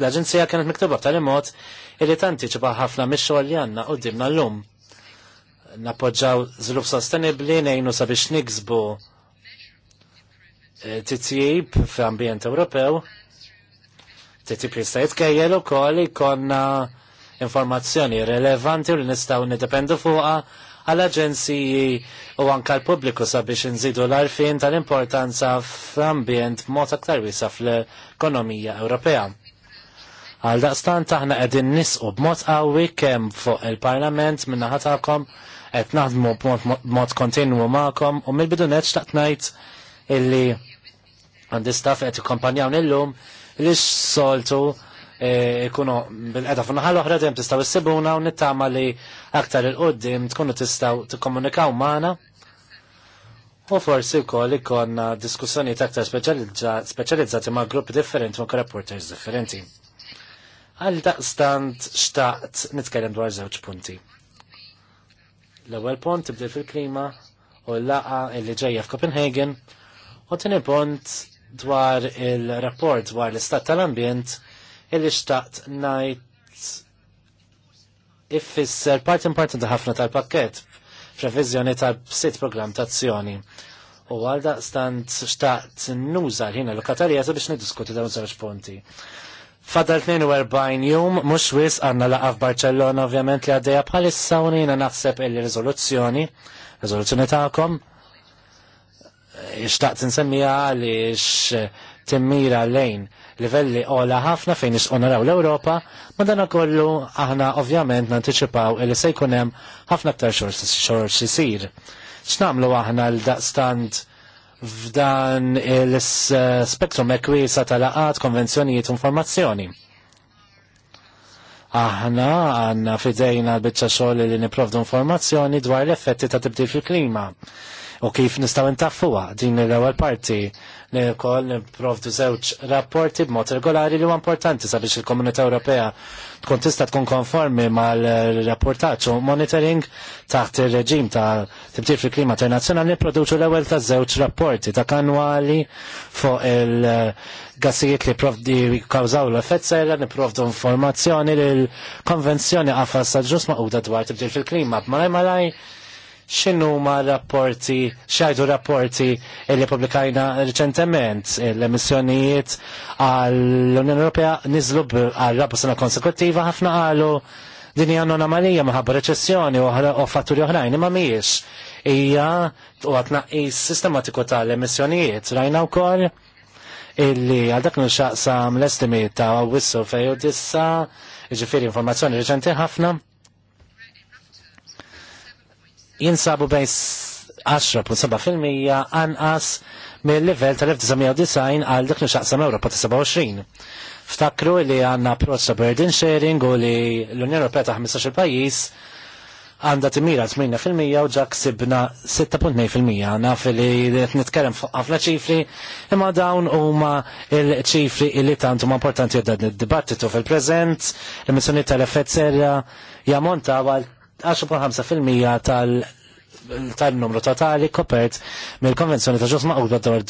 l-Aġenzija kienet miktuba tal mod illi tanti ċiba ħafna mix-xogħol li għandna l llum napoġġaw żluf sostenibli nejnu sabiex niksbu eh, titjib fl-ambjent Ewropew, titjib li sta' jitkejjel ukoll ikonna informazzjoni rilevanti u li nistgħu nidependu fuqha għall-aġenziji u anka l-pubbliku sabiex nżidu l-arfin tal-importanza fl-ambjent aktar wiesa fl-ekonomija Ewropea. Għal daqstan taħna qegħdin nisqu b'mod qawwi kemm fuq il-Parlament minnaħa tagħkom qed naħdmu b'mod kontinwu ma'kom u mill-bidunet xtaqt ngħid illi għandi staff qed ikkompanjawn illum li soltu e, ikunu bil-qeda fuq naħal oħra dejjem s issibuna u nittama li aktar il qudiem tkunu t tikkomunikaw magħna. U forsi wkoll ikonna diskussjoni aktar speċjalizzati ma' gruppi differenti u reporters differenti. Għal daqstant xtaqt nitkellem dwar żewġ punti. L-ewwel pont tibdil fil-klima u l-laqa illi ġejja f'Copenhagen u tieni pont dwar il-rapport dwar l-istat tal-ambjent illi xtaqt ngħid iffisser part importanti ħafna tal-pakket f'reviżjoni tal-sit programm ta' azzjoni. U għal daqstant xtaqt nuża l-ħin l-katarija biex niddiskuti dawn żewġ punti. Fadal 42 jum, mux wis għanna laqaf Barcellona ovvjament li għaddeja bħalissa unina naħseb il-rizoluzzjoni, rizoluzzjoni ta'kom, ixtaqt nsemmija għalix timmira lejn livelli ola ħafna fejn isqonaraw l-Europa, ma dan kollu aħna ovvjament nanticipaw il se jkun hemm ħafna aktar xor xisir. X'namlu aħna l daqstant f'dan l spektrum ekwisa tal-laqat, konvenzjonijiet u informazzjoni. Aħna għanna fidejna bieċa xogħol li niprofdu informazzjoni dwar l-effetti ta' tibdil fil-klima u kif nistaw intaffuwa din l-ewwel parti li niprovdu nipprovdu żewġ rapporti b'mod regolari li huwa importanti sabiex il-Komunità Ewropea tkun tista' tkun konformi mal-rapportaġġ u monitoring taħt ir-reġim ta' tibtir fil-klima internazzjonali nipproduċu l-ewwel ta' żewġ rapporti ta' kanwali fuq il-gassijiet li provdi kawżaw l-effett serra niprovdu informazzjoni lill konvenzjoni qafas tal-ġus maquda dwar tibtir fil-klima. Malaj malaj x'inhuma rapporti, xajdu rapporti li publikajna riċentement l-emissjonijiet għall-Unjoni Ewropea niżlu għal rabu sena konsekutiva ħafna qalu din hija anomalija maħabba reċessjoni u fatturi oħrajn imma mhijiex. Hija u għatnaqqis sistematiku tal-emissjonijiet rajna wkoll illi għal dak nxaqsam l-estimi ta' wissu fej u dissa ġifiri informazzjoni reċenti ħafna jinsabu bejn 10.7% anqas mill-level tal-1990 għal dik li xaqsam Ewropa ta' 27. Ftakru li għanna approċċ ta' burden sharing u li l-Unjoni Ewropea ta' 15 pajjiż għanda timira 8% u ġa ksibna 6.2%. Naf li nitkellem ħafna ċifri, imma dawn huma il-ċifri li tant huma importanti għadda id-dibattitu fil-preżent, l-emissjoni tal-effett serja jamonta għal 10.5% tal- tal-numru totali kopert mill-konvenzjoni ta' ġus maqbla dwar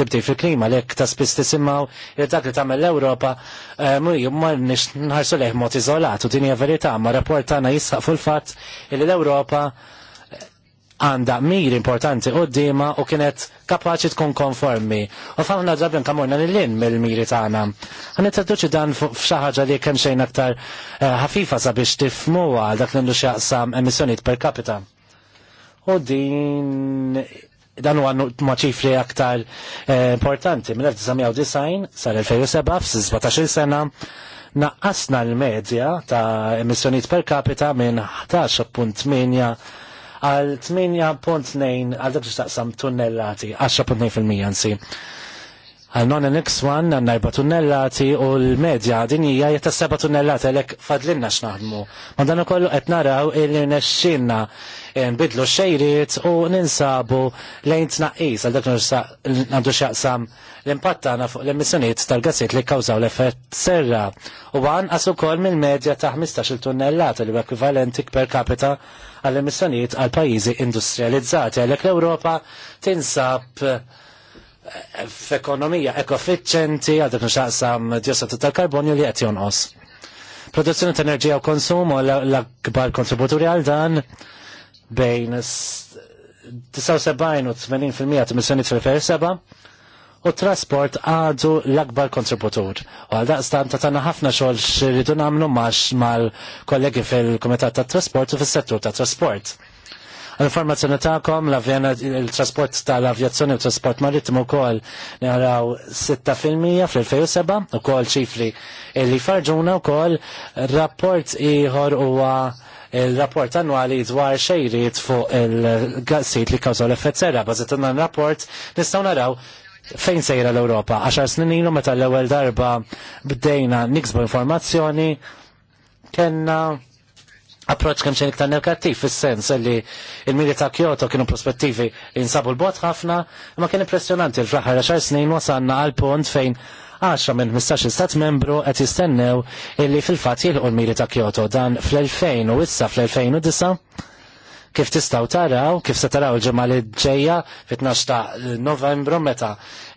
tibdej fil-klima li ta' spiss tisimgħu il dak li tagħmel l-Ewropa eh, ma nix nħarsu leħ mod iżolat u din hija verità ma rapport tagħna jisħaq fuq il-fatt li l-Ewropa għanda mir importanti u d-dima u kienet kapaċi tkun konformi. U fawna drabjon kamurna l-lin mill-miri tagħna. Għan introduċi dan f'xaħġa li kemm xejn aktar eh, ħafifa sabiex għal dak li għandu xjaqsam emissjonijiet per capita. U din dan huwa għannu ċifri aktar eh, importanti. Mill-1990 sal-2007 f-17 sena naqqasna l-medja ta' emissjonijiet per capita minn 11.8 għal 8.2 għal dak xtaqsam tunnellati, 10.2% anzi. Għal non NX1 għan narba tunnellati u l-medja din hija jeta seba tunnellati għalek fadlinna x'naħdmu. Ma dan ukoll qed naraw illi nexxinna nbidlu xejriet u ninsabu lejn tnaqqis għal dak għandu x'jaqsam l-impatt tagħna fuq l emissioniet tal-gassiet li kkawżaw l-effett serra u għasu ukoll mill-medja ta' 15-il tunnellati li ekwivalenti per capita għall-emissjonijiet għal pajjiżi industrializzati għalhekk l-Ewropa tinsab eh, f'ekonomija ekoffiċenti għal dak nixaqsam diossidu tal-karbonju li qed jonqos. Produzzjoni ta' enerġija u konsum u l-akbar kontributuri għal dan bejn 79 u 80% ta' emissjonijiet fil-2007 u trasport għadu l-akbar kontributur. U għal daqstan ta' tana ħafna xogħol xirridu nagħmlu max mal-kollegi fil-Kumitat tat Trasport u fis-settur tat trasport. L-informazzjoni ta'kom, il-trasport tal-avjazzjoni u trasport marittimu kol naraw 6% fl-2007 u kol ċifri li farġuna u kol rapport iħor huwa il-rapport annuali dwar xejriet fuq il-gassit li kawżaw l-effett serra. Bazzet rapport nistaw naraw fejn sejra l-Europa. Għaxar snin ilu meta l-ewwel darba bdejna niksbu informazzjoni kena approċ kemm xejn iktar negattiv fis-sens li l-miri ta' Kyoto kienu prospettivi jinsabu l-bot ħafna, ma kien impressjonanti l-fraħar għaxar snin wasanna għal punt fejn 10 minn 15 stat membru qed jistennew illi fil-fatt jilqu l-miri ta' Kyoto dan fl-2000 u issa fl-2009 Kif tistaw taraw, kif se taraw il li ġeja fit-12 ta' novembru meta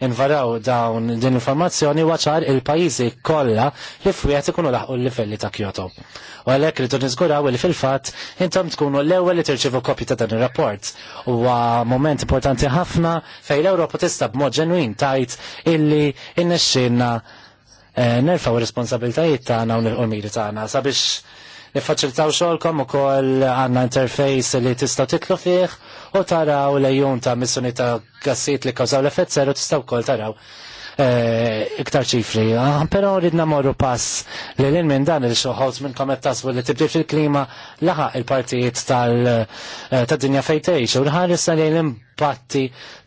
invaraw dawn din informazzjoni waċar il-pajizi kollha li fwiet ikunu laħqu l-livelli ta' Kyoto. U għalhekk rridu niżguraw li fil-fatt intom tkunu l-ewwel li tirċivu kopji ta' dan ir-rapport. Huwa moment importanti ħafna fejn l-Ewropa tista' b'mod ġenwin tajt illi innexxinna eh, nerfaw responsabiltajiet tagħna u l-qomiri tagħna sabiex Niffaċilitaw xolkom u kol għanna interface li tistaw titlu fih u taraw lejun ta' missuni ta' gassit li kawżaw l-effett u tistaw kol taraw eh, iktar ċifri. Ah, Pero ridna morru pass li l minn dan il-xoħos minn komet tasbu li tibdi fil-klima laħa il-partijiet tal-dinja eh, fejtejx. U l-ħaris li l-impatti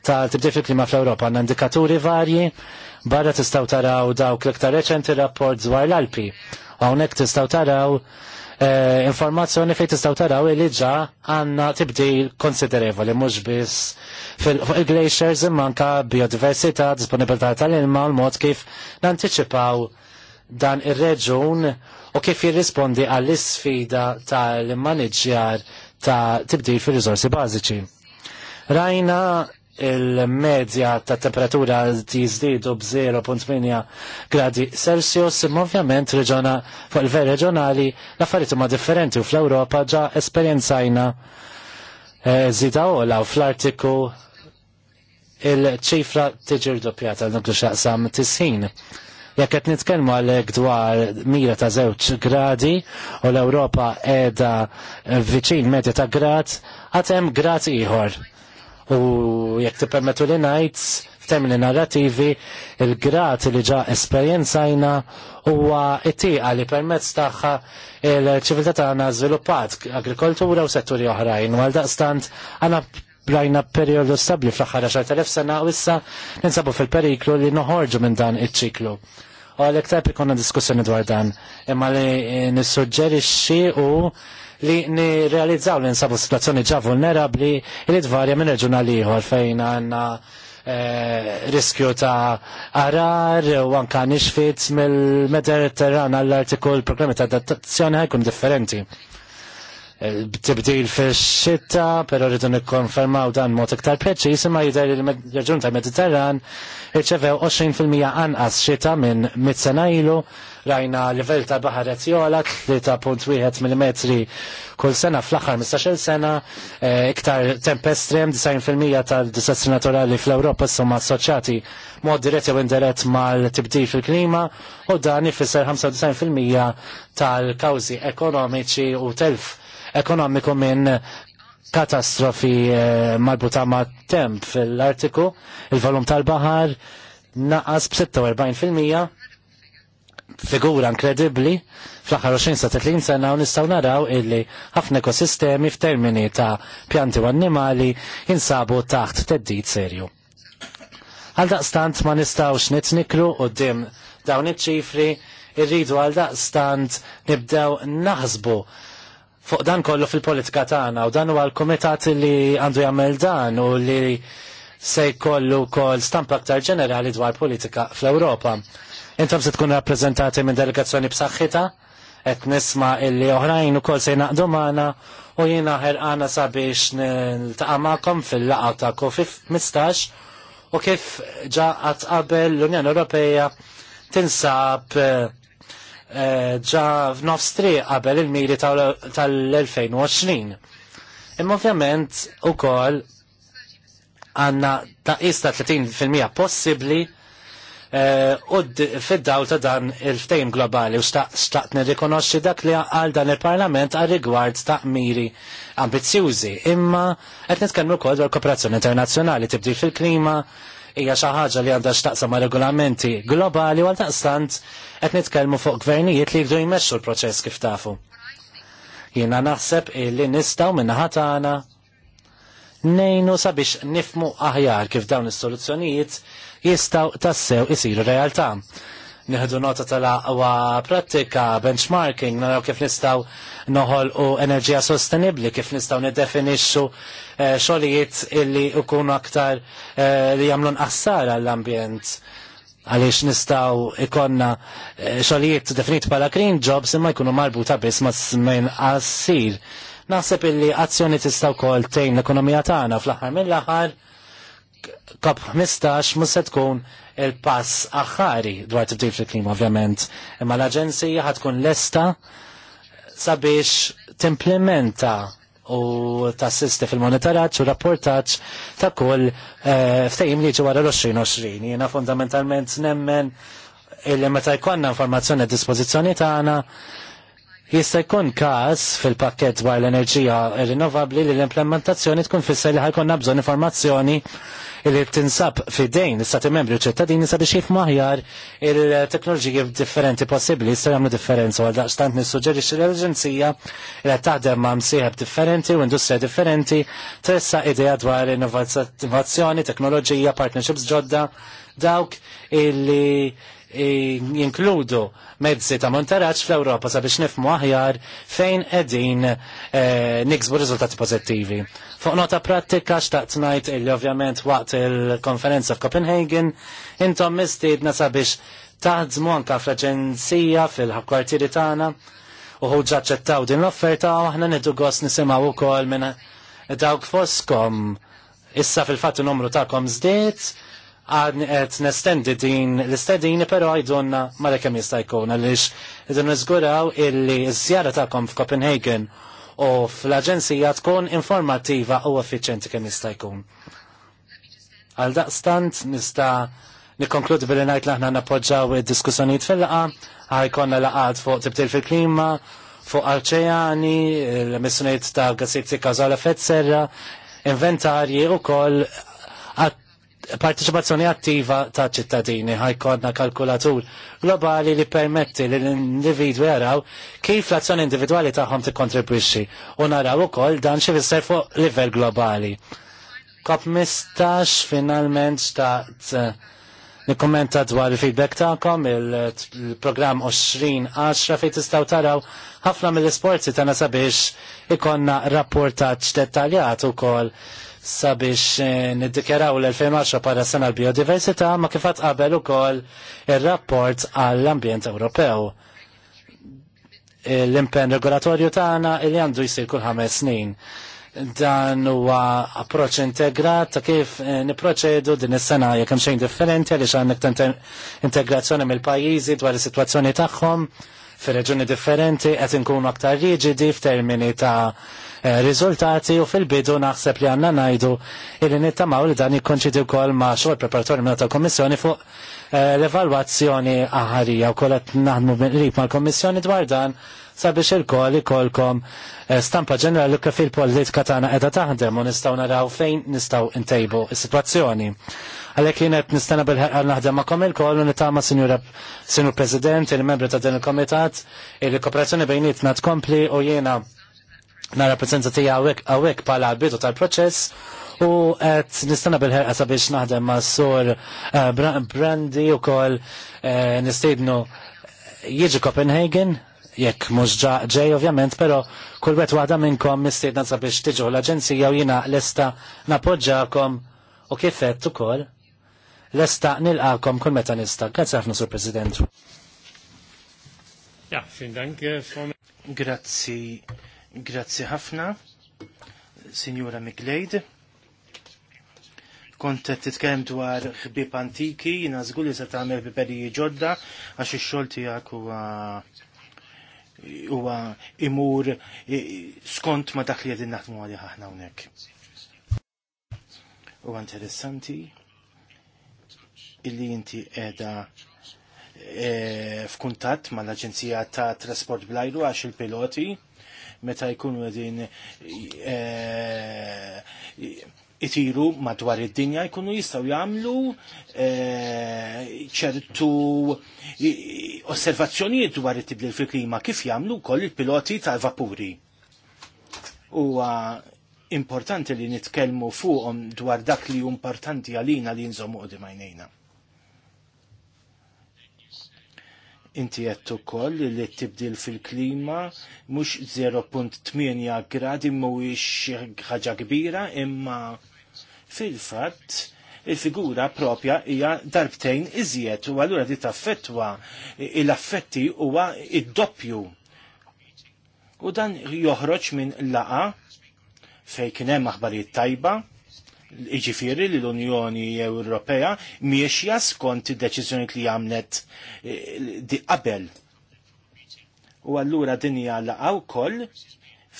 tal tibdi fil-klima fl-Europa għanna indikaturi varji. Barra tistaw taraw dawk l-iktar reċenti rapport dwar l-Alpi. Għawnek tistaw taraw Eh, informazzjoni fejn tistgħu taraw li ġa għandna tibdil konsiderevoli mhux biss fil glaciers imma biodiversità, disponibilità tal-ilma, l-mod kif nanticipaw dan ir-reġun u kif jirrispondi għall-isfida tal-maniġjar ta' tibdil fir rizorsi bażiċi. Rajna il-medja ta' temperatura jizdidu b-0.8 gradi Celsius, imma ovvjament reġona fuq il-ver reġjonali l-affarijiet huma differenti u fl-Ewropa ġa esperjenzajna eh, zida ola u fl-artiku il-ċifra tiġi rdopjata l-nuklu xaqsam tisħin. Jekk qed nitkellmu għalhekk dwar mira ta' żewġ gradi u l-Ewropa qiegħda viċin medja ta' grad, għad hemm grad ieħor U jekk tippermetu li ngħid f'termini narrativi il-grat li ġa esperjenzajna huwa t-tieqa li permezz tagħha il-ċiviltà tagħna żviluppat agrikoltura u setturi oħrajn. Għal daqstant għandna brajna periodu stabli fl-aħħar 10,000 sena u issa ninsabu fil-periklu li noħorġu minn dan iċ-ċiklu. U għalhekk tajb ikonna diskussjoni dwar dan. Imma li nissuġġerixxi u li nirrealizzaw li nsabu situazzjoni ġa vulnerabli li tvarja minn reġuna liħor fejn għanna eh, riskju ta' arar u anka nixfit mill-Mediterran għall-artikol programmi ta' adattazzjoni ħajkun differenti tibdil fil-xitta, pero rridu nikkonfermaw dan mod iktar preċi, jisima jider il-reġun tal-Mediterran irċevew 20% anqas xita minn mit sena ilu, rajna livell ta' baħar etjola 3.1 mm kull sena fl-aħħar 15 sena, eh, iktar tempestrem, 90% tal-disastri naturali fl-Ewropa summa assoċjati mod dirett jew indirett mal tibdi fil-klima u dan ifisser 95% tal-kawzi ekonomiċi u telf ekonomiku minn katastrofi eh, marbuta ma' temp fil-artiku, il-volum tal-bahar naqas b-46% figura inkredibbli fl-aħħar 20 sa 30 sena u nistgħu naraw illi ħafna ekosistemi f'termini ta' pjanti u annimali jinsabu taħt teddid serju. Għal daqstant ma nistgħux nitnikru dim dawn iċ-ċifri irridu għal daqstant nibdew naħsbu fuq dan kollu fil-politika tagħna u dan huwa l-kumitat li għandu jagħmel dan u li se jkollu wkoll stamp aktar ġenerali dwar politika fl-Ewropa. Intom se tkun rappreżentati minn delegazzjoni b'saħħita, qed nisma' illi oħrajn ukoll se jnaqdu magħna u jiena ħerqana sabiex niltaqa' magħkom fil-laqgħa ta' kofi 15 u kif ġaqat qabel l-Unjoni Ewropea tinsab uh, Eh, ġa f'nofs triq qabel il-miri tal-2020. Imma ovvjament ukoll għandna għanna ta' 30% possibbli eh, u fid-dawl ta' dan il-ftejm globali u staqt nirrikonoxxi dak li għal dan il-Parlament għal rigward ta' miri ambizzjużi. Imma qed nitkellmu wkoll dwar kooperazzjoni internazzjonali tibdil fil-klima, hija xi ħaġa li għandha x'taqsam ma' regolamenti globali għal taqstant qed nitkellmu fuq gvernijiet li jibdu jmexxu l-proċess kif tafu. Jiena naħseb illi nistgħu minnaħa tagħna nejnu sabiex nifmu aħjar kif dawn is-soluzzjonijiet jistgħu tassew isiru realtà. Neħdu nota tal-aqwa prattika, benchmarking, naraw kif nistaw noħol u enerġija sostenibli, kif nistaw nidefinixxu xolijiet eh, xogħlijiet illi jkunu aktar eh, li jagħmlu nqassar għall-ambjent għaliex nistaw ikonna eh, xogħlijiet definit bħala green jobs imma jkunu marbuta biss ma' smen għassir. Naħseb illi azzjoni tista' wkoll tejn l-ekonomija tagħna fl-aħħar mill-aħħar COP15 mhux se tkun il-pass aħħari dwar tibdil fil-klima ovvjament, imma l-Aġenzija ħatkun lesta sabiex timplementa u tassisti fil-monitoraċ u rapportaċ ta' kull eh, ftejim li ġewara l-2020. Jena fundamentalment nemmen illi meta jkollna informazzjoni a dispożizzjoni tagħna jista' jkun każ fil-pakkett dwar l-enerġija rinnovabbli li l-implementazzjoni tkun fisser li ħajkonna bżonn informazzjoni li tinsab fidejn l-istati membri u ċittadini sabiex jif maħjar il-teknoloġiji differenti possibli jistaw jagħmlu differenza għal daqstant nissuġġerixxi l-Aġenzija li taħdem ma' msieħeb differenti u industrija differenti tressa idea dwar innovazzjoni, teknoloġija, partnerships ġodda dawk illi jinkludu mezzi ta' montaraċ fl-Ewropa sabiex nifmu aħjar fejn qegħdin eh, niksbu riżultati pożittivi. Fuq nota prattika xtaqt ngħid illi ovvjament waqt il-konferenza f'Copenhagen intom mistiedna sabiex taħdmu anka fl-aġenzija fil-kwartieri tagħna u uħu aċċettaw din l-offerta u aħna niddu gost nisimgħu wkoll minn dawk foskom issa fil-fatt numru tagħkom żdied għadni nestendi din l-istedini, pero għajdunna mara kem jista' jkun għalix idun nizguraw illi z-zjara ta'kom f'Copenhagen u fl-Aġenzija tkun informattiva u effiċenti kem jista' jkun. Għal daqstant nista' nikkonkludi billi najt laħna aħna nappoġġaw id-diskussjonijiet fil-laqa, għajkonna laqad fuq tibtil fil-klima, fuq arċejani, l-emissjonijiet ta' gassiet kazala fetzerra, inventarji u koll partiċipazzjoni attiva ta' ċittadini ħajkodna kalkulatur globali li permetti li l-individwi jaraw kif l-azzjoni individwali tagħhom tikkontribwixxi u naraw ukoll dan xi fisser fuq livell globali. Kop 15 finalment xtaqt eh, nikkommenta dwar il-feedback tagħkom il-programm 2010 fejn tistgħu taraw ħafna mill-isforzi tagħna sabiex ikonna rapportaġġ dettaljat ukoll sabiex eh, niddikjaraw l-2010 para sena l-biodiversità ma kifat qabel ukoll ir-rapport għall-ambjent Ewropew. L-impenn regolatorju tagħna li għandu jsir kull ħames snin. Dan huwa approċċ integrat ta' kif eh, niproċedu din is-sena jekk hemm xejn differenti għaliex għandek integrazzjoni mill-pajjiżi dwar is-sitwazzjoni tagħhom fir-reġuni differenti qed inkunu aktar riġidi f'termini ta' Eh, riżultati u fil-bidu naħseb li għanna najdu il-li nittamaw li dan u wkoll ma' xogħol preparatorju minna tal-Kommissjoni fuq eh, l-evalwazzjoni aħarija u kollet naħdmu rib mal-Kommissjoni dwar dan sabiex il li kolkom eh, stampa ġenerali kif il-politika tagħna qiegħda taħdem u nistgħu naraw fejn nistgħu intejbu is-sitwazzjoni. Għalhekk jien qed nistenna bil-ħerqa naħdem ma' komil kol u nitama Sinjura Sinjur President, il-membri ta' din il-Komitat, il-kooperazzjoni bejnietna tkompli u jiena nara prezenza tija għawek pala bidu tal-proċess u għet nistana bil-ħerqa sabiex naħdem ma' sur eh, Brandi u kol eh, nistidnu jieġi Copenhagen jekk mux ġej ovvjament, pero kull wet waħda minnkom mistiedna sabiex tiġu l-Aġenzija u jina lesta napoġġakom u kifett ukoll lesta nilqakom kull meta nista. Grazie ħafna sur President. Ja, fin dank, Grazzi Grazzi ħafna, Signora Miglade. Kont qed titkellem dwar ħbieb antiki, jiena żgur li se tagħmel biberiji ġodda għax ix-xogħol tiegħek huwa huwa imur skont ma dak li qegħdin naħdmu għalih aħna hawnhekk. Huwa interessanti illi inti qiegħda e, f'kuntatt mal-Aġenzija ta' Trasport Blajru għax il-piloti meta jkunu għedin e, itiru madwar id-dinja jkunu jistaw jagħmlu e, ċertu osservazzjonijiet dwar it-tibdil fil-klima kif jagħmlu wkoll il-piloti tal-vapuri. Huwa importanti li nitkellmu fuqhom dwar dak li importanti għalina li nżomu qudiem għajnejna. Inti jettu ukoll li li tibdil fil-klima mhux 0.8 gradi mhuwiex ħaġa kbira imma fil-fatt il-figura propja hija darbtejn iżjed u allura di taffettwa l-affetti huwa id-doppju. U dan joħroġ minn laqa fejn kien hemm aħbarijiet tajba, iġifiri li l-Unjoni Ewropea miex jaskont id-deċizjoni li għamlet eh, di qabel. U allura din hija koll wkoll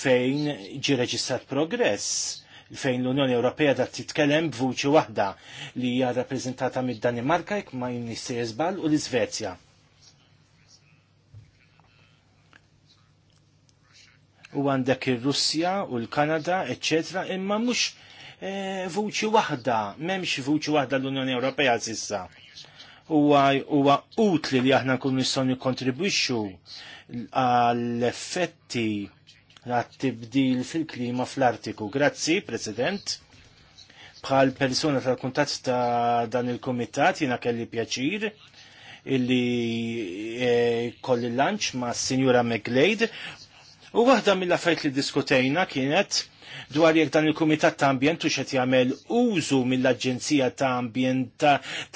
fejn ġi reġistrat progress fejn l-Unjoni Ewropea da titkellem b'vuċi waħda li hija rappreżentata mid-Danimarka jekk ma jinnissi jeżbal u l-Iżvezja. U għandek ir-Russja u l-Kanada, eċċetra, imma mhux E, vuċi waħda, memx vuċi waħda l-Unjoni Ewropea sissa. Huwa utli li aħna nkunu nistgħu nikkontribwixxu għall-effetti għat-tibdil fil-klima fl-Artiku. Grazzi, President. Bħal persuna tal-kuntat ta' dan il-komitat jina kelli pjaċir illi e, kolli lanċ ma' Sinjura McGlade U waħda mill-affajt li diskutejna kienet dwar jekk dan il-Kumitat ta' Ambjent u xed jagħmel użu mill-Aġenzija ta' Ambjent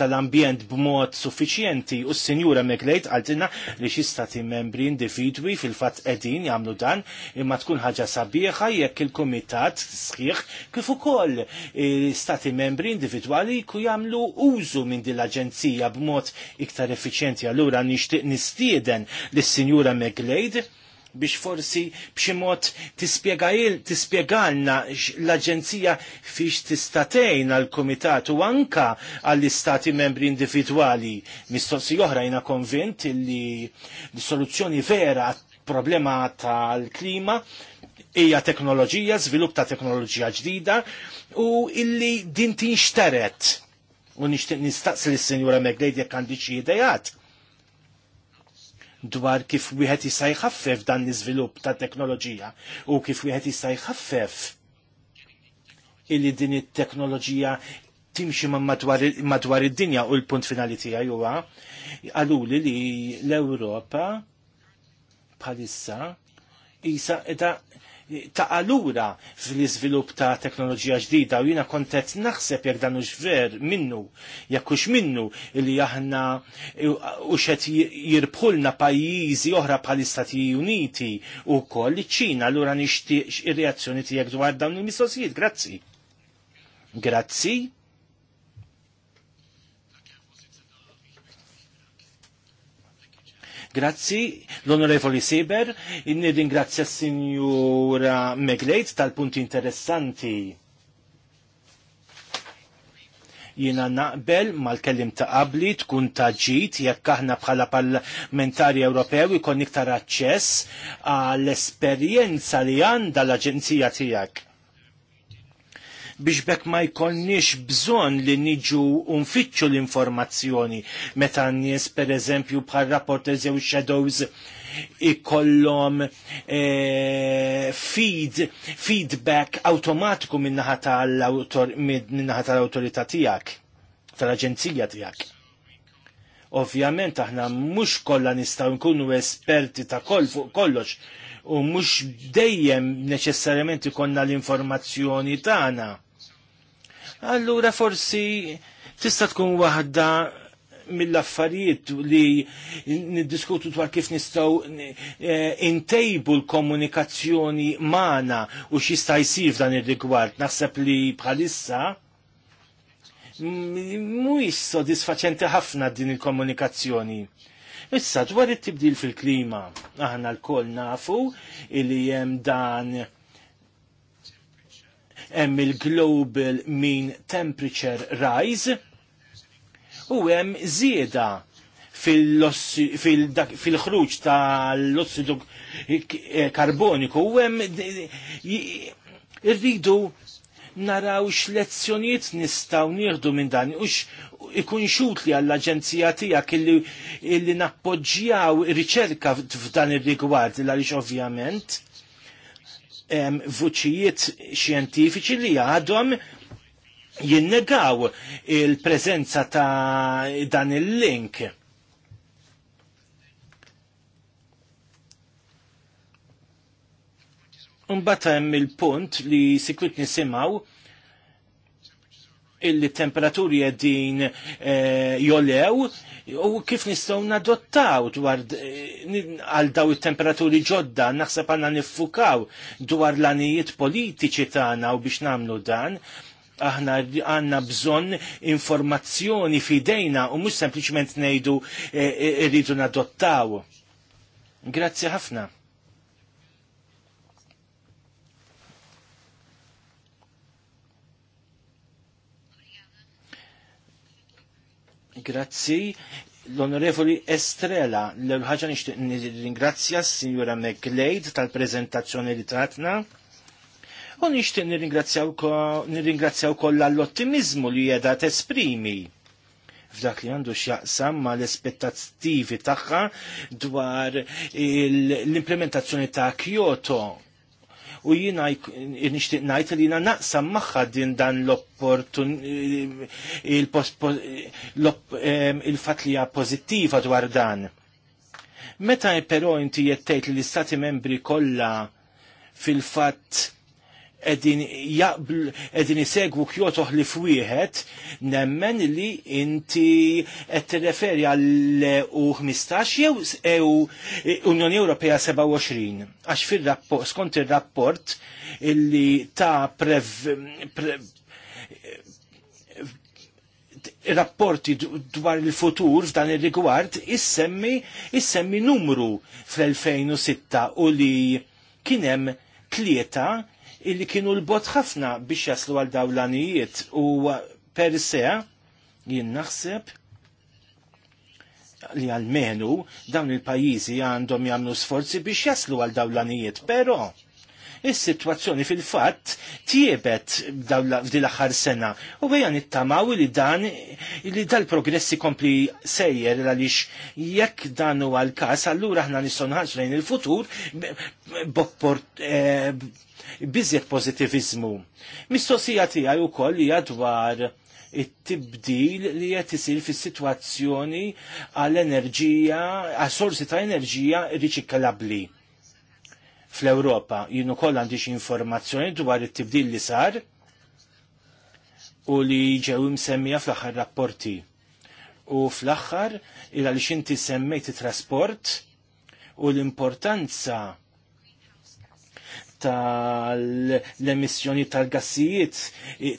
tal-Ambjent b'mod suffiċjenti u s-Sinjura Meglejt għaltina li xi stati membri individwi fil-fatt qegħdin jagħmlu dan imma tkun ħaġa sabiħa jekk il-Kumitat sħiħ kif ukoll stati membri individwali ku jagħmlu użu minn din l-Aġenzija b'mod iktar effiċjenti allura nixtieq nistieden lis-Sinjura Meglejt biex forsi b'xi mod tispjegalna l-Aġenzija fiex tista' tgħin komitat kumitat u anka għall-istati membri individwali. Mistoqsi oħra jina konvint li l-soluzzjoni vera problema tal-klima hija teknoloġija, żvilupp ta' teknoloġija ġdida u illi din tinxteret. U nixtieq nistaqsi l sinjura Meglejt jekk għandi xi idejat dwar kif wieħed jista' jħaffef dan l-iżvilupp ta' teknoloġija u kif wieħed jista' jħaffef illi din it-teknoloġija timxi ma madwar id-dinja u l-punt finali tiegħi huwa għaluli li l-Ewropa bħalissa isa edha ta' allura fl-iżvilupp ta' teknoloġija ġdida u jiena kontet naħseb jekk dan hux ver minnu jekk hux minnu li aħna u xed jirbħulna pajjiżi oħra pal istati Uniti u koll ċina allura nixtieq ir-reazzjoni tiegħek dwar dawn il-mistoqsijiet. Grazzi. Grazzi. Grazzi, l-Onorevoli Siber, nirringrazzja s signora Meglejt tal-punti interessanti. Jina naqbel mal-kellim ta' qabli tkun ta' ġit jekk aħna bħala parlamentari Ewropew ikon iktar aċċess għall-esperjenza li għandha l-Aġenzija tiegħek biex bekk ma jkollniex bżonn li niġu unfittxu l-informazzjoni meta n-nies per eżempju bħal rapporters jew shadows ikollhom e, feed, feedback automatiku minnaħa tal-autorità tiegħek, tal-aġenzija tiegħek. Ovvjament aħna mhux kollha nistgħu nkunu esperti ta' koll fuq kollox u mhux dejjem neċessarjament ikonna l-informazzjoni tagħna allura forsi tista' tkun waħda mill-affarijiet li niddiskutu dwar kif nistaw eh, intejbu l-komunikazzjoni mana u xista jsir dan ir-rigward. Naħseb li bħalissa mhuwiex sodisfaċenti ħafna din il-komunikazzjoni. Issa dwar it-tibdil fil-klima, aħna l-koll nafu li hemm dan hemm il-Global Mean Temperature Rise u hemm zieda fil-ħruġ tal-ossidu karboniku u hemm irridu naraw x-lezzjoniet nistaw nieħdu minn dan, u ikun xutli għall-Aġenzija tiegħek illi, illi nappoġġjaw riċerka f'dan ir-rigward, l-għalix ovvjament, vuċijiet xjentifiċi li għadhom jinnegaw il-prezenza ta' dan il-link. Unbata hemm il-punt li sikwit nisimaw il-temperaturi għeddin eh, jolew u kif nistaw nadottaw dwar eh, għal daw il-temperaturi ġodda naħseb għanna niffukaw dwar l-anijiet politiċi tagħna u biex namlu dan aħna għanna bżon informazzjoni fidejna u mux sempliciment nejdu eh, irridu nadottaw. Grazzi ħafna. Grazzi l-Onorevoli Estrela, l-ħagġa nixtieq nirringrazzja s-Sinjura McLeod tal prezentazzjoni li tatna. U nixtieq nirringrazzjaw kollha għall ottimizmu li t tesprimi f'dak li għandu x'jaqsam ma l espettativi tagħha dwar l-implementazzjoni ta' Kyoto u jina nishtiq najt li jina naqsam maħħa din dan l-opportun il-fat li pozittiva dwar dan. Meta però inti jettejt li l-istati membri kolla fil-fat edin jaqbl edin jisegwu kjotoħ li fwieħed nemmen li inti qed tirreferi għall e u 15 jew Unjoni Ewropea 27 għax fir-rapport skont ir-rapport illi ta' prev, pre, rapporti dwar il-futur f'dan ir-rigward issemmi issemmi numru fl-2006 u li kienem tlieta illi kienu l-bot ħafna biex jaslu għal dawlanijiet u per se jien naħseb li għalmenu dawn il-pajizi għandhom jagħmlu sforzi biex jaslu għal dawlanijiet, pero is-sitwazzjoni fil-fatt tiebet f'din l-aħħar sena u bejja nittamaw li dan li dal-progressi kompli sejjer għaliex jekk dan huwa l-każ allura aħna nistgħu lejn il-futur biżjed pozitivizmu. Mistoqsija tiegħi wkoll hija dwar it-tibdil li qed isir fis-sitwazzjoni għall enerġija għal sorsi ta' enerġija riċiklabbli fl-Ewropa. Jien ukoll għandi xi informazzjoni dwar it-tibdil li sar u li ġew imsemmija fl-aħħar rapporti. U fl-aħħar il għaliex inti semmejt it-trasport u l-importanza tal-emissjoni tal-gassijiet,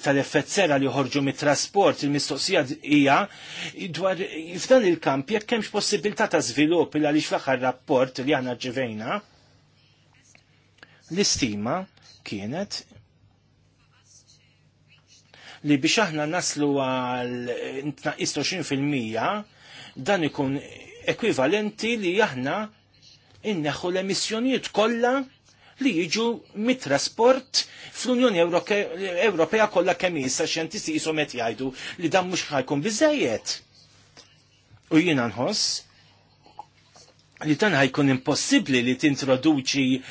tal-effett sera li joħorġu mit-trasport, il-mistoqsija hija dwar f'dan il-kamp jekk hemmx possibilità ta' żvilupp il għaliex fl-aħħar rapport li aħna ġivejna. L-istima kienet li biex aħna naslu għal 20% dan ikun ekwivalenti li aħna inneħu l-emissjonijiet kollha li jiġu mit-trasport fl-Unjoni Ewropea kollha kemm jista' xjentisti qishom qed jgħidu li dan mhux ħajkun biżejjed. U jiena nħoss li dan ħajkun impossibbli li tintroduċi eh,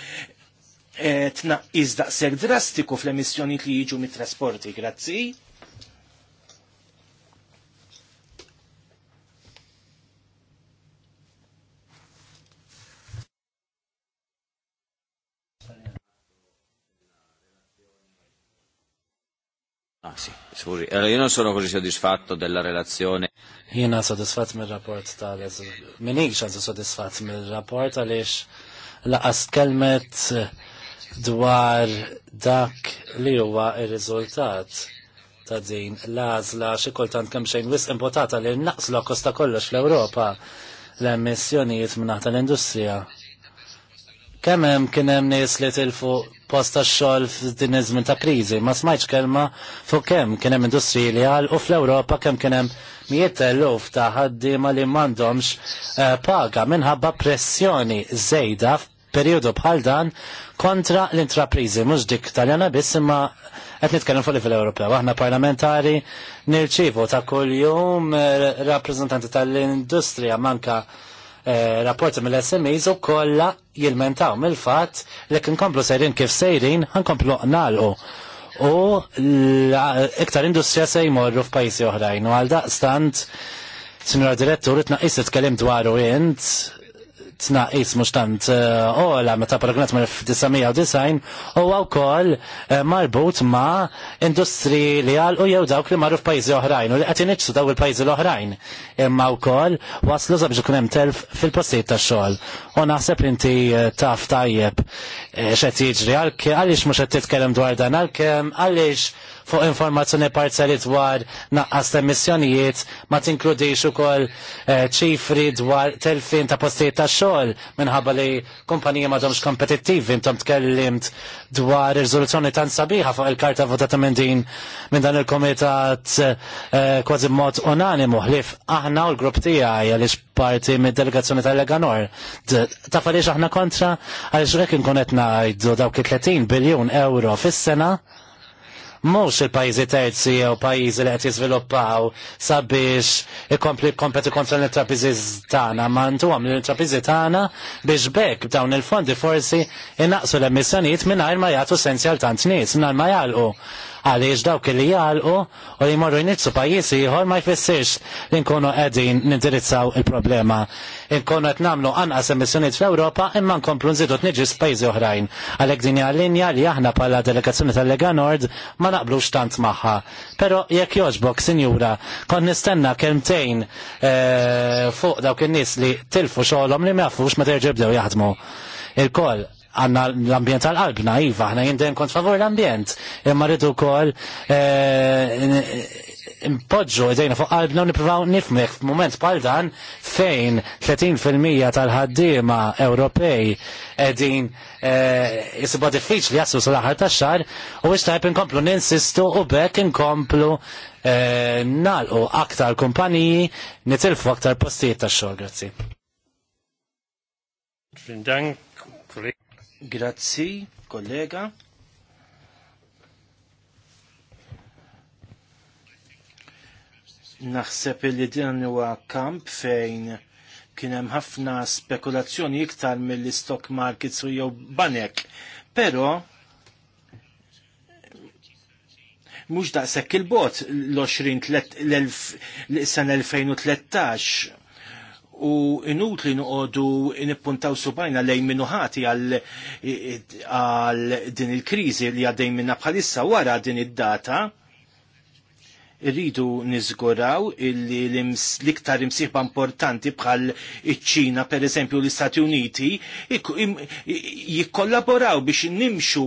tnaqqis daqshekk drastiku fl-emissjoni li jiġu mit-trasporti, grazzi. Ah, sì, scusi. Allora, io non sono così soddisfatto della relazione. Jena soddisfatt mill rapport tal-eżu. non sono soddisfatto mill rapport għaliex La kelmet dwar dak li huwa ir-riżultat ta' din l-għażla xi kultant kemm xejn wisq impotata li naqslu kosta kollox fl-Ewropa l-emissjonijiet minn tal-industrija. Kemm hemm kien hemm nies li tilfu posta xol f'din iż-żmien ta' kriżi. Ma smajtx kelma fuq kemm kien hemm industriji li għal u fl-Ewropa kemm kien hemm mijiet eluf ta' ħaddiema li m'għandhomx eh, paga minħabba pressjoni żejda f'perjodu bħal dan kontra l-intrapriżi mhux dik taljana biss imma qed nitkellem fuq livell Ewropew. Aħna parlamentari nirċivu ta' kuljum eh, rappreżentanti tal-industrija manka Eh, rapporti mill-SMEs u kolla jilmentaw mill-fat li kinkomplu sejrin kif sejrin ħankomplu nalqu u iktar industrija se jmorru f'pajjiżi oħrajn u għal daqstant Sinjora Direttur, itnaqis t kelim dwaru int, tnaqis mhux tant eh, la meta paragunat ma' 1990 u wkoll eh, marbut ma' industri li għalqu jew dawk li marru f'pajjiżi oħrajn u li qed iċsu daw il pajzi l-oħrajn imma wkoll waslu sabiex ikun hemm telf fil-postijiet tax-xogħol. U naħseb inti eh, taf tajjeb x'qed jiġri għaliex mhux qed titkellem dwar dan għalkemm għaliex fuq informazzjoni parzjali dwar naqqas emissjonijiet ma tinkludix ukoll eh, ċifri dwar telfin ta' postijiet ta' xogħol minħabba li kumpanija m'għadhomx kompetittivi intom tkellimt dwar ir-riżoluzzjoni tan sabiħa fuq il-karta votata minn din minn dan il-komitat eh, kważi mod unanimu ħlif aħna u l-grupp tiegħi għaliex parti mid-delegazzjoni tal-Leganor. Ta' għaliex aħna kontra għaliex rek nkun qed ngħidu dawk 30 biljun euro fis-sena mhux il-pajjiżi terzi jew pajjiżi li qed jiżviluppaw sabiex ikompli kompeti kontra l-intrapiżi tagħna ma ntuhom l-intrapiżi tagħna biex bekk dawn il-fondi forsi innaqsu l-emissjonijiet mingħajr ma jagħtu sensjal tant nies mingħajr ma jgħalqu għaliex dawk li jgħalqu u li jmorru jnitsu pajjiż ieħor ma jfissirx li nkunu qegħdin nindirizzaw il-problema. Nkunu qed nagħmlu anqas emissjonijiet fl-Ewropa imma nkomplu nżidu tniġis pajjiżi oħrajn. Għalhekk din hija li aħna bħala delegazzjoni tal-Lega Nord ma naqblux tant magħha. Però jekk jogħġbok, sinjura, kon nistenna kelmtejn eh, fuq dawk in-nies li tilfu xogħolhom li ma jafux meta terġibdew jaħdmu. Il-koll għanna l-ambjent għal-qalbna, iva, għanna jindem kont favor l-ambjent. Imma rridu kol eh, impoġġu id-dejna fuq qalbna u niprofaw nifmek f'moment bħal dan fejn 30% tal-ħaddiema Ewropej edin jisibba eh, diffiċli jassu sal-aħħar tax-xar u ixtajb inkomplu ninsistu u bekk inkomplu eh, nalqu aktar kumpaniji nitilfu aktar postijiet tax-xogħol. Grazzi. Vielen Dank, Grazzi, kollega. Naħseb li din huwa kamp fejn kien hemm ħafna spekulazzjoni iktar mill-stock markets u jew banek. Però mhux daqshekk il-bot l-20 l sena 2013 u inutli nuqodu nippuntaw subajna lejn minnu ħati għal din il-krizi li għaddej minna bħalissa wara din id-data irridu nizguraw illi l-iktar imsiħba importanti bħal iċ-ċina per eżempju l-Istati Uniti jikkollaboraw biex nimxu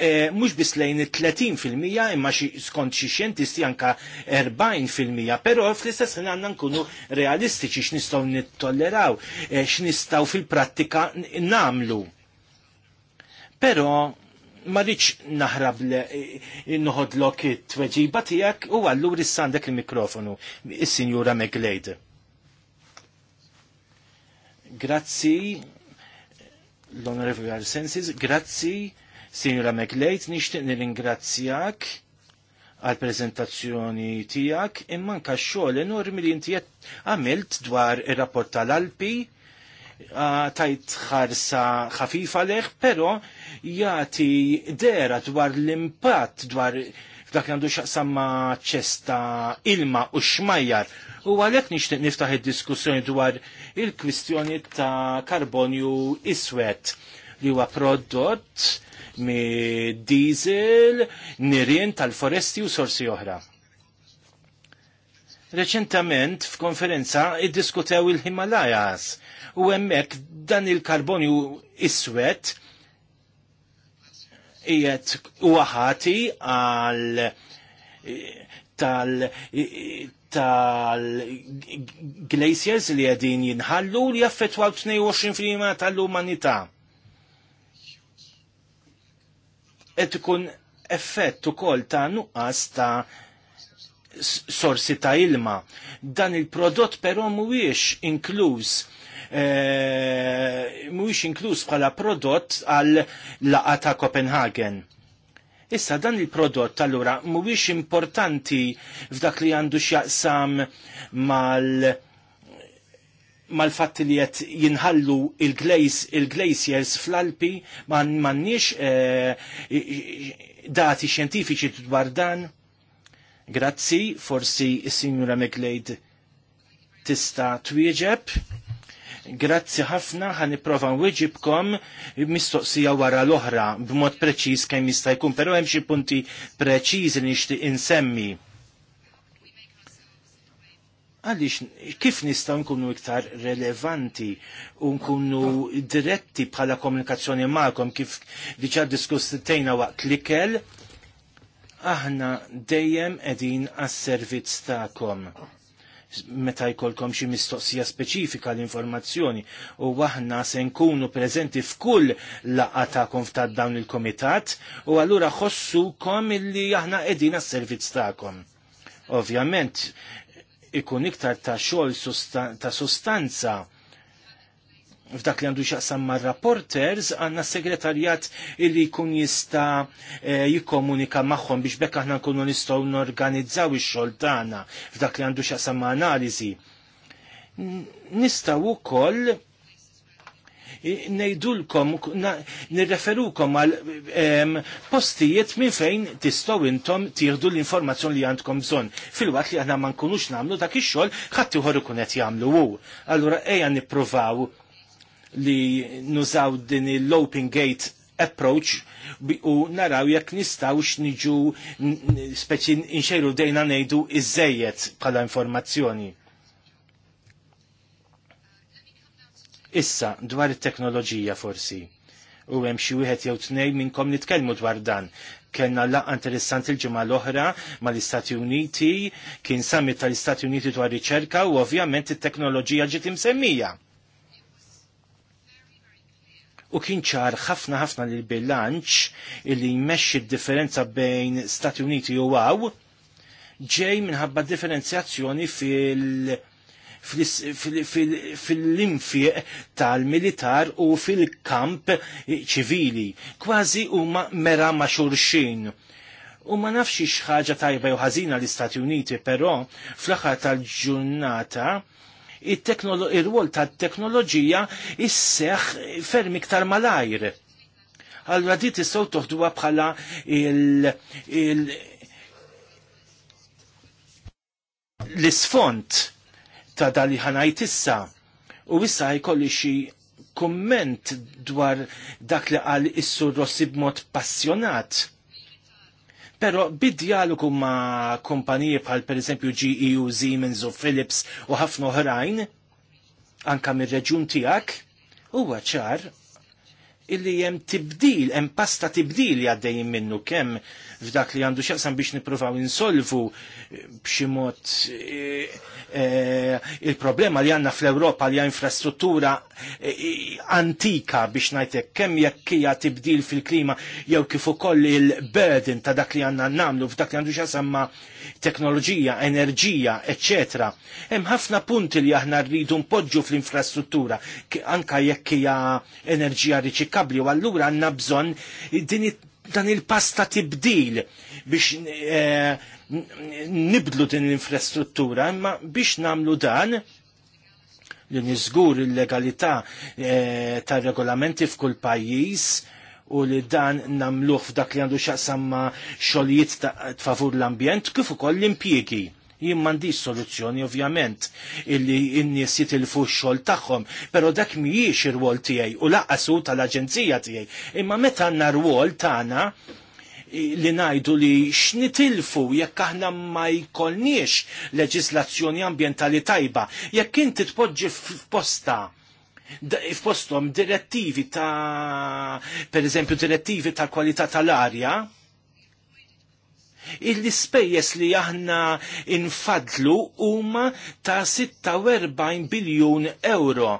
Eh, mhux biss lejn 30% imma xi skont xi xjentisti anka 40%, però fl-istess ħin għandna nkunu realistiċi x'nistgħu nittolleraw, eh, x'nistgħu fil-prattika namlu. Però ma rridx naħrab eh, noħodlok it-tweġiba tiegħek u allura issandek il-mikrofonu, is-Sinjura McGlade. Grazzi, l-Onorevoli Arsensis, grazzi Sinjura McLeod, nixtieq nirringrazzjak għal prezentazzjoni tijak imman ka xogħol enormi li inti għamilt dwar ir-rapport tal-Alpi tajt ħarsa ħafifa leħ, pero jati dera dwar l-impatt dwar dak għandu xaqsamma ċesta ilma u xmajjar. U għalek nishtiq niftaħ id-diskussjoni dwar il-kwistjoni ta' karbonju iswet li huwa prodott mi diesel, nirien tal-foresti u sorsi oħra. Reċentament f'konferenza iddiskutew il-Himalayas u hemmhekk dan il-karbonju iswed qiegħed huwa ħati għal e, tal e, tal-glaciers li għedin jinħallu li jaffetwaw 22% tal-umanità. qed ikun effett ukoll ta' nuqqas ta' sorsi ta' ilma. Dan il-prodott però mhuwiex inkluż eh, mhuwiex inkluż bħala prodott għal laqa ta' Copenhagen. Issa dan il-prodott allura mhuwiex importanti f'dak li għandu x'jaqsam mal- mal-fatt li jett jinħallu il-glaciers fl-Alpi mannix eh, dati xjentifiċi dwar dan. Grazzi, forsi s-Sinjura McLeod tista twieġeb. Grazzi ħafna ħan iprofa nwieġibkom mistoqsija wara l-oħra b'mod preċiż kemm jista' jkun, però hemm xi punti preċiżi li nixtieq insemmi għalix kif nistaw nkunu iktar relevanti u nkunu diretti bħala komunikazzjoni magħkom kif diġà diskussitejna waqt l-ikel, aħna dejjem qegħdin għas-servizz tagħkom meta jkollkom xi mistoqsija speċifika l-informazzjoni u aħna se nkunu preżenti f'kull laqgħa tagħkom f'tad dawn il-komitat u allura ħossukom illi aħna qegħdin għas-servizz tagħkom ovvjament ikun iktar ta' xogħol ta' sustanza f'dak li għandu xaqsam ma' rapporters għanna segretarjat illi jkun jista e, jikkomunika magħhom biex bekk aħna nkunu nistgħu norganizzaw ix-xogħol tagħna f'dak li għandu xaqsam ma' analiżi. Nistgħu wkoll nejdulkom, nirreferukom għal postijiet minn fejn tistow intom tieħdu l-informazzjoni li għandkom bżon. Fil-wat li għana ma nkunux namlu dak ix-xogħol ħadd ieħor ikun qed jagħmlu hu. Allura ejja nippruvaw li nużaw din il open gate approach u naraw jekk nistawx niġu speċi nxejru dejna nejdu iżejjed żejjed bħala informazzjoni. Issa, dwar it-teknoloġija forsi. U hemm xi wieħed jew tnejn minnkom nitkellmu dwar dan. Kenna laqgħa interessanti il ġimgħa l-oħra mal-Istati Uniti, kien summit tal-Istati Uniti dwar riċerka u ovvjament it-teknoloġija ġiet imsemmija. U kien ċar ħafna ħafna lil bilanċ illi jmexxi d-differenza bejn Stati Uniti u għaw ġej minħabba differenzjazzjoni fil- fil-infieq tal-militar u fil-kamp ċivili. Kważi huma mera ma' xurxin. U ma nafxi xaġa tajba u ħażina l-Istati Uniti, però fl-aħħar tal-ġurnata ir-rwol tat-teknoloġija isseħ ferm iktar malajr. Allura di tistgħu toħduha bħala il, l-isfont ta' dali ħanajt issa. U issa jkolli xi kumment dwar dak li qal issu Rossi b'mod passjonat. Pero bid-dialogu ma' kumpaniji bħal per eżempju GEU, Siemens u Philips u ħafna oħrajn, anka mir-reġjun tiegħek, huwa ċar illi jem tibdil, jem pasta tibdil jaddejjim minnu kem f'dak li għandu xaqsan biex niprofaw insolvu eh, bximot e, eh, e, eh, il-problema li għanna fl-Europa li għan infrastruttura e, antika biex najtek kem jekkija tibdil fil-klima jew kif ukoll il-burden ta' dak li għanna namlu f'dak li għandu xaqsan ma' teknoloġija, enerġija, eccetera. Hemm ħafna punti li aħna rridu npoġġu fl-infrastruttura anka jekkija enerġija riċikata kabli, u allura għandna bżonn din dan il-pasta tibdil biex eh, nibdlu din l-infrastruttura, imma biex namlu dan li nizgur il-legalità eh, ta' regolamenti f'kull pajjiż u li dan namluħ f'dak li għandu xaqsamma xolijiet xogħlijiet ta' favur l-ambjent kif ukoll l-impjiegi jien mandi soluzzjoni ovvjament illi n-nies jitilfu x-xogħol tagħhom, però dak mhijiex ir wol tiegħi u laqqasu tal-aġenzija tiegħi. Imma meta għandna rwol tagħna li najdu li x'nitilfu jekk aħna ma jkollniex leġislazzjoni ambjentali tajba, jekk inti tpoġġi f'posta f'postom direttivi ta' per eżempju direttivi ta' kwalità tal-arja, Il-spejjes li aħna infadlu huma ta' 46 biljun euro.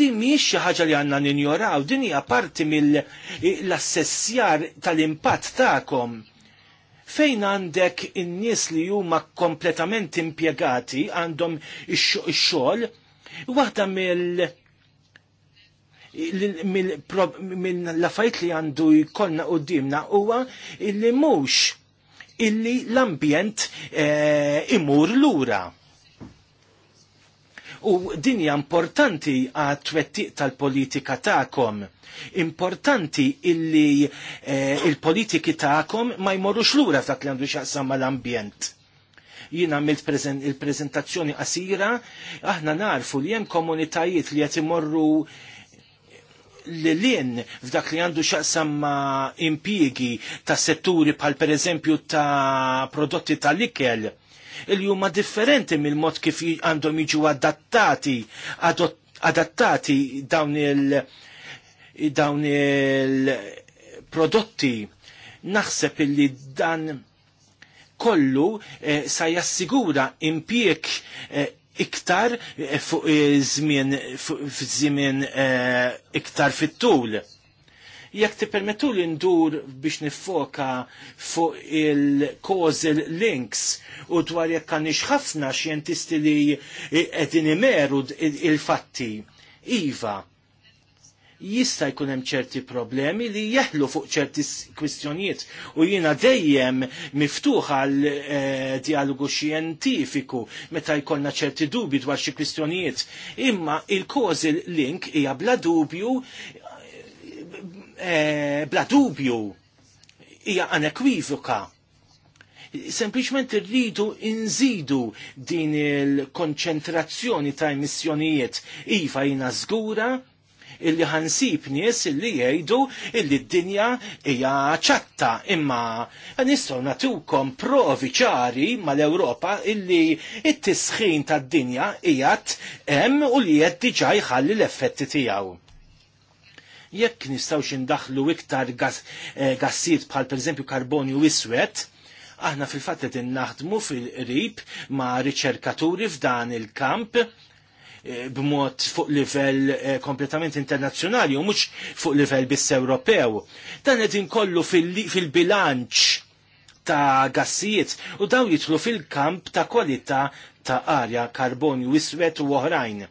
Din mhijiex xi ħaġa li għandna ninjoraw, din hija parti mill-assessjar tal-impatt tagħkom fejn għandek in-nies li huma kompletament impjegati għandhom ix-xogħol, waħda mill mill li għandu jkollna u dimna huwa li mhux illi l-ambjent eh, imur lura. U dinja importanti għat twettiq tal-politika ta'kom. Importanti illi eh, il-politiki ta'kom ma jmorrux lura f'dak li għandu xaqsamma mal-ambjent jina għamilt il-prezentazzjoni qasira, aħna narfu li jem komunitajiet li jett imorru l-lin f'dak li għandu xaqsam ma' impiegi ta' setturi bħal per eżempju ta' prodotti tal-ikel il-jumma differenti mill-mod kif għandhom jiġu adattati adattati dawn il- dawn il-prodotti naħseb illi dan kollu eh, sa jassigura impjek eh, iktar eh, fuq żmien eh, żmien eh, iktar fit-tul. Jekk tippermettu li ndur biex nifoka fuq il-causal links u dwar jekk għandix ħafna xjentisti li qegħdin imeru il-fatti. Iva, jista' jkun hemm ċerti problemi li jeħlu fuq ċerti kwistjonijiet u jiena dejjem miftuħ għal eh, dialogu xjentifiku meta jkollna ċerti dubi dwar xi kwistjonijiet. Imma il kozi link hija bla dubju eh, bla dubju hija anekwivoka sempliċment irridu inżidu din il-konċentrazzjoni ta' emissjonijiet. Iva jina zgura illi ħansib nies illi jgħidu illi d-dinja hija ċatta imma nistgħu nagħtukom provi ċari mal-Ewropa illi it-tisħin tad-dinja qiegħed hemm u li qed diġà jħalli l-effetti tiegħu jekk nistgħux indaħlu iktar eh, gassijiet bħal pereżempju karbonju iswed, aħna fil-fatt qed naħdmu fil-qrib ma' riċerkaturi f'dan il-kamp Eh, b'mod fuq livell eh, kompletament internazzjonali u mhux fuq livell biss Ewropew. Dan qed inkollu fil-bilanċ ta' gassijiet u daw jitlu fil-kamp ta' kwalità ta' arja, karbonju, iswet u oħrajn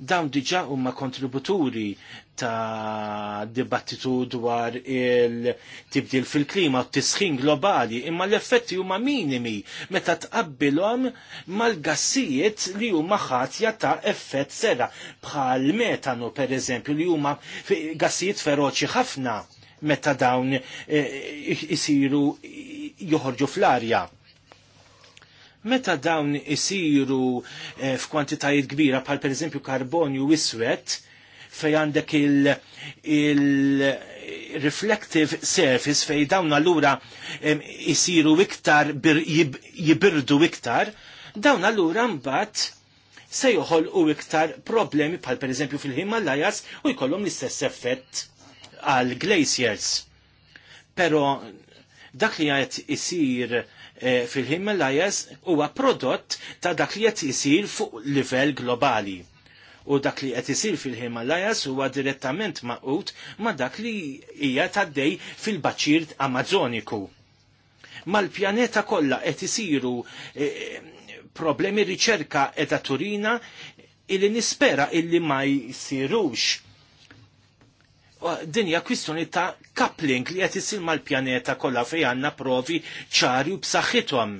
dawn diġa huma kontributuri ta' dibattitu dwar il-tibdil fil-klima u t-tisħin globali, imma l-effetti huma minimi meta tqabbilhom mal-gassijiet li huma ħatja ta' effett sera bħal metanu per eżempju li huma gassijiet feroċi ħafna meta dawn eh, isiru joħorġu fl-arja Meta dawn isiru eh, f'kwantitajiet kbira bħal pereżempju karbonju iswed fej għandek il-reflective il surface fej dawn allura isiru iktar bir, jib, jibirdu iktar, dawn allura mbagħad se joħolqu iktar problemi bħal pereżempju fil himalajas u jkollhom l-istess effett għal glaciers. Pero dak li għajt isir Eh, fil-Himalayas huwa prodott ta' dak li qed isir fuq livell globali u dak li qed isir fil-Himalayas huwa direttament maqut ma dak li hija taddej fil-baċir Amazoniku. Mal-pjaneta kollha qed isiru eh, problemi riċerka edha turina illi nispera illi ma jsirux dinja kwistjoni ta' coupling li qed isir mal-pjaneta kollha fejn għandna provi ċari u b'saħħithom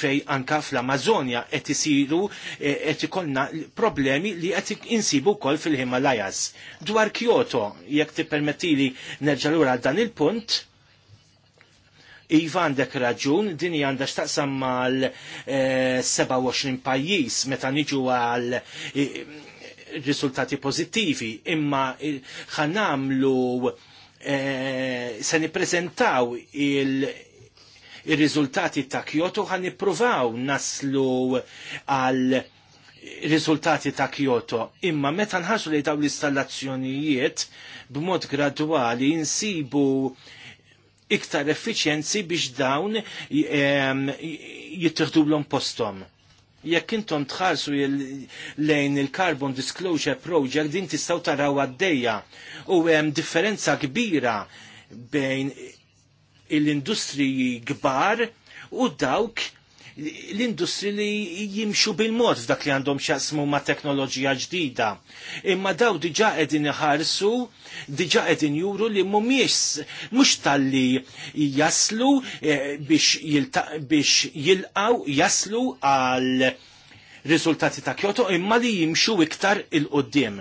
fej anka fl-Amazonja qed isiru e, qed ikollna problemi li qed insibu wkoll fil-Himalajas. Dwar Kyoto, jekk tippermettili nerġa' lura dan il-punt, Iva għandek raġun, din għandha x'taqsam mal-27 e, pajjiż meta niġu għal e, risultati pozittivi, imma ħanamlu eh, se niprezentaw il- il-rizultati ta' Kyoto ħan nippruvaw naslu għal rizultati ta' Kyoto. Imma meta nħarsu li daw l-installazzjonijiet b'mod gradwali insibu iktar effiċjenzi biex dawn eh, jittirdu l postom jekk intom tħarsu lejn il-Carbon Disclosure Project din tistaw taraw għaddejja u hemm differenza kbira bejn l-industriji kbar u dawk l-industri li jimxu bil-mod f'dak li għandhom xaqsmu ma' teknoloġija ġdida. Imma daw diġa edin iħarsu, diġa edin juru li mumiex, mux tal-li jaslu eh, biex jilqaw, jaslu għal rizultati ta' Kyoto imma li jimxu iktar il-qoddim.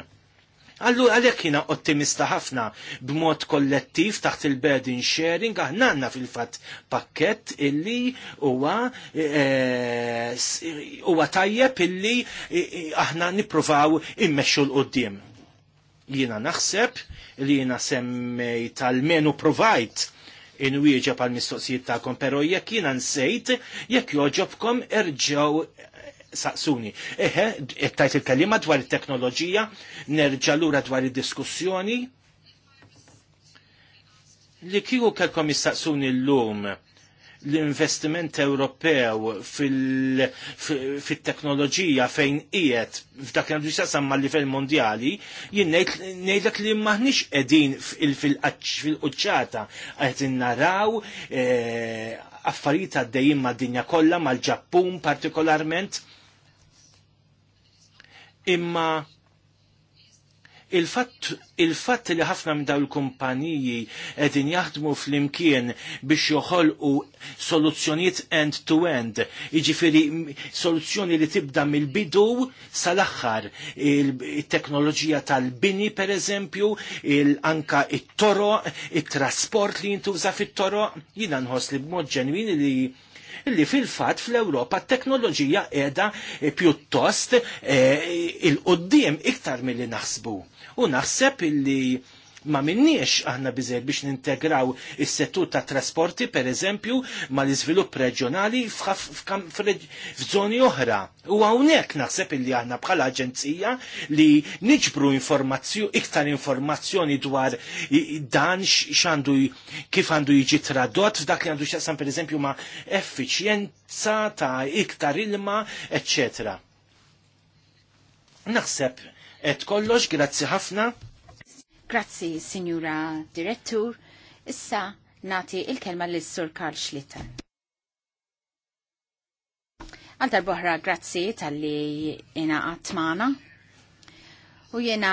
Għallu għalek jina ottimista ħafna b'mod kollettiv taħt il-burden sharing, aħna fil-fat pakket illi huwa e, e, huwa e, tajjeb illi e, aħna niprofaw immexxu l-qoddim. Jina naħseb li jina semmejt tal-menu provajt inwieġa pal mistoqsijiet ta'kom, pero jekk jina nsejt, jekk joġobkom irġaw saqsuni. Eħe, tajt il-kalima dwar il-teknoloġija, nerġa lura dwar il-diskussjoni. Li kiju kelkom jistaqsuni l-lum l-investiment Ewropew fil-teknoloġija fejn qiegħed f'dak li jistaqsam mal livell mondjali, jien ngħidlek li maħniex qegħdin fil-quċċata qed naraw eh, affarijiet għaddejjin mad-dinja kollha mal-Ġappun partikolarment Imma il-fatt il li ħafna minn dawn il-kumpaniji edin jaħdmu fl-imkien biex joħolqu soluzzjonijiet end-to-end, jiġifieri soluzzjoni li tibda mill-bidu sal-aħħar, il-teknoloġija tal-bini pereżempju, il anka it-toro, it-trasport li jintuża fit-toro, jiena nħoss li b'mod ġenwini li illi fil-fat fl-Ewropa t-teknoloġija edha eh, pjuttost eh, il-qoddim iktar mill-li naħsbu. U naħseb illi ma minniex aħna bizzer biex nintegraw is-settur ta' trasporti per eżempju ma l-iżvilupp reġjonali f'żoni oħra. U hawnhekk naħseb illi aħna bħala aġenzija li niġbru informazzjoni iktar informazzjoni dwar dan x'andu kif għandu jiġi tradott f'dak li għandu per pereżempju ma' effiċjenza ta' iktar ilma, eccetera. Naħseb et kollox, grazzi ħafna. Grazzi, Signora Direttur. Issa nati il-kelma l-Sur Karl Schlitter. Għaldar boħra grazzi tal-li jena għatmana. U jena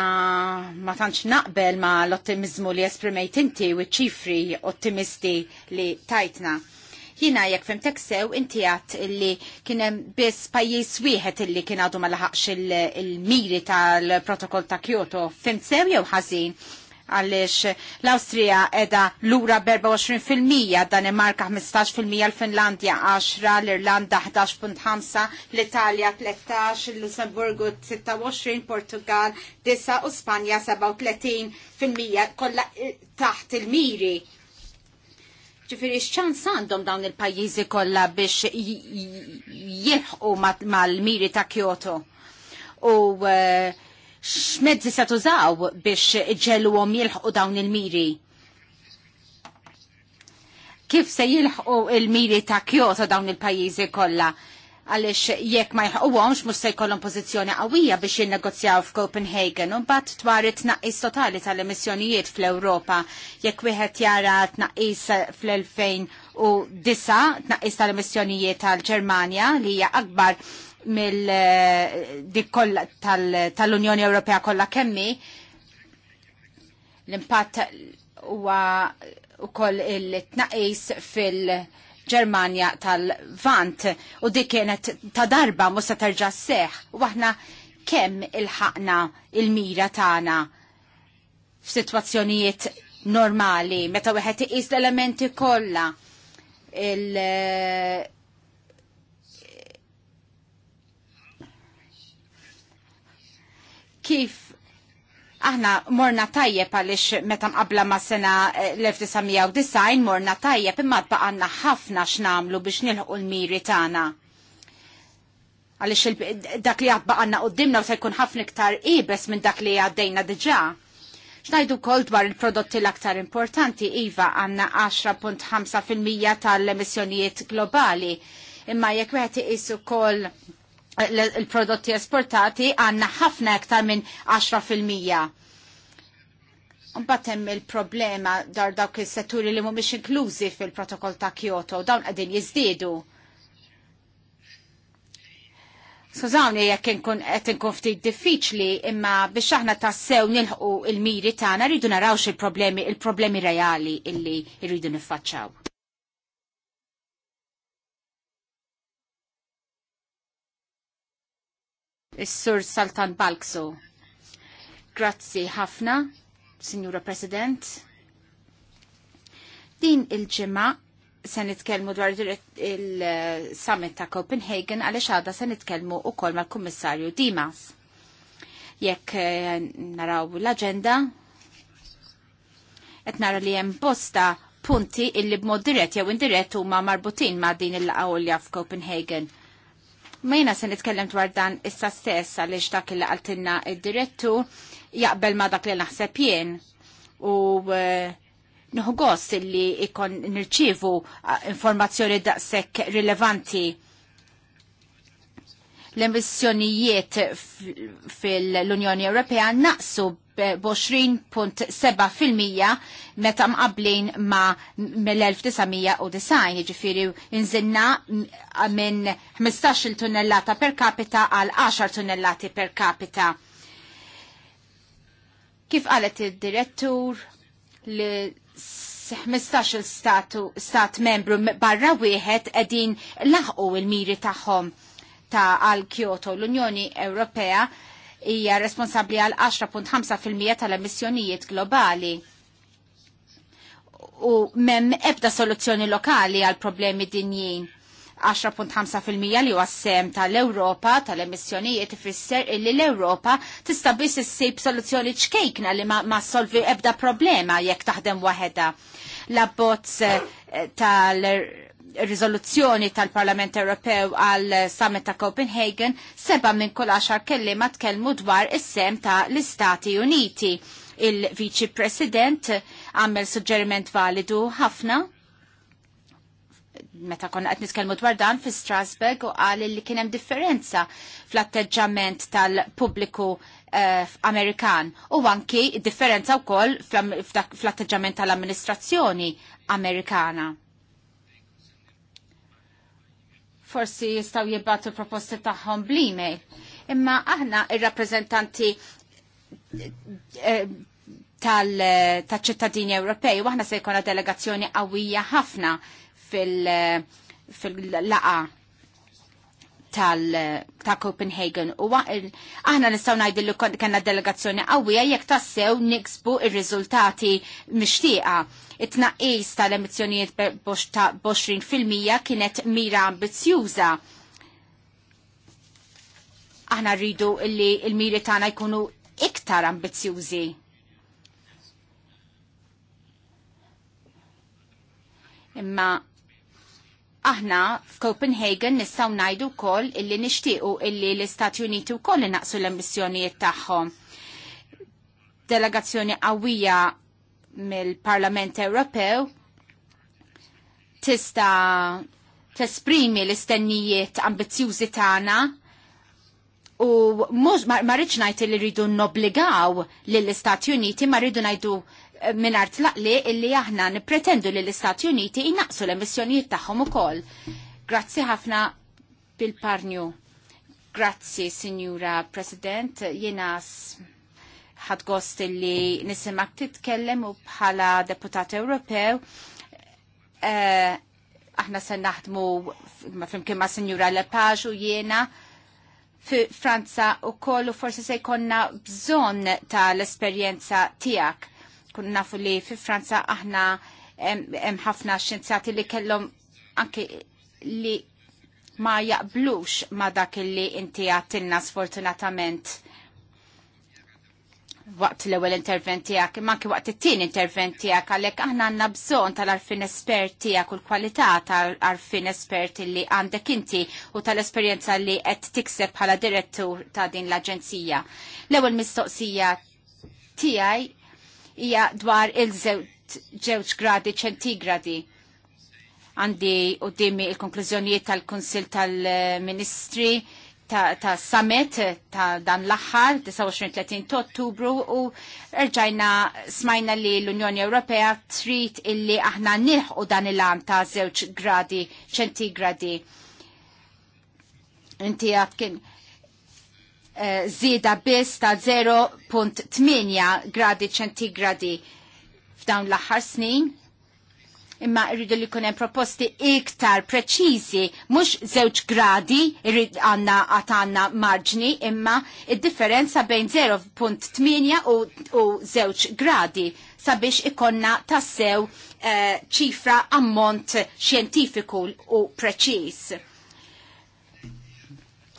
ma tantx naqbel ma l-ottimizmu li esprimejt inti u ċifri ottimisti li tajtna Jina jekk fimtek sew inti għat illi kienem bis pajis wieħed illi kien għadu ma laħaqx il-miri tal-protokoll ta' Kyoto. Fimt sew jew ħażin għalix l-Austria edha l-ura 24%, Danimarka 15%, l-Finlandja 10, l-Irlanda 11.5, l-Italja 13, l-Lussemburgu 26, Portugal 9 u Spanja 37% kolla taħt il-miri Ġifiri, xċans għandhom dawn il-pajjiżi kollha biex jilħqu mal-miri ta' Kyoto? U e, x'mezzi se tużaw biex għom jilħqu dawn il-miri? Kif se jilħqu il-miri ta' Kyoto dawn il-pajjiżi kollha? għalix jekk ma jħuwomx mux se jkollhom pożizzjoni qawwija biex jinnegozjaw f'Copenhagen u mbagħad dwar it-tnaqqis totali tal-emissjonijiet fl-Ewropa jekk wieħed jara tnaqqis fl-2009 tnaqqis tal-emissjonijiet tal-Ġermanja li hija akbar mill eh, tal-Unjoni tal Ewropea kollha kemmi l-impatt huwa ukoll il-tnaqqis fil- Ġermanja tal-Vant u dik kienet ta' darba musa terġa' seħ u aħna kemm il ħakna il-mira tagħna f'sitwazzjonijiet normali meta wieħed iqis l-elementi kollha il- kif Aħna morna tajjeb għalix meta qabla ma' sena eh, l-1990 morna tajjeb imma għanna ħafna x'namlu biex nilħu l-miri tagħna. Għalix dak li għadbaqanna qoddimna u se jkun ħafna iktar ibes minn dak li għaddejna diġà. Xnajdu kol dwar il-prodotti l-aktar importanti, Iva għanna 10.5% tal-emissjonijiet globali, imma jekk wieħed iqisu kol il-prodotti esportati għanna ħafna iktar minn 10%. hemm il-problema dar dawk il-setturi li mumiex inklużi fil-protokoll ta' Kyoto, dawn qegħdin jizdidu. Skużawni jekk inkun qed inkun ftit diffiċli imma biex aħna tassew nilħqu il-miri tagħna rridu narawx il-problemi il-problemi reali illi rridu niffaċċaw. Is-Sur Saltan Balksu. Grazzi ħafna, Signora President. Din il-ġimgħa se nitkellmu dwar il-summit ta' Copenhagen għaliex għadha se nitkellmu wkoll mal-Kummissarju Dimas. Jekk eh, naraw l-aġenda, qed nara li hemm bosta punti illi b'mod dirett jew indirett huma marbutin ma' din il-qawlja f'Copenhagen. Mejna se nitkellem dwar dan issa stess għaliex dak il għaltinna id-direttu jaqbel ma dak li naħseb jien u e, nħugost illi ikon nirċivu informazzjoni daqshekk rilevanti l-emissjonijiet fil-Unjoni Ewropea naqsu b-20.7% meta mqablin ma mill-1990, ġifiri nżinna minn 15 tunnellata per capita għal 10 tunnellati per capita. Kif qalet il-direttur li 15 statu, stat membru barra wieħed edin laħqu il-miri tagħhom ta' għal Kyoto l-Unjoni Ewropea hija responsabbli għal 10.5% tal-emissjonijiet globali u mem ebda soluzzjoni lokali għal problemi dinjin. 10.5% li huwa tal-Ewropa tal-emissjonijiet ifisser illi l-Ewropa tista' biss issib soluzzjoni ċkejkna li ma, ma solvi ebda problema jekk taħdem waħedha. La bozz eh, tal riżoluzzjoni tal-Parlament Ewropew għal Summit ta' Copenhagen, seba minn kull għaxar kellima tkellmu dwar is-sem ta' l-Istati Uniti. Il-Viċi President għamel suġġeriment validu ħafna meta konna qed nitkellmu dwar dan fi Strasbourg u għal li kien hemm differenza fl-atteġġament tal-pubbliku uh, Amerikan u anki differenza wkoll fl-atteġġament tal-amministrazzjoni Amerikana. forsi jistaw jibbatu proposti tagħhom bl Imma aħna il rappreżentanti eh, tal-ċittadini Ewropej, waħna aħna se jkollna delegazzjoni qawwija ħafna eh, fil-laqa fil laqa ta' Copenhagen u aħna nistgħu najdu li kellna delegazzjoni qawwija jekk tassew niksbu ir-riżultati mixtieqa. It-tnaqqis tal emizzjonijiet ta' 20% kienet mira ambizzjuża. Aħna rridu li l-miri tagħna jkunu iktar ambizzjużi. Imma aħna f'Copenhagen nistgħu ngħidu wkoll illi nixtiequ illi l-Istati Uniti wkoll naqsu l-emissjonijiet tagħhom. Delegazzjoni qawwija mill-Parlament Ewropew tista' tesprimi l-istennijiet ambizzjużi tagħna u mhux ma rridx ngħid li rridu nobbligaw lill-Istati Uniti ma rridu ngħidu minar laqli illi aħna nipretendu li l-Istati Uniti innaqsu l-emissjonijiet tagħhom ukoll. Grazzi ħafna bil-parnju. Grazzi, Signora President, jenas ħad gost illi nisimak titkellem u bħala deputat Ewropew. Uh, aħna se naħdmu flimkien ma' Signora Lepage u jiena fi Franza u kollu forsi se konna bżon tal-esperjenza tijak kun nafu li fi Franza aħna hemm ħafna xjenzjati li kellhom anke li ma jaqblux ma dak li inti għattilna sfortunatament waqt l-ewwel intervent tiegħek, imma anke waqt it-tieni intervent tiegħek għalhekk aħna għandna bżonn tal-arfin espert tiegħek u l-kwalità tal-arfin espert li għandek inti u tal-esperjenza li qed tikseb bħala direttur ta' din l-aġenzija. L-ewwel mistoqsija tiegħi hija dwar il-żewġ gradi ċentigradi. Għandi u il-konklużjonijiet tal-Kunsil tal-Ministri ta', summit ta' dan l-axħar 29-30 ta' ottubru u rġajna smajna li l-Unjoni Ewropea trid illi aħna u dan il-għam ta' zewċ gradi ċentigradi. Inti għad kien Eh, zida biss ta' 0.8 gradi ċentigradi f'dawn l-aħħar snin. Imma rridu li kunem proposti iktar preċizi, mux zewċ gradi irrid għanna għatanna marġni, imma id-differenza bejn 0.8 u, u zewċ gradi sabiex ikonna tassew eh, ċifra ammont xjentifiku u preċiż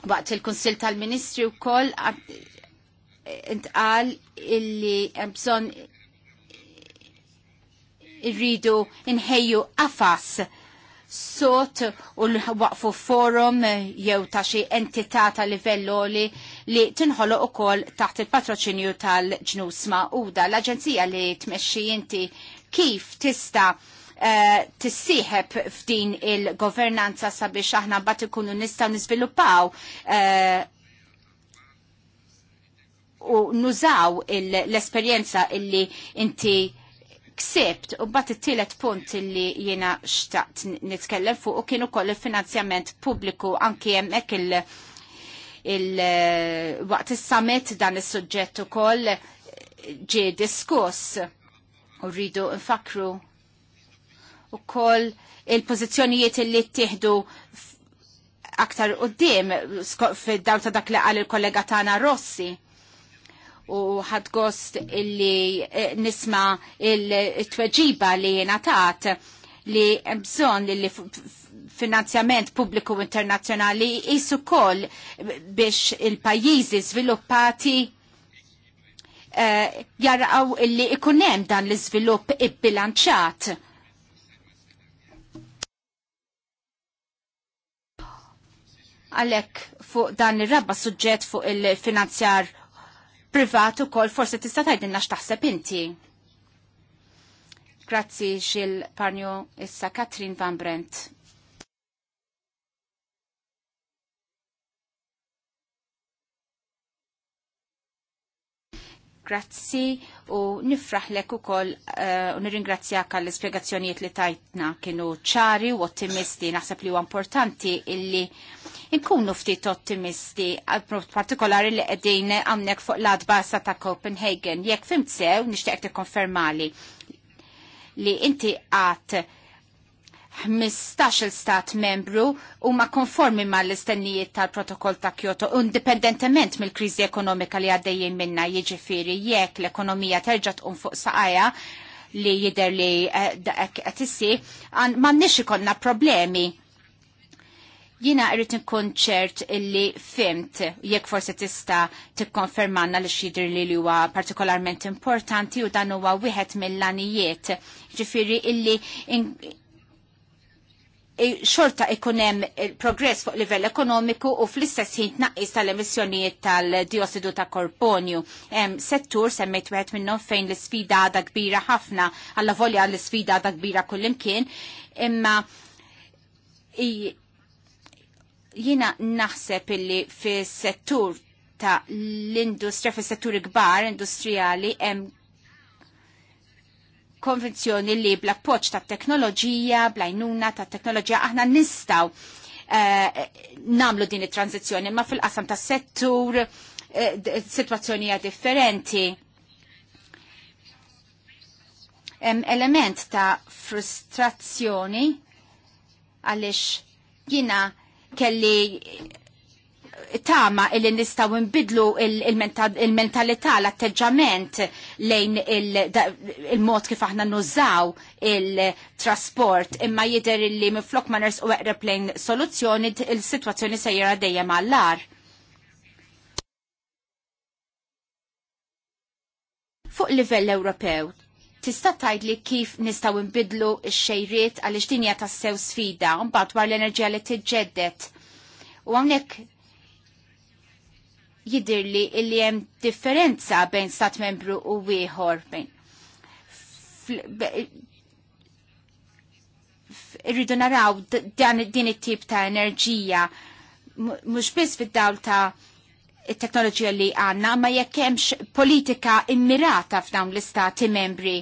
Waqt il-Konsil tal-Ministri u koll intqal illi bżon irridu inħejju qafas sot u waqfu forum jew ta' xi entità ta' livelloli li tinħolo u taħt il-patroċinju tal-ġnusma u da l-Aġenzija li tmexxi inti kif tista' Eh, tissieħeb f'din il-governanza sabiex aħna bat ikunu nistaw niżviluppaw eh, u nużaw l-esperjenza illi inti ksibt u bat it-tielet punt illi jiena xtaqt nitkellem fuq u kienu koll il-finanzjament pubbliku anki hemmhekk il- il eh, waqt is-summit dan is-suġġett ukoll ġie diskuss u rridu nfakru u koll il-pozizjonijiet li t-tihdu aktar d-dim fid-daw ta' dak li qal il-kollega Tana Rossi u ħadgost illi eh, nisma il-tweġiba li natat li bżon li finanzjament pubbliku internazzjonali jisu koll biex il-pajizi sviluppati uh, eh, jaraw illi ikunem dan l-svilupp ibbilanċat għalek fuq dan il-rabba suġġett fuq il-finanzjar privat u kol forse tista tajdinna x'taħseb inti. Grazzi xil parnju issa Katrin Van Brent. Grazzi u nifraħlek u koll eh, u nirringrazzjak għall spiegazzjonijiet li tajtna kienu ċari u ottimisti. Naħseb li u importanti illi nkunu ftit ottimisti, eh, partikolari li għedin għamnek fuq l-adbasa ta' Copenhagen. Jek fimt sew, nishtiqek konfermali li inti għat 15 stat membru huma konformi mal-istennijiet tal-protokoll ta' Kyoto indipendentement mill-kriżi ekonomika li għaddejjien minna jiġifieri jekk l-ekonomija terġa' tqum fuq saqajja li jider li eh, qed issi m'għandniex ikollna problemi. Jina irrit nkun ċert illi fimt jekk forsi tista' tikkonfermanna li xidir li huwa partikolarment importanti u dan huwa wieħed mill-lanijiet ġifiri illi xorta ikunem progress fuq livell ekonomiku u fl-istess ħin tnaqqis tal-emissjonijiet tal-diossidu ta' korponju. settur semmejt wieħed minnhom fejn l-isfida għadha kbira ħafna, alla volja l-isfida għadha kbira kullimkien, imma jina naħseb illi fis settur ta' l-industrija, fis setturi kbar industrijali, hemm konvenzjoni li bl-appoċ ta' teknoloġija, bl-ajnuna ta' teknoloġija, aħna nistaw eh, namlu din it-tranzizjoni, ma fil-qasam ta' settur, eh, situazzjonija differenti. element ta' frustrazzjoni għalix jina kelli tama illi nistaw nbidlu il-mentalità, l-atteġġament lejn il-mod kif aħna nużaw il-trasport imma jider illi minflok ma nersu weqreb lejn soluzzjoni il-situazzjoni sejjera dejjem għallar. Fuq livell Ewropew, tista' tgħidli kif nistgħu nbidlu x-xejriet għal ixtinja tas-sew sfida mbagħad dwar l-enerġija li tiġġedded. U għamlek jidirli illi hemm differenza bejn stat membru u wieħor bejn. Irridu naraw din it-tip ta' enerġija mhux biss fid-dawl ta' it-teknoloġija li għanna, ma jekk hemmx politika immirata f'dawn l-istati membri.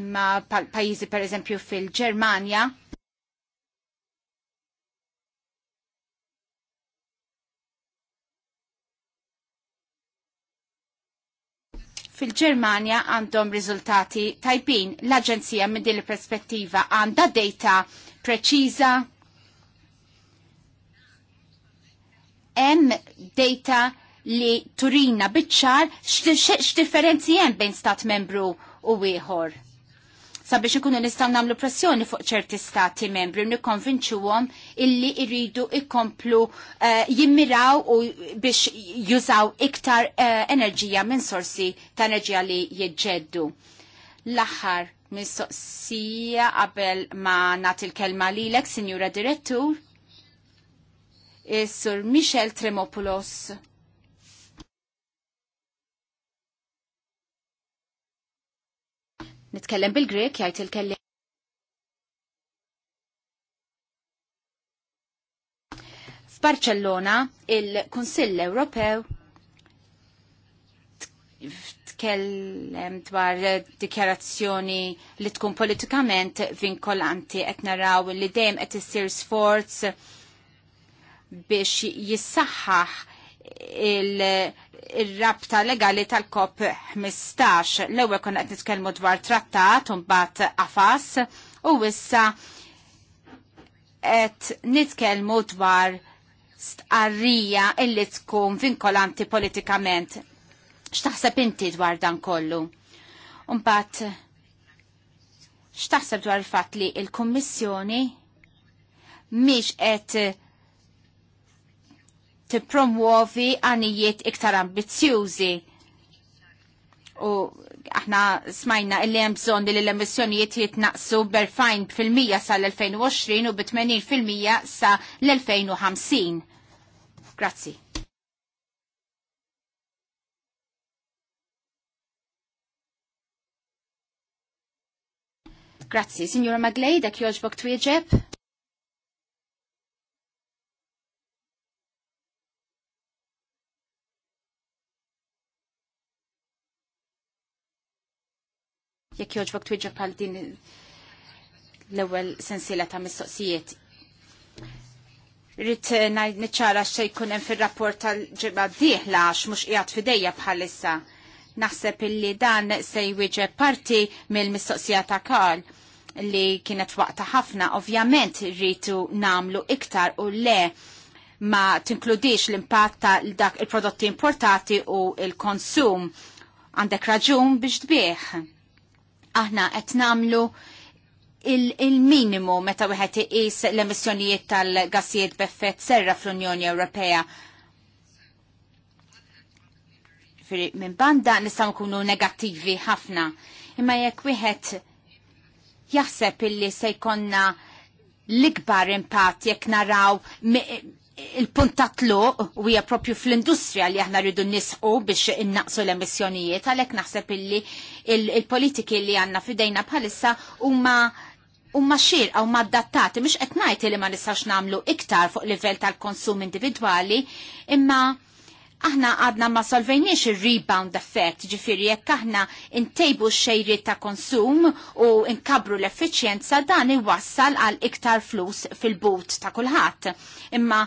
Imma pajjiżi per eżempju fil-Ġermanja, fil-Germania għandhom riżultati tajbin. L-Aġenzija minn din il-perspettiva għandha data preċiża. Hemm data li turina biċċar x'differenzi hemm bejn stat membru u ieħor sabiex ikunu nistgħu nagħmlu pressjoni fuq ċerti stati membri nikkonvinċuhom illi jridu jkomplu uh, eh, jimmiraw u biex jużaw iktar uh, enerġija minn sorsi ta' enerġija li jiġġeddu. L-aħħar mistoqsija qabel ma nagħti l-kelma lilek, Sinjura Direttur, is-Sur Michel Tremopoulos. Nitkellem bil-Grek jgħid il-kelli. F'Barcellona il-Kunsill Ewropew tkellem dwar dikjarazzjoni li tkun politikament vinkolanti qed naraw li dejjem qed issir sforz biex jissaħħaħ il-rabta legali tal-kop 15. L-ewwel konna qed nitkellmu dwar trattat u mbagħad afas, u issa qed nitkellmu dwar stqarrija illi tkun vinkolanti politikament. X'taħseb inti dwar dan kollu? Mbagħad x'taħseb dwar il-fatt li l-Kummissjoni miex qed tipromuovi għanijiet iktar ambizzjużi. U aħna smajna illi hemm bżonn li l-emissjonijiet jitnaqsu fil-mija sal-2020 u fil-mija sa l-2050. Grazzi. Grazzi, Signora Maglej, dak joġbok twieġeb? jekk joġbok twiġġab għal din l-ewwel sensiela ta' mistoqsijiet. ngħid niċċara xe jkun hemm fir-rapport tal-ġibba dieħla għax mhux qiegħed fidejja bħalissa. Naħseb illi dan se jwieġeb parti mill-mistoqsija ta' Karl li kienet waqta ħafna, ovvjament rritu namlu iktar u le ma tinkludix l-impatt ta' dak il-prodotti importati u il-konsum għandek raġun biex tbieħ aħna qed nagħmlu il-minimu il meta wieħed iqis l-emissjonijiet tal-gassijiet b'effett serra fl-Unjoni Ewropea. Minn banda nistgħu nkunu negattivi ħafna, imma jekk wieħed jaħseb illi se jkollna l-ikbar impatt jekk naraw il-puntat lo u hija propju fl-industrija li aħna rridu nisqu biex innaqsu l-emissjonijiet għalhekk naħseb illi il-politiki li għandna fidejna bħalissa huma ma xir u ma adattati mhux qed ngħid li ma nistax nagħmlu iktar fuq livell tal-konsum individwali imma aħna għadna ma solvejniex il-rebound effect, ġifiri jekk aħna intejbu xejri ta' konsum u inkabru l-effiċjenza dan iwassal għal iktar flus fil-but ta' kulħadd. Imma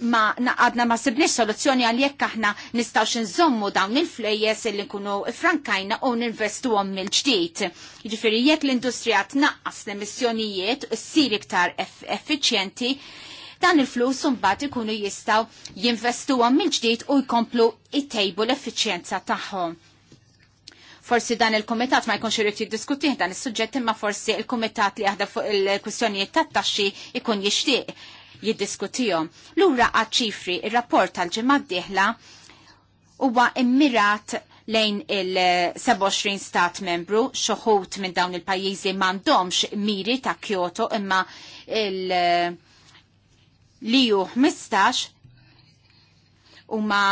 ma naqadna ma sibniex soluzzjoni għal jekk aħna nistgħux nżommu dawn il-flejjes li nkunu frankajna u ninvestuhom mill-ġdid. Jiġifieri jekk l-industrija tnaqqas l-emissjonijiet u ssir iktar effiċjenti, dan il-flus mbagħad ikunu jistgħu jinvestuhom mill-ġdid u jkomplu jtejbu l-effiċjenza tagħhom. Forsi dan il-komitat ma jkunx irid jiddiskutih dan is-suġġett imma forsi il-komitat li jaħdem fuq il-kwistjonijiet tat-taxxi ikun jixtieq jiddiskutijom. Lura għad ċifri il-rapport tal-ġimma d-dihla huwa immirat lejn il-27 stat membru xoħut minn dawn il-pajjiżi m'għandhomx miri ta' Kyoto imma il- liju 15 u huma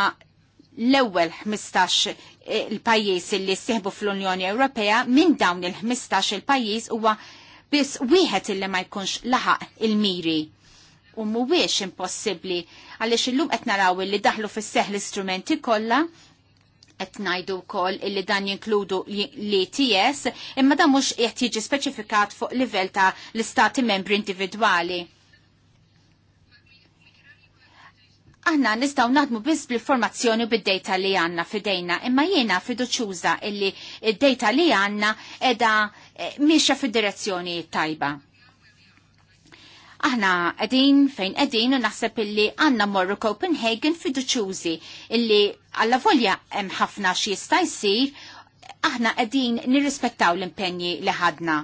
l-ewwel 15 eh, il-pajjiż li s-sihbu fl-Unjoni Ewropea minn dawn il-15 il-pajjiż huwa biss wieħed illi ma jkunx laħaq il-miri u mhuwiex impossibbli għaliex illum qed naraw li daħlu fis-seħ l-istrumenti kollha qed ngħidu wkoll illi dan jinkludu l ts imma dan mhux qed jiġi speċifikat fuq livell ta' l-istati membri individwali. Aħna nistgħu naħdmu biss bl-informazzjoni bid-data li għandna fidejna, imma jiena fiduċjuża illi id-data li għandna edha eh, miexa fid-direzzjoni tajba. Aħna qegħdin fejn qegħdin u naħseb illi għandna morru Copenhagen fiduċjużi illi għalla volja hemm ħafna xi jista' jsir aħna qegħdin nirrispettaw l-impenji li ħadna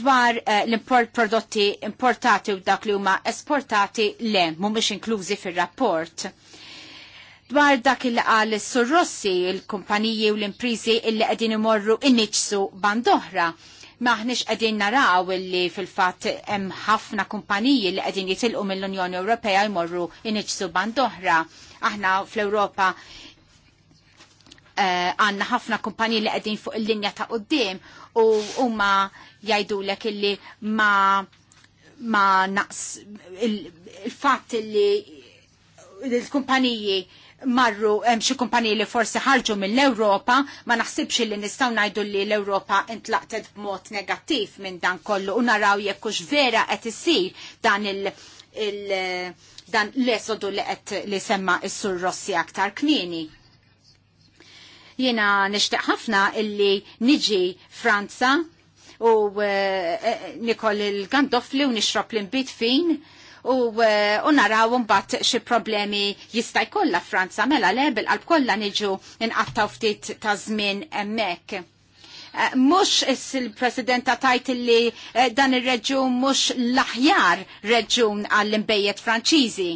dwar uh, l-import prodotti importati u dak li huma esportati le mhumiex inklużi fir-rapport dwar dak il qal surrossi il-kumpaniji u l-imprizi illi qegħdin imorru inniċsu oħra maħniex qegħdin naraw illi fil-fatt hemm ħafna kumpaniji li qegħdin jitilqu mill-Unjoni Ewropea jmorru iniċsu band oħra. Aħna fl-Ewropa eh, għandna ħafna kumpaniji li qegħdin fuq il-linja ta' qudiem u huma jgħidulek illi ma ma naqs il-fatt il li il-kumpaniji il marru hemm xi kumpaniji li forsi ħarġu mill-Ewropa, ma naħsibx li nistgħu ngħidu li l-Ewropa intlaqtet b'mod negattiv minn dan kollu u naraw jekk hux vera qed isir dan il-, il dan l-esodu li qed li semma s-sur Rossi aktar kmieni. Jiena nixtieq ħafna illi niġi Franza u uh, eh, eh, nikol il-gandofli u nixrob l-imbit fin Eh, u naraw mbagħad xi problemi jista' jkollha Franza mela le bil-qalb kollha niġu inqattaw ftit ta' żmien hemmhekk. Uh, eh, mux il-presidenta tajt li uh, eh, dan il-reġun mux l-aħjar reġun għall-imbejjet franċizi.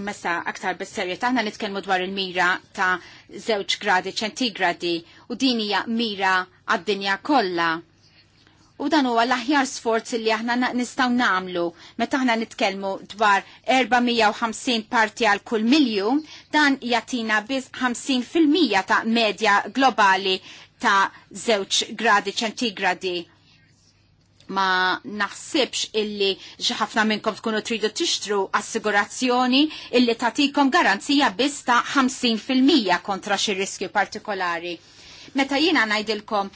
messa aktar bis-serjet aħna nitkellmu dwar il-mira ta' żewġ gradi ċentigradi u din hija mira għad-dinja kollha. U dan huwa l-aħjar sforz li aħna nistgħu nagħmlu meta aħna nitkellmu dwar 450 parti għal kull milju, dan jatina biss 50% ta' medja globali ta' żewġ gradi ċentigradi ma naħsibx illi ħafna minnkom tkunu tridu tixtru assigurazzjoni illi tatikom garanzija biss ta' 50% kontra xi riskju partikolari. Meta jiena ngħidilkom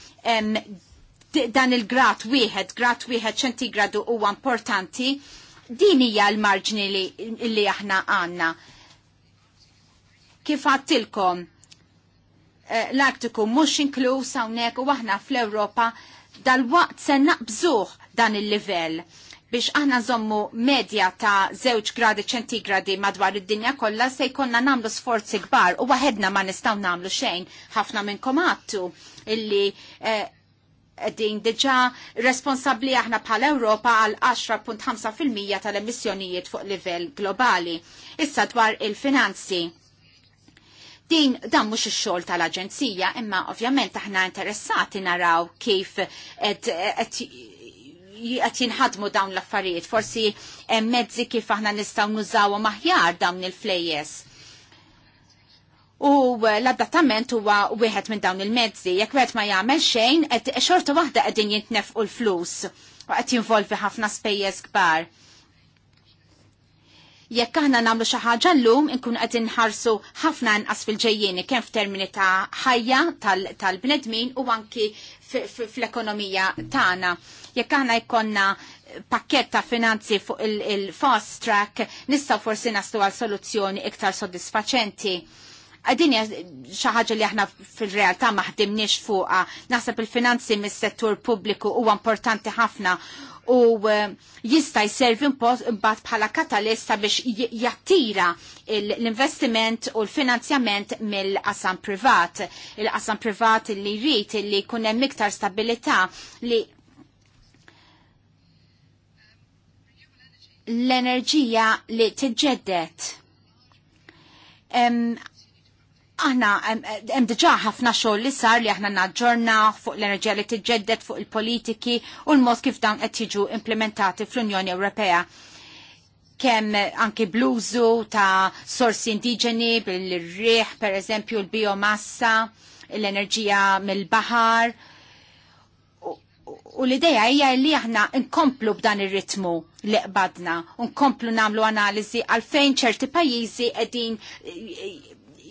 dan il-grat wieħed, grat wieħed ċentigradu huwa importanti, din hija l-marġni li, li aħna għandna. Kif għattilkom eh, l-Artiku mhux inkluż hawnhekk u aħna fl-Ewropa dal-waqt se naqbżuħ dan il-livell biex aħna zommu medja ta' 0 gradi ċentigradi madwar id-dinja kollha se jkollna nagħmlu sforzi kbar u waħedna ma nistgħu nagħmlu xejn ħafna minnkom għattu illi eh, din diġa responsabli aħna bħal Ewropa għal 10.5% tal-emissjonijiet fuq livell globali. Issa dwar il-finanzi. Din dan mhux ix-xogħol tal-Aġenzija, imma ovvjament aħna interessati naraw kif qed jinħadmu dawn l-affarijiet, forsi hemm mezzi kif aħna nistgħu nużawhom aħjar dawn il-flejjes. U l-adattament huwa wieħed minn dawn il-mezzi, jekk wieħed ma jagħmel xejn, qed xorta waħda qegħdin jintnefqu l-flus u qed jinvolvi ħafna spejjeż kbar. Jekk aħna nagħmlu xi ħaġa llum inkun qed inħarsu ħafna inqas fil ġejjien kemm f'termini ta' ħajja tal-bnedmin u anki fl-ekonomija tagħna. Jekk aħna jkollna pakket ta' finanzi fuq il-fast track nistgħu forsi naslu għal soluzzjoni iktar sodisfaċenti għadini xaħġa li aħna fil-realtà maħdimniex fuqa. Naħseb il-finanzi mis-settur pubbliku huwa importanti ħafna u eh, jista jservi mbagħad bħala katalista biex jattira l-investiment u l-finanzjament mill-qasam privat. Il-qasam privat li jrid li jkun hemm iktar stabilità li l-enerġija li tiġġedet aħna hemm eh, diġà ħafna xogħol li sar li aħna naġġorna fuq l-enerġija li tiġġedded fuq il-politiki u l-mod kif dawn qed jiġu implementati fl-Unjoni Ewropea kemm eh, anki bluzu ta' sorsi indiġeni bil-riħ, per eżempju, l-biomassa, l-enerġija mill baħar U, l-ideja hija li aħna nkomplu b'dan ir-ritmu li qbadna, u nkomplu nagħmlu analiżi għalfejn ċerti pajjiżi qegħdin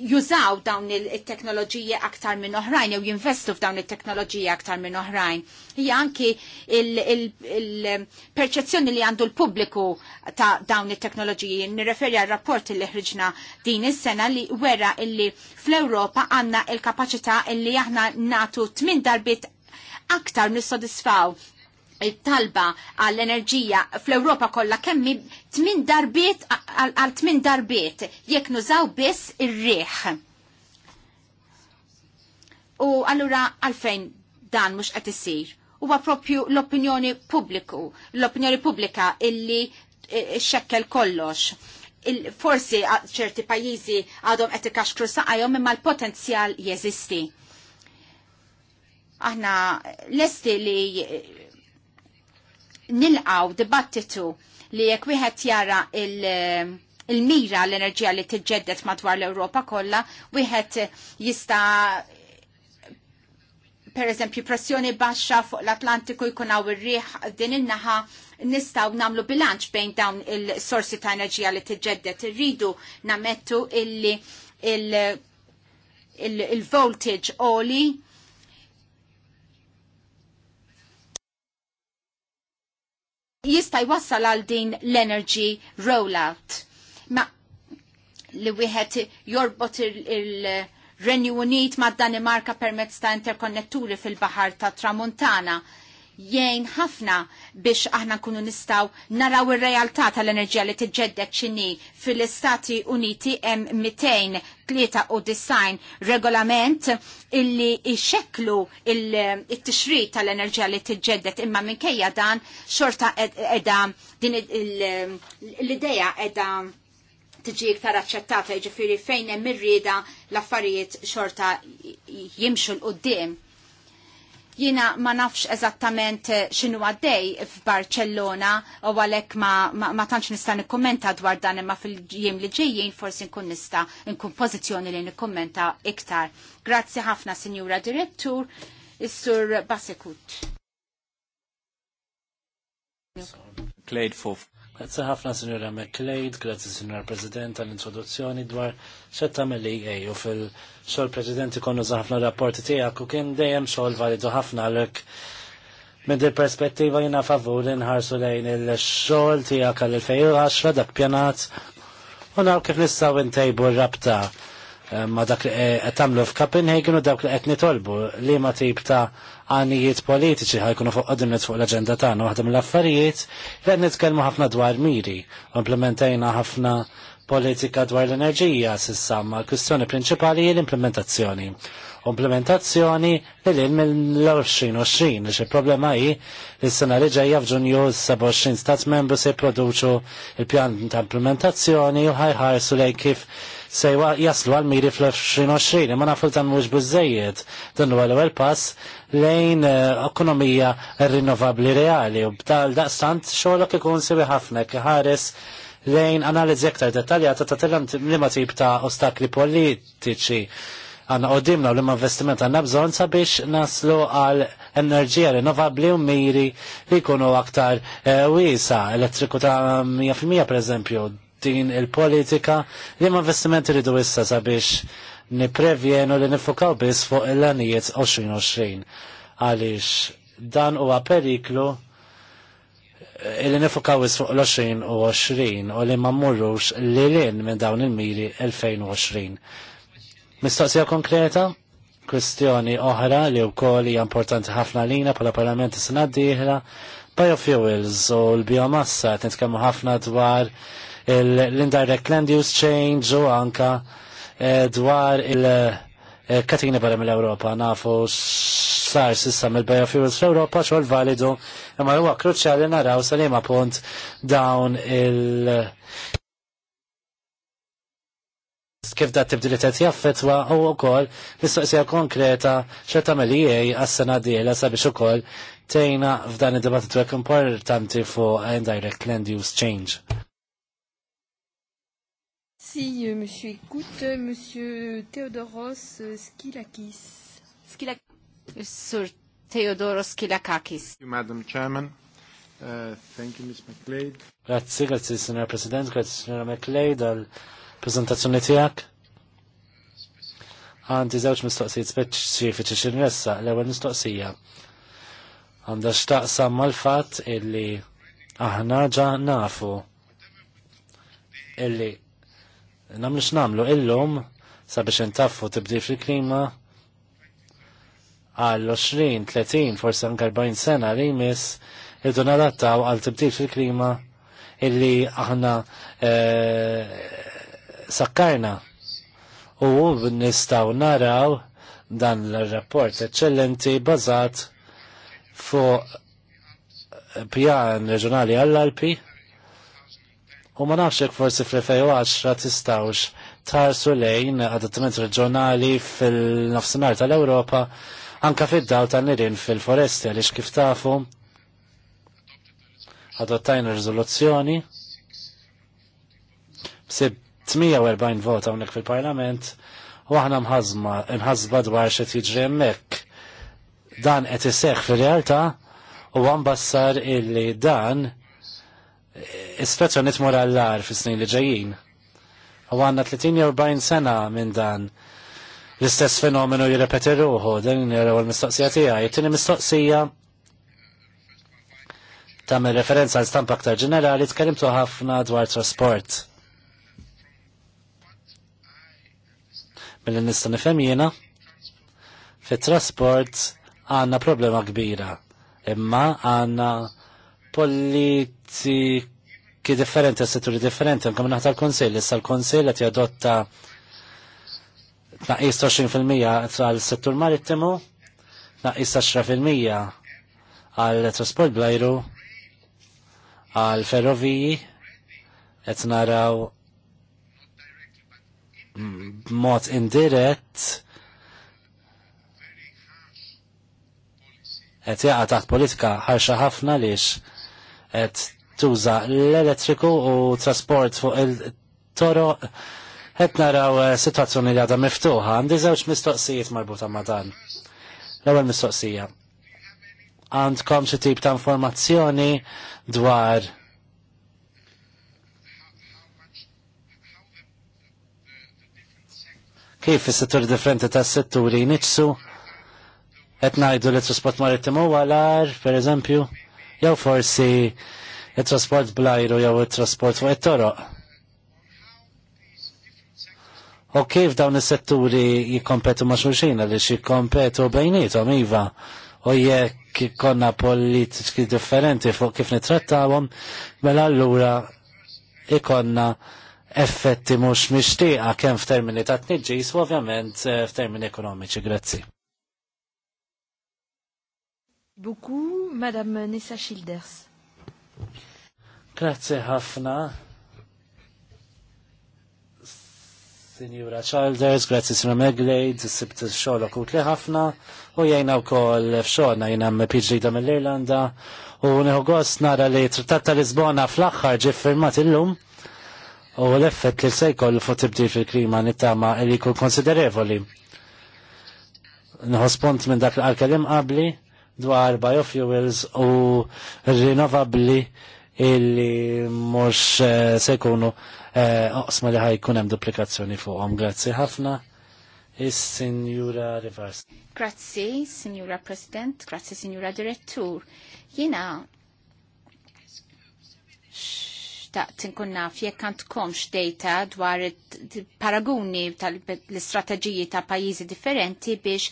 jużaw dawn il-teknoloġija aktar minn oħrajn jew jinvestu f'dawn il-teknoloġija aktar minn oħrajn. Hija anki il-perċezzjoni li għandu l-pubbliku ta' dawn il-teknoloġiji. Nirreferi għal rapport li ħriġna din is-sena li wera illi fl-Ewropa għandna il-kapaċità illi aħna natu tmin darbit aktar nissodisfaw talba għall-enerġija fl-Europa kollha kemmi tmin darbiet għal tmin darbiet jekk nużaw biss ir-riħ. U allura għalfejn dan mhux qed isir. Huwa propju l-opinjoni pubbliku, l-opinjoni pubblika illi eh, xekkel kollox. Il forsi ċerti pajjiżi għadhom qed ikaxkru saqajhom imma l-potenzjal jeżisti aħna lesti li nilqaw dibattitu li jekk wieħed jara il- il-mira l-enerġija li tiġġeddet madwar l-Ewropa kollha, wieħed jista' per eżempju pressjoni baxxa fuq l-Atlantiku jkun hawn ir-riħ din in-naħa nistgħu nagħmlu bilanċ bejn dawn il-sorsi ta' enerġija li tiġġeddet. Irridu namettu illi il-voltage oli jista' jwassal għal din l-energy rollout. Ma li wieħed jorbot il-Renju Unit ma' Danimarka permezz ta' interkonnetturi fil-Bahar ta' Tramuntana jgħin ħafna biex aħna nkunu nistaw naraw ir-realtà tal-enerġija li tiġġedded x'inhi fil-Istati Uniti hemm 293 regolament illi jxekklu it-tixrid tal-enerġija li tiġġedded imma minkejja dan xorta qiegħda din l-idea qiegħda tiġi iktar aċċettata jiġifieri fejn hemm irrieda l-affarijiet xorta jimxu l-qudiem Jiena ma nafx eżattament eh, xinu għaddej f'Barcellona u għalhekk ma, ma, ma tantx nista' nikkommenta dwar dan imma fil-jiem li ġejjin forsi nkun nista' nkun pożizzjoni li nikkummenta iktar. Grazzi ħafna, Sinjura Direttur, is-Sur Basekut. Grazie ħafna Sinjora McLeod, grazie Sinjora President għall-introduzzjoni dwar xetta tagħmel li u fil-xogħol President ikonu ħafna rapporti tiegħek u kien dejjem xogħol validu ħafna għalhekk minn il perspettiva jiena favur inħarsu lejn il-xogħol tiegħek għall-2010 dak pjanat u naw kif nistgħu intejbu r-rabta Eh, ma dak li qed tagħmlu f'Copenhagen u dak li qed nitolbu li ma tip ta' għanijiet politiċi ħajkunu fuq qodimnet fuq l-aġenda tagħna waħda mill-affarijiet li qed nitkellmu ħafna dwar miri u implementajna ħafna politika dwar l-enerġija sissa ma l-kwistjoni prinċipali hi l-implementazzjoni. Implementazzjoni li l mill-2020 li xe problema hi li s-sena li ġejja f'Ġunju 27 stat membru se jipproduċu il-pjan ta' implementazzjoni u ħajħarsu lejn kif Sejwa jaslu għal miri fl-2020, ma nafu dan mhux biżejjed. Dan huwa l-ewwel pass lejn eh, ekonomija rinnovabbli reali u b'tal daqstant xogħolok ikun sibi ħafna ħares lejn analizi aktar detaljata ta' tilem liema tip ta' ostakli politiċi għanna dimna u l-imma investiment għanna bżon sabiex naslu għal enerġija rinnovabli u miri li jkunu aktar eh, wisa, elettriku ta' 100% per eżempju, din il-politika li ma investimenti ridu issa sabiex niprevjenu li nifukaw biss fuq il-lanijiet 2020 għaliex dan huwa periklu eh, li nifukaw biss fuq l-2020 u li ma li lilin minn dawn il-miri 2020. Mistoqsija konkreta? kwestjoni oħra li wkoll hija importanti ħafna lina bħala parlament s sena d-dieħla biofuels u l-biomassa t ħafna dwar l-indirect land use change u anka eh, dwar il-katina eh, barra mill-Europa nafu sar sissa mill-biofuels fl-Europa xogħol validu imma huwa kruċjali naraw sa punt dawn il- kif da tibdil qed jaffetwa u wkoll l-istoqsija konkreta xa tagħmel EA għas-sena dieħla sabiex ukoll tejna f'dan id-dibattitu importanti fuq indirect land use change. Merci, euh, Monsieur Écoute. Euh, monsieur Theodoros euh, Skilakis. Skilakis. Sir Theodoros Skilakakis. Thank you, Madam Chairman. Uh, thank you, Ms. McLeod. Grazie, grazie, Signor Presidente. grazie, Signora McLeod, al presentazione tijak. Għandi zewċ mistoqsijiet speċifiċi xinressa, l-ewel mistoqsija. Għanda xtaqsam mal-fat illi aħna ġa nafu illi namlu x'namlu illum sabiex intaffu tibdi fil-klima għall 20, 30, forse anke 40 sena li jmiss irdu nadattaw għal tibdil fil-klima illi aħna eh, sakkarna u nistaw naraw dan l-rapport eccellenti bazat fuq pjan reġjonali għall-Alpi U ma nafxek forsi fl-2010 tistawx tarsu lejn adattament reġjonali fil-nofsinhar tal-Ewropa anka fid-daw tan-nirien fil-foresti għaliex kif tafu adottajna riżoluzzjoni b'sib 48 vot hawnhekk fil-Parlament u aħna mħazma mħazba dwar xi tiġri hemmhekk dan qed iseħħ fir-realtà u għambassar illi dan is-situazzjoni l għall fi fis-snin li ġejjin. U għandna 30-40 sena minn dan l-istess fenomenu jirrepeti ruħu, din jiraw l-mistoqsija tiegħi. Tieni mistoqsija tagħmel referenza għal stampa aktar ġenerali tkellimtu ħafna dwar trasport. Mill-li nista' jena, fi fit-trasport għandna problema kbira, imma għandna politik ki differenti s setturi differenti, għankom naħta l-Konsil, issa l-Konsil għet jadotta naqis 20% għal settur marittimu, naqis 10% għal trasport blajru, għal ferroviji, għet naraw mod indirett għet jaqa taħt politika ħarxa ħafna lix għet tuża l-elettriku u trasport fuq il-toro qed naraw eh, sitwazzjoni li għadha miftuħa. Għandi żewġ mistoqsijiet marbuta ma' dan. L-ewwel mistoqsija. Għandkom xi tip ta' informazzjoni dwar kif is-settur differenti tas-setturi niċsu qed ngħidu li trasport marittimu għalar, pereżempju, jew forsi it-trasport blajru jew it-trasport fuq it-toroq. U kif dawn is-setturi jikkompetu ma' xulxin għaliex jikkompetu bejnietom iva u jekk konna politiċi differenti fuq kif nitrattawhom, mela allura ikonna effetti mhux mixtieqa kemm f'termini ta' tniġġis u ovvjament eh, f'termini ekonomiċi. Grazzi. Beaucoup, Madame Nessa Childers. Grazzi ħafna. Sinjura Childers, grazie Sinjura Meglade, sibt xogħol akut li ħafna u jgħina wkoll f'xogħolna jgħina MP ġdida mill-Irlanda u nieħu gost nara li trattat ta' Lisbona fl-aħħar ġie firmat illum u l-effett li se jkollu fuq tibdil fil-klima nittama li jkun konsiderevoli. Nħos punt minn dak l-arkelim qabli dwar biofuels u rinnovabli illi mux eh, sekunu eh, oqsma li ħajkun hemm duplikazzjoni fuqhom. Grazzi ħafna. Is-Sinjura Rivers. Grazzi, Sinjura President, grazzi Sinjura Direttur. Jina, xtaqt tinkunna naf jekk komx data dwar paraguni tal-istrateġiji ta' pajjiżi differenti biex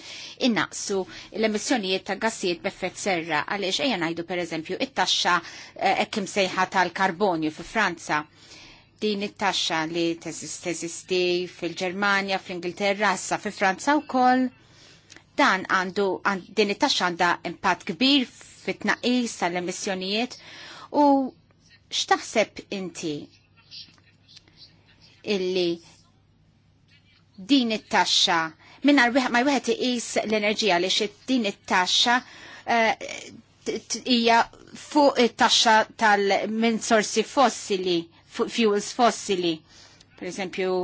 innaqsu l-emissjonijiet ta' gassijiet b'effett serra għaliex ejja ngħidu pereżempju it-taxxa eh, ekkim sejħa tal-karbonju fi Franza din it-taxxa li teżisti fil-Ġermanja, fl-Ingilterra, issa fi Franza wkoll dan għandu din it-taxxa għandha impatt kbir fit-tnaqqis tal-emissjonijiet u x'taħseb inti illi din it-taxxa minn ma wieħed iqis l-enerġija li xi din it-taxxa eh, hija fuq it-taxxa tal minn sorsi fossili, fuq fuels fossili, per eżempju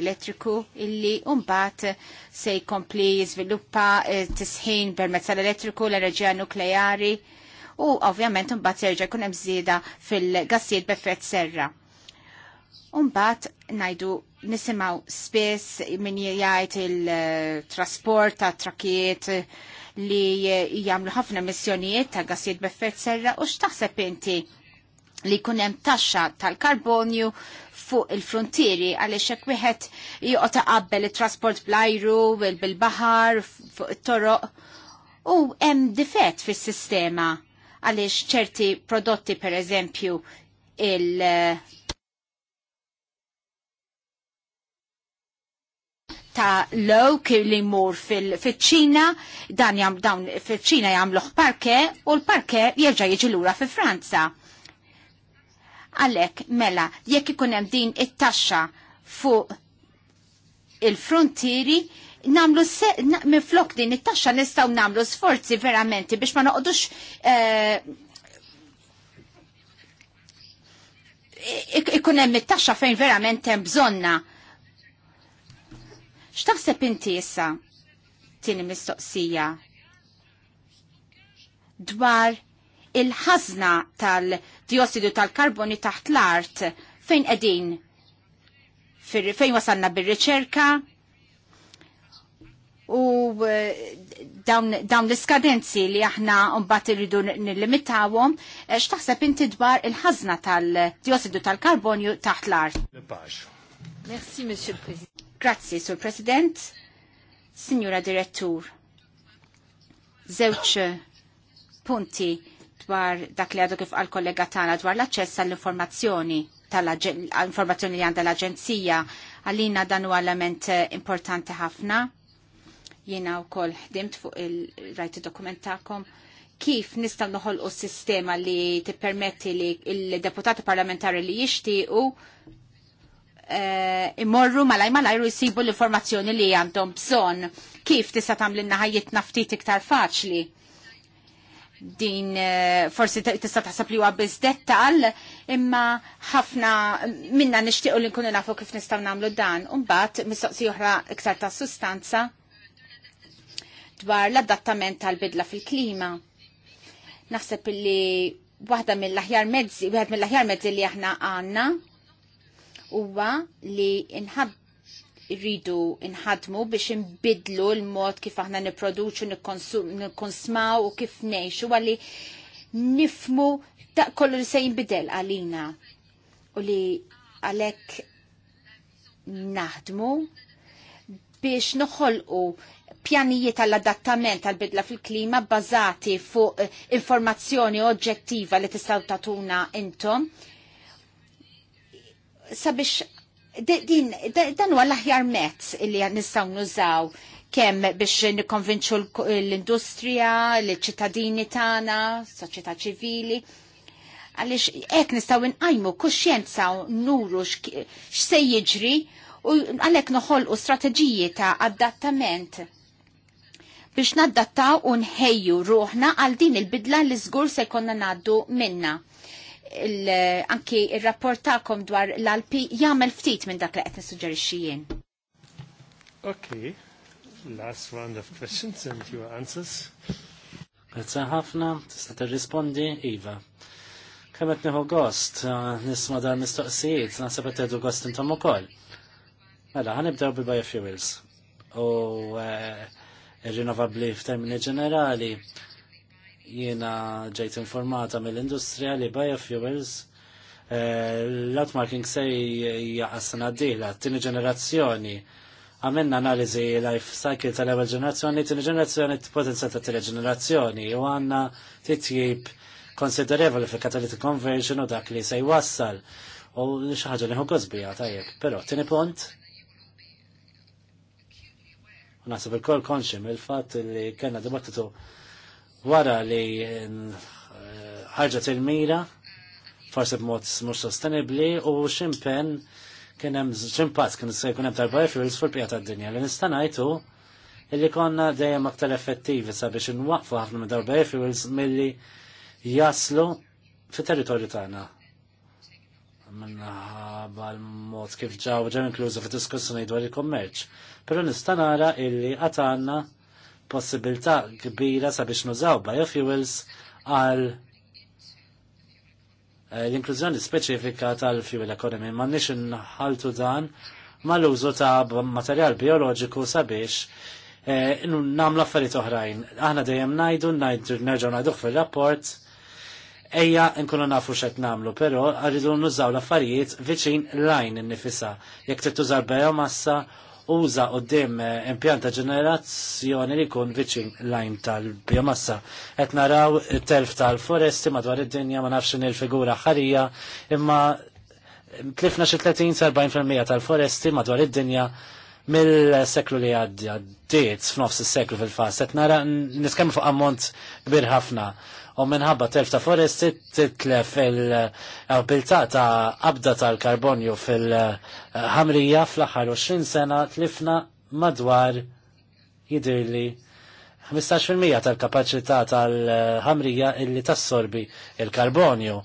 elettriku illi mbagħad se jkompli jiżviluppa eh, tisħin permezz tal-elettriku l-enerġija nukleari u ovvjament mbagħad jerġa' jkun hemm żieda fil-gassijiet b'effett serra. Umbat najdu nisimaw spess min jgħid il-trasport ta' trakiet li jagħmlu ħafna missjonijiet ta' gassijiet b'effett serra u x'taħseb inti li kunem taxxa tal-karbonju fuq il-frontieri għaliex hekk wieħed joqgħod qabbel it-trasport bl-ajru, bil-baħar, fuq it-toroq. U hemm difett fis-sistema għaliex ċerti prodotti per eżempju il- ta' low kif li mur fil-ċina, dan jam dawn fil-ċina jamluħ parke u l-parke jerġa jiġi lura fi Franza. Għalek, mela, jekk ikun hemm din it-taxxa fuq il-frontieri, namlu minn flok din it-taxxa nistgħu namlu sforzi veramenti biex ma noqdux eh, ikun hemm it-taxxa fejn verament hemm bżonna. X'taħseb inti issa tieni mistoqsija dwar il-ħażna tal-diossidu tal-karboni taħt l-art fejn qegħdin fejn wasalna bir-riċerka, u eh, dawn l-iskadenzi li aħna mbagħad irridu nillimitawhom, eh, x'taħseb inti dwar il-ħażna tal-diossidu tal-karbonju taħt l-art. Merci, Monsieur le Président. Grazzi, Sur President. Signora Direttur, zewċ punti dwar dak li għadu kif għal-kollega tagħna dwar l-aċċess għall-informazzjoni tal-informazzjoni li għandha l-Aġenzija għalina dan huwa element eh, importanti ħafna Jena u kol ħdimt fuq il-rajt dokumentakom kif nistaw noħolqu s-sistema li tippermetti li il-deputati parlamentari li jixtiequ u eh, imorru malaj malaj jisibu l-informazzjoni li għandhom bżon kif tista' tagħmel ħajjit naftit iktar faċli. Din eh, forsi tista' taħseb li huwa biss dettal, imma ħafna minna nixtiequ li nkunu nafu kif nistgħu nagħmlu dan. Imbagħad mistoqsi oħra iktar ta' sustanza dwar l-adattament tal-bidla fil-klima. Naħseb li waħda mill-aħjar mezzi, waħda mill-aħjar mezzi li aħna għanna huwa li inħab rridu inħadmu biex inbidlu l-mod kif aħna niproduċu, nikkonsmaw u kif nejxu għalli nifmu ta' kollu li se jinbidel għalina u li għalek naħdmu biex noħolqu pjanijiet tal-adattament tal-bidla fil-klima bbażati fuq eh, informazzjoni oġġettiva li tistaw tatuna intom. Sabiex dan huwa l-aħjar mezz li nistgħu nużaw kemm biex nikkonvinċu l-industrija, l-ċittadini tagħna, soċjetà ċivili għalix ek nistaw inqajmu kuxjenza nuru x'se jiġri u għalek noħol u strategiji ta' adattament biex naddattaw unħejju ruħna għal din il-bidla li żgur se jkollna ngħaddu minna. anki il-rapport ta'kom dwar l-alpi jagħmel ftit minn dak li qed nissuġġerixxi jien. Okay. Last round of questions and your answers. Grazie ħafna, tista' tirrispondi, Iva. Kemm qed nieħu gost ah, nisma' dar mistoqsijiet, naħseb qed tieħdu gost intom ukoll. Mela, ħanibdew bil-biofuels. U uh, ir-rinnovabbli f'termini ġenerali. Jiena ġejt informata mill-industrija li biofuels eh, l-outmarking se jaqassana d-dila, t-tini ġenerazzjoni. Għamenna analizi life cycle tal-ewel ġenerazzjoni, t-tini ġenerazzjoni t-potenza ta' t-tini ġenerazzjoni. U għanna titjib konsiderevoli fil catalytic conversion u dak li se jwassal. U xaħġa liħu għazbija, tajjeb. Pero, t-tini punt, Nasib il-kol konxem il-fat li kena dibattitu wara li eh, ħarġet il-mira, forse b'mod mhux sostenibli u ximpen kien hemm x'impazz kien se jkun hemm darba fuels fil-pija tad-dinja li nista' ngħidu illi konna dejjem aktar effettivi sabiex inwaqfu ħafna minn darba fuels milli jaslu fit-territorju tagħna Minna bħal mod kif ġaw ġew inklużu fi diskussjoni dwar il-kommerċ. Però nista' nara illi qatt għandna possibilità kbira sabiex nużaw biofuels għal eh, l-inklużjoni speċifika tal-fuel economy. Ma nix nħaltu dan ma l-użu ta' materjal bioloġiku sabiex eh, nagħmlu affarijiet oħrajn. Aħna dejjem ngħidu, nerġgħu ngħiduh fir-rapport Ejja nkunu nafu x'qed nagħmlu, però rridu nużaw l-affarijiet viċin lajn innifisa. Jekk trid tużar biomassa, uża qudiem eh, impjanta ġenerazzjoni li jkun viċin lajn tal-biomassa. Qed naraw telf tal-foresti madwar id-dinja ma nafx il-figura ħarija, imma tlifna xi 30 sa 40% tal-foresti madwar id-dinja mill-seklu li għaddiet f'nofs is-seklu fil-fast, qed nara nitkellmu fuq ammont kbir ħafna u minħabba telf ta' foresti titlef il-abilta ta' abda tal-karbonju fil-ħamrija fl-aħħar 20 sena tlifna madwar jidirli 15% tal-kapacità tal-ħamrija illi tassorbi il-karbonju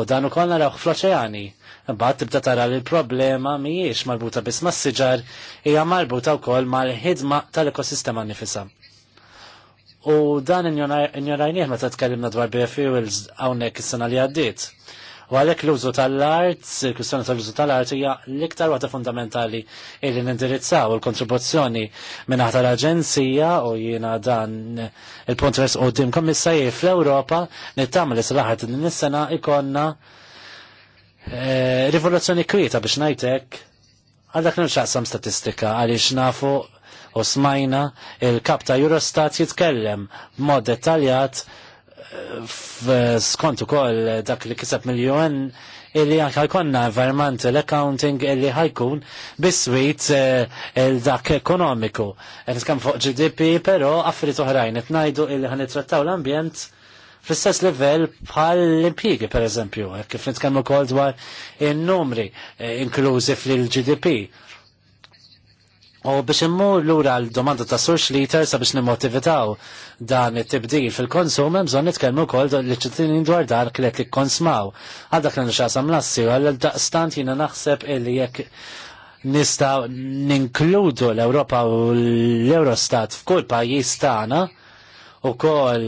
u dan ukoll narawh fl-oċeani. Imbagħad tibda tara li l-problema mhijiex marbuta biss mas-siġar hija marbuta wkoll mal-ħidma tal-ekosistema nifisa. U dan injorajnieh meta tkellimna dwar biofuels hawnhekk is-sena li għaddiet. U għalhekk l-użu tal-art, il-kwistjoni tal-użu tal-art hija l-iktar waħda fundamentali illi nindirizzaw il-kontribuzzjoni minn l aġenzija u jiena dan il-punt vers qudiem kommissarji fl-Ewropa nittama li salaħat din is-sena ikonna eh, rivoluzzjoni kwieta biex hekk, għal dak nirċaqsam statistika għaliex nafu u smajna il-kap ta' Eurostat jitkellem b'mod dettaljat eh, skont ukoll dak li kisab miljon illi anka jkonna environmental accounting illi ħajkun biswit eh, il-dak ekonomiku. Għan fuq GDP, pero affrit uħrajn, etnajdu illi trattaw l-ambjent fl-istess level bħal l-impjigi, per eżempju, kif nitkellmu kol dwar in-numri eh, inklużi fl-GDP. U biex immur lura l-domanda ta' sur xliter sabiex nimmotivitaw dan it-tibdil fil-konsum, bżon nitkellmu kol l-ċittinin dwar dar klet li konsmaw. Għadda kien xasam lassi, u għal-daqstant jina naħseb illi jekk nistaw ninkludu l-Europa u l-Eurostat f'kull pajjiż tagħna u kol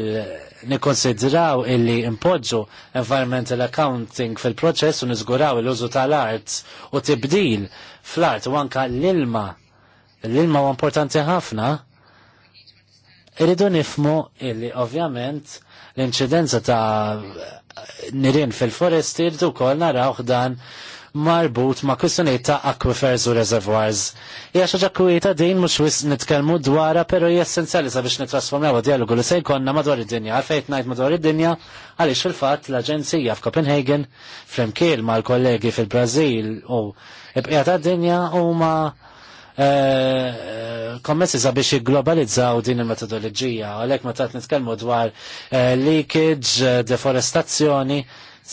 nikonsidraw illi impoġġu environmental accounting fil-proċess u nizguraw l-użu tal-art u tibdil fl-art u anka l-ilma l-ilma u importanti ħafna, irridu nifmu illi ovvjament l-inċidenza ta' nirien fil-foresti irridu kol narawħ dan marbut ma' kwistjonijiet ta' aquifers u reservoirs. Hija xi ġakkujieta din mhux wis nitkellmu dwarha pero hija essenzjali sabiex nitrasformaw dialogu li se jkollna madwar id-dinja. Għalfejn ngħid madwar id-dinja għaliex fil-fatt l-Aġenzija f'Copenhagen flimkien mal-kollegi fil-Brażil u l tad-dinja huma Eh, eh, kommessi biex jigglobalizzaw din il-metodoloġija, għalhekk ma qed nitkellmu dwar eh, leakage, deforestazzjoni,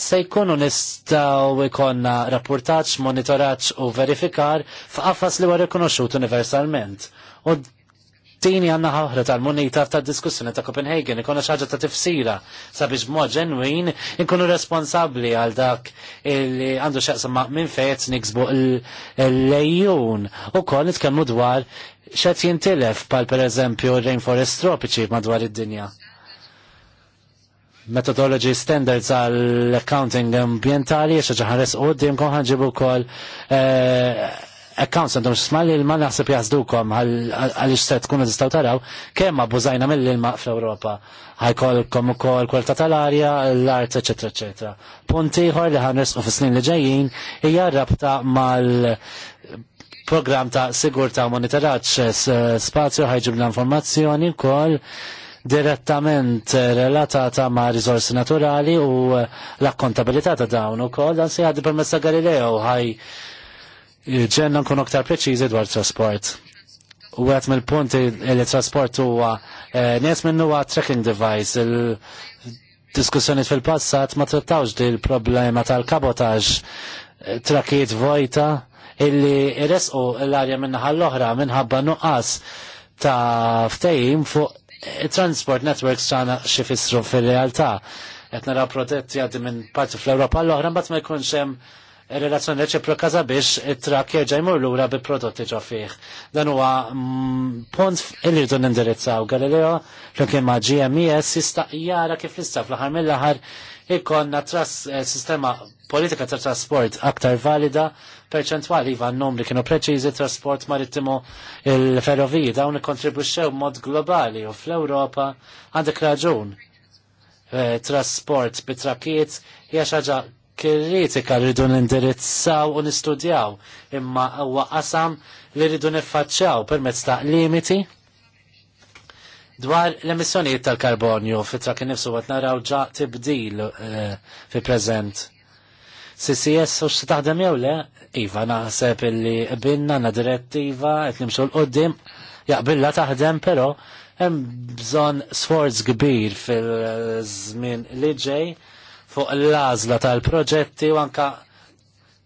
se jkunu nistgħu jkollna rapportaġġ, monitoraġġ u verifikar f'qafas li huwa rikonoxxut universalment. U Dini għanna ħahra tal-munita ta' diskussjoni ta' Copenhagen, ikonna xaġa ta' tifsira sabiex b'mod ġenwin inkunu responsabli għal dak li għandu ma' minn fejt niksbu l-lejjun u kol nitkellmu dwar xed jintilef pal per eżempju rainforest tropiċi madwar id-dinja. Methodology standards għal accounting ambientali xaġa ħares u d-dim konħanġibu koll eh, accounts għandhom xisma li ma naħseb jazdukom għal-ix set kuna tistaw taraw kemm bużajna mill-ilma fl-Ewropa ħajkolkom ukoll kwalità tal-arja, l-art, ecc. ecc. Punti ħor li ħanres u fis-snin li ġejjin hija rabta mal program ta' ta' monitoraċ spazju l informazzjoni wkoll direttament relatata ma' risorsi naturali u l-akkontabilità ta' dawn ukoll dan se jgħaddi permezz ta' Galileo ħaj ġenna nkun aktar preċiżi dwar trasport. U għet mill punti li trasport huwa eh, nies minnu huwa tracking device. Il-diskussjoni fil-passat ma trattawx di l-problema tal-kabotaġ eh, trakiet vojta illi irresqu l-arja minnaħa l-oħra minħabba nuqqas ta' ftejim fuq eh, transport networks ċana xifisru fil-realtà. Qed naraw protetti għaddi minn parti fl-Europa l-oħra, mbagħad ma jkunx hemm relazzjoni reċiproka sabiex it-trak jerġa' jmur lura bi prodotti ġo fih. Dan huwa mm, punt irridu nindirizzaw. Galileo flimkien ma' GMES jista' jara kif jista' fl-aħħar mill-aħħar ikonna eh, sistema politika ta' trasport aktar valida perċentwali iva n-num kienu preċiżi trasport marittimu il-ferroviji dawn ikkontribwixxew mod globali u fl-Ewropa għandek raġun. Eh, trasport bit-trakiet hija ħaġa kritika li rridu nindirizzaw u nistudjaw imma huwa qasam li rridu niffaċċjaw permezz ta' limiti dwar l-emissjonijiet tal-karbonju fitra kien nifsu għat naraw ġa tibdil eh, fi preżent. CCS u x-taħdem jew le, Iva naħseb illi binna na direttiva, qed nimxu l-qoddim, jaqbilla taħdem però hemm bżonn sforz kbir fil-żmien li ġej fuq l-għażla tal-proġetti u anka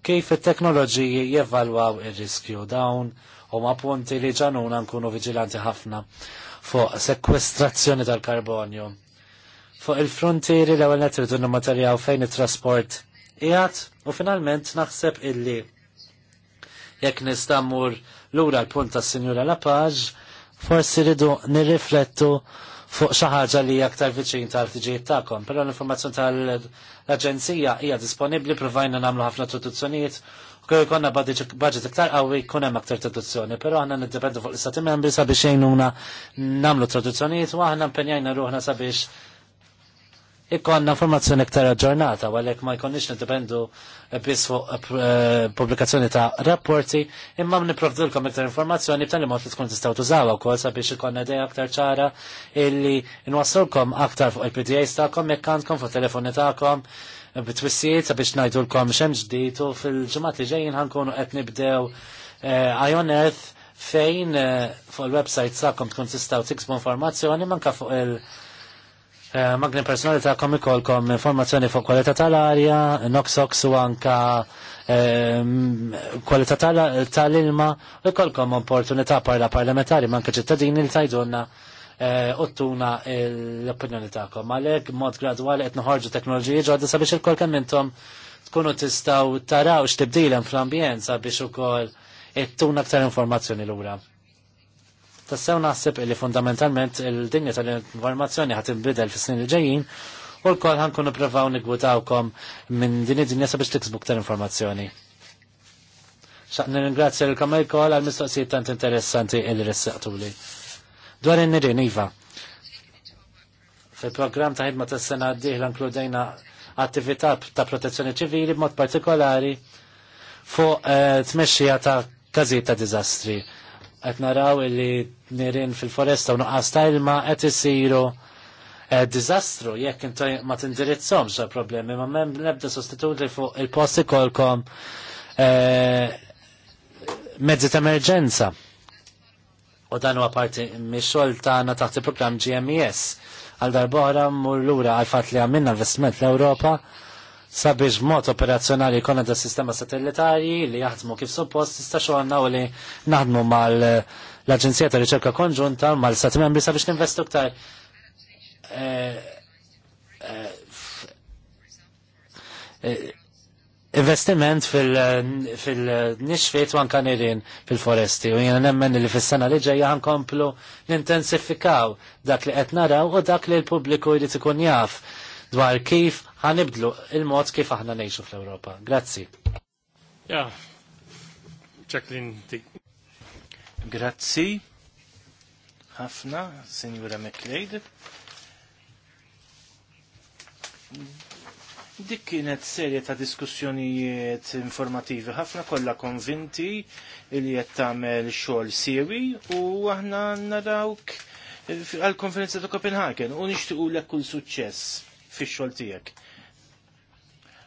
kif it-teknoloġiji jevalwaw ir-riskju dawn huma punti li ġanuna nkunu viġilanti ħafna fuq sekwestrazzjoni tal-karbonju. Fuq il-frontieri l-ewwel netridu nimmaterjaw fejn it-trasport qiegħed u finalment naħseb illi jekk nistammur lura l-punt tas-Sinjura la-paġ forsi ridu nirriflettu fuq xi ħaġa li aktar viċin tal-ħtiġijiet tagħkom, però l-informazzjoni tal-Aġenzija hija disponibbli provajna nagħmlu ħafna traduzzjonijiet u kieku konna budget iktar qawwi jkun hemm aktar traduzzjoni, però aħna dependu fuq l-istati membri sabiex jgħinuna nagħmlu traduzzjonijiet u aħna mpenjajna ruħna sabiex ikonna informazzjoni iktar aġġornata, għalek ma jkunniex nidependu eh, biss fuq eh, eh, pubblikazzjoni ta' rapporti, imma nipprovdilkom iktar informazzjoni b'tali mod li tkun tistgħu u wkoll sabiex ikollna idea aktar ċara illi nwassulkom aktar fuq il-PDAs tagħkom jekk għandkom fuq telefoni tagħkom bitwissijiet sabiex ngħidulkom xemm ġdid u fil-ġimgħat li ġejjin ħankunu qed nibdew Ion Earth fejn fuq il-website sakom tkun tistaw tiksbu informazzjoni manka fuq il- Eh, magni personali ta' kom ikolkom informazzjoni fuq kwalità tal-arja, noxox u anka ehm, kwalità tal-ilma, u kom opportunità parla parlamentari manka ċittadini li tajdunna eh, ottuna l-opinjoni kom. Malek, mod gradwali qed noħorġu teknoloġiji ġodda sabiex il-kol kemm intom tkunu tistaw taraw x'tibdilem fl ambienza biex ukoll ittuna aktar informazzjoni lura. Tassew naħseb li fundamentalment il-dinja tal-informazzjoni ħat imbidel fis-snin li ġejjin u l-kol ħankun nipprovaw nigwitawkom minn din id-dinja sabiex tiksbu tal informazzjoni. Xaqni ringrazzja l il kol għal-mistoqsijiet tant interessanti illi li. Dwar in-nirin, Iva. Fil-programm ta' ħidma tas-sena d nkludejna attività ta' protezzjoni ċivili b'mod partikolari fuq eh, tmexxija ta' każijiet ta' diżastri qed naraw li nirin fil-foresta u nuqqas ta' ilma qed isiru eh, diżastru jekk inti ma tindirizzhomx għal problemi ma m'hemm nebda sostituti fuq il posti kolkom eh, mezzi ta' emerġenza. U dan huwa parti mix-xogħol tagħna taħt il-programm GMES għal darbohra mmur lura għal fatt li għamilna investiment l-Ewropa sabiex mod operazzjonali konna da sistema satellitari li jaħdmu kif suppost tista' għandna u li naħdmu mal l-Aġenzija ta' Riċerka Konġunta mal sat membri sabiex ninvestu ktar eh, eh, investiment fil-nixfiet u anka fil-foresti u jena nemmen li fis-sena li komplu l nintensifikaw dak li qed naraw u dak li l-pubbliku jrid ikun jaf dwar kif ħanibdlu il-mod kif aħna nejxu fl europa Grazzi. Ja, ċaklin ti. Grazzi. Ħafna, Signora McLeod. Dik kienet serje ta' diskussjonijiet informativi ħafna kollha konvinti li qed tagħmel xogħol siewi u aħna narawk għall konferenza ta' Copenhagen u nixtiequlek kull suċċess fix-xogħol tiegħek.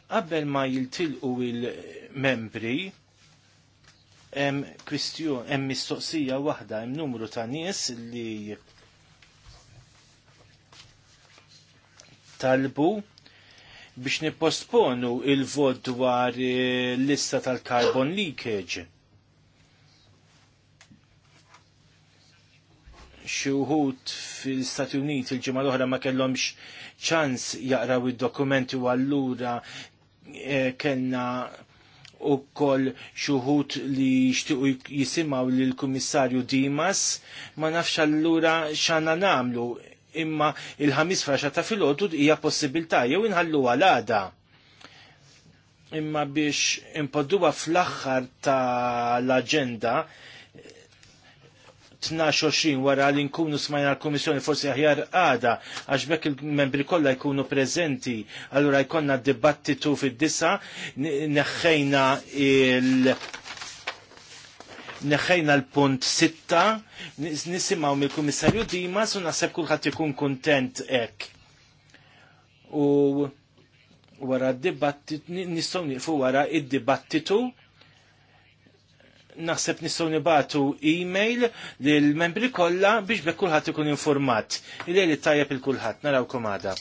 Qabel ma jiltilqu il-membri, hemm kwistjon, hemm mistoqsija waħda, hemm numru ta' nies li talbu biex nipposponu il-vot dwar l-lista tal-carbon leakage. xi wħud fil-Stati Uniti il-ġimgħa l-oħra ma kellhomx ċans jaqraw id-dokumenti u allura Eh, kellna u koll xuhut li jishtiqu jisimaw li l-Kummissarju Dimas ma nafx allura xana namlu imma il-ħamis fraxa ta' filgħodu hija possibilità jew inħallu għal-għada imma biex impodduwa fl-axħar ta' l-agenda 12-20 wara li nkunu smajna l-Komissjoni forsi aħjar għada għax bekk il-membri kollha jkunu preżenti allura jkollna dibattitu fid-disa neħħejna il- neħħejna l-punt 6 nisimaw mill-Kummissarju Dimas u naħseb kulħadd ikun kuntent hekk. U wara d-dibattitu nistgħu nieqfu wara id-dibattitu naħseb nistgħu nibatu e mail lil membri kollha biex bekk kulħadd ikun informat. Il-lejli tajjeb il kulħadd narawkom għada.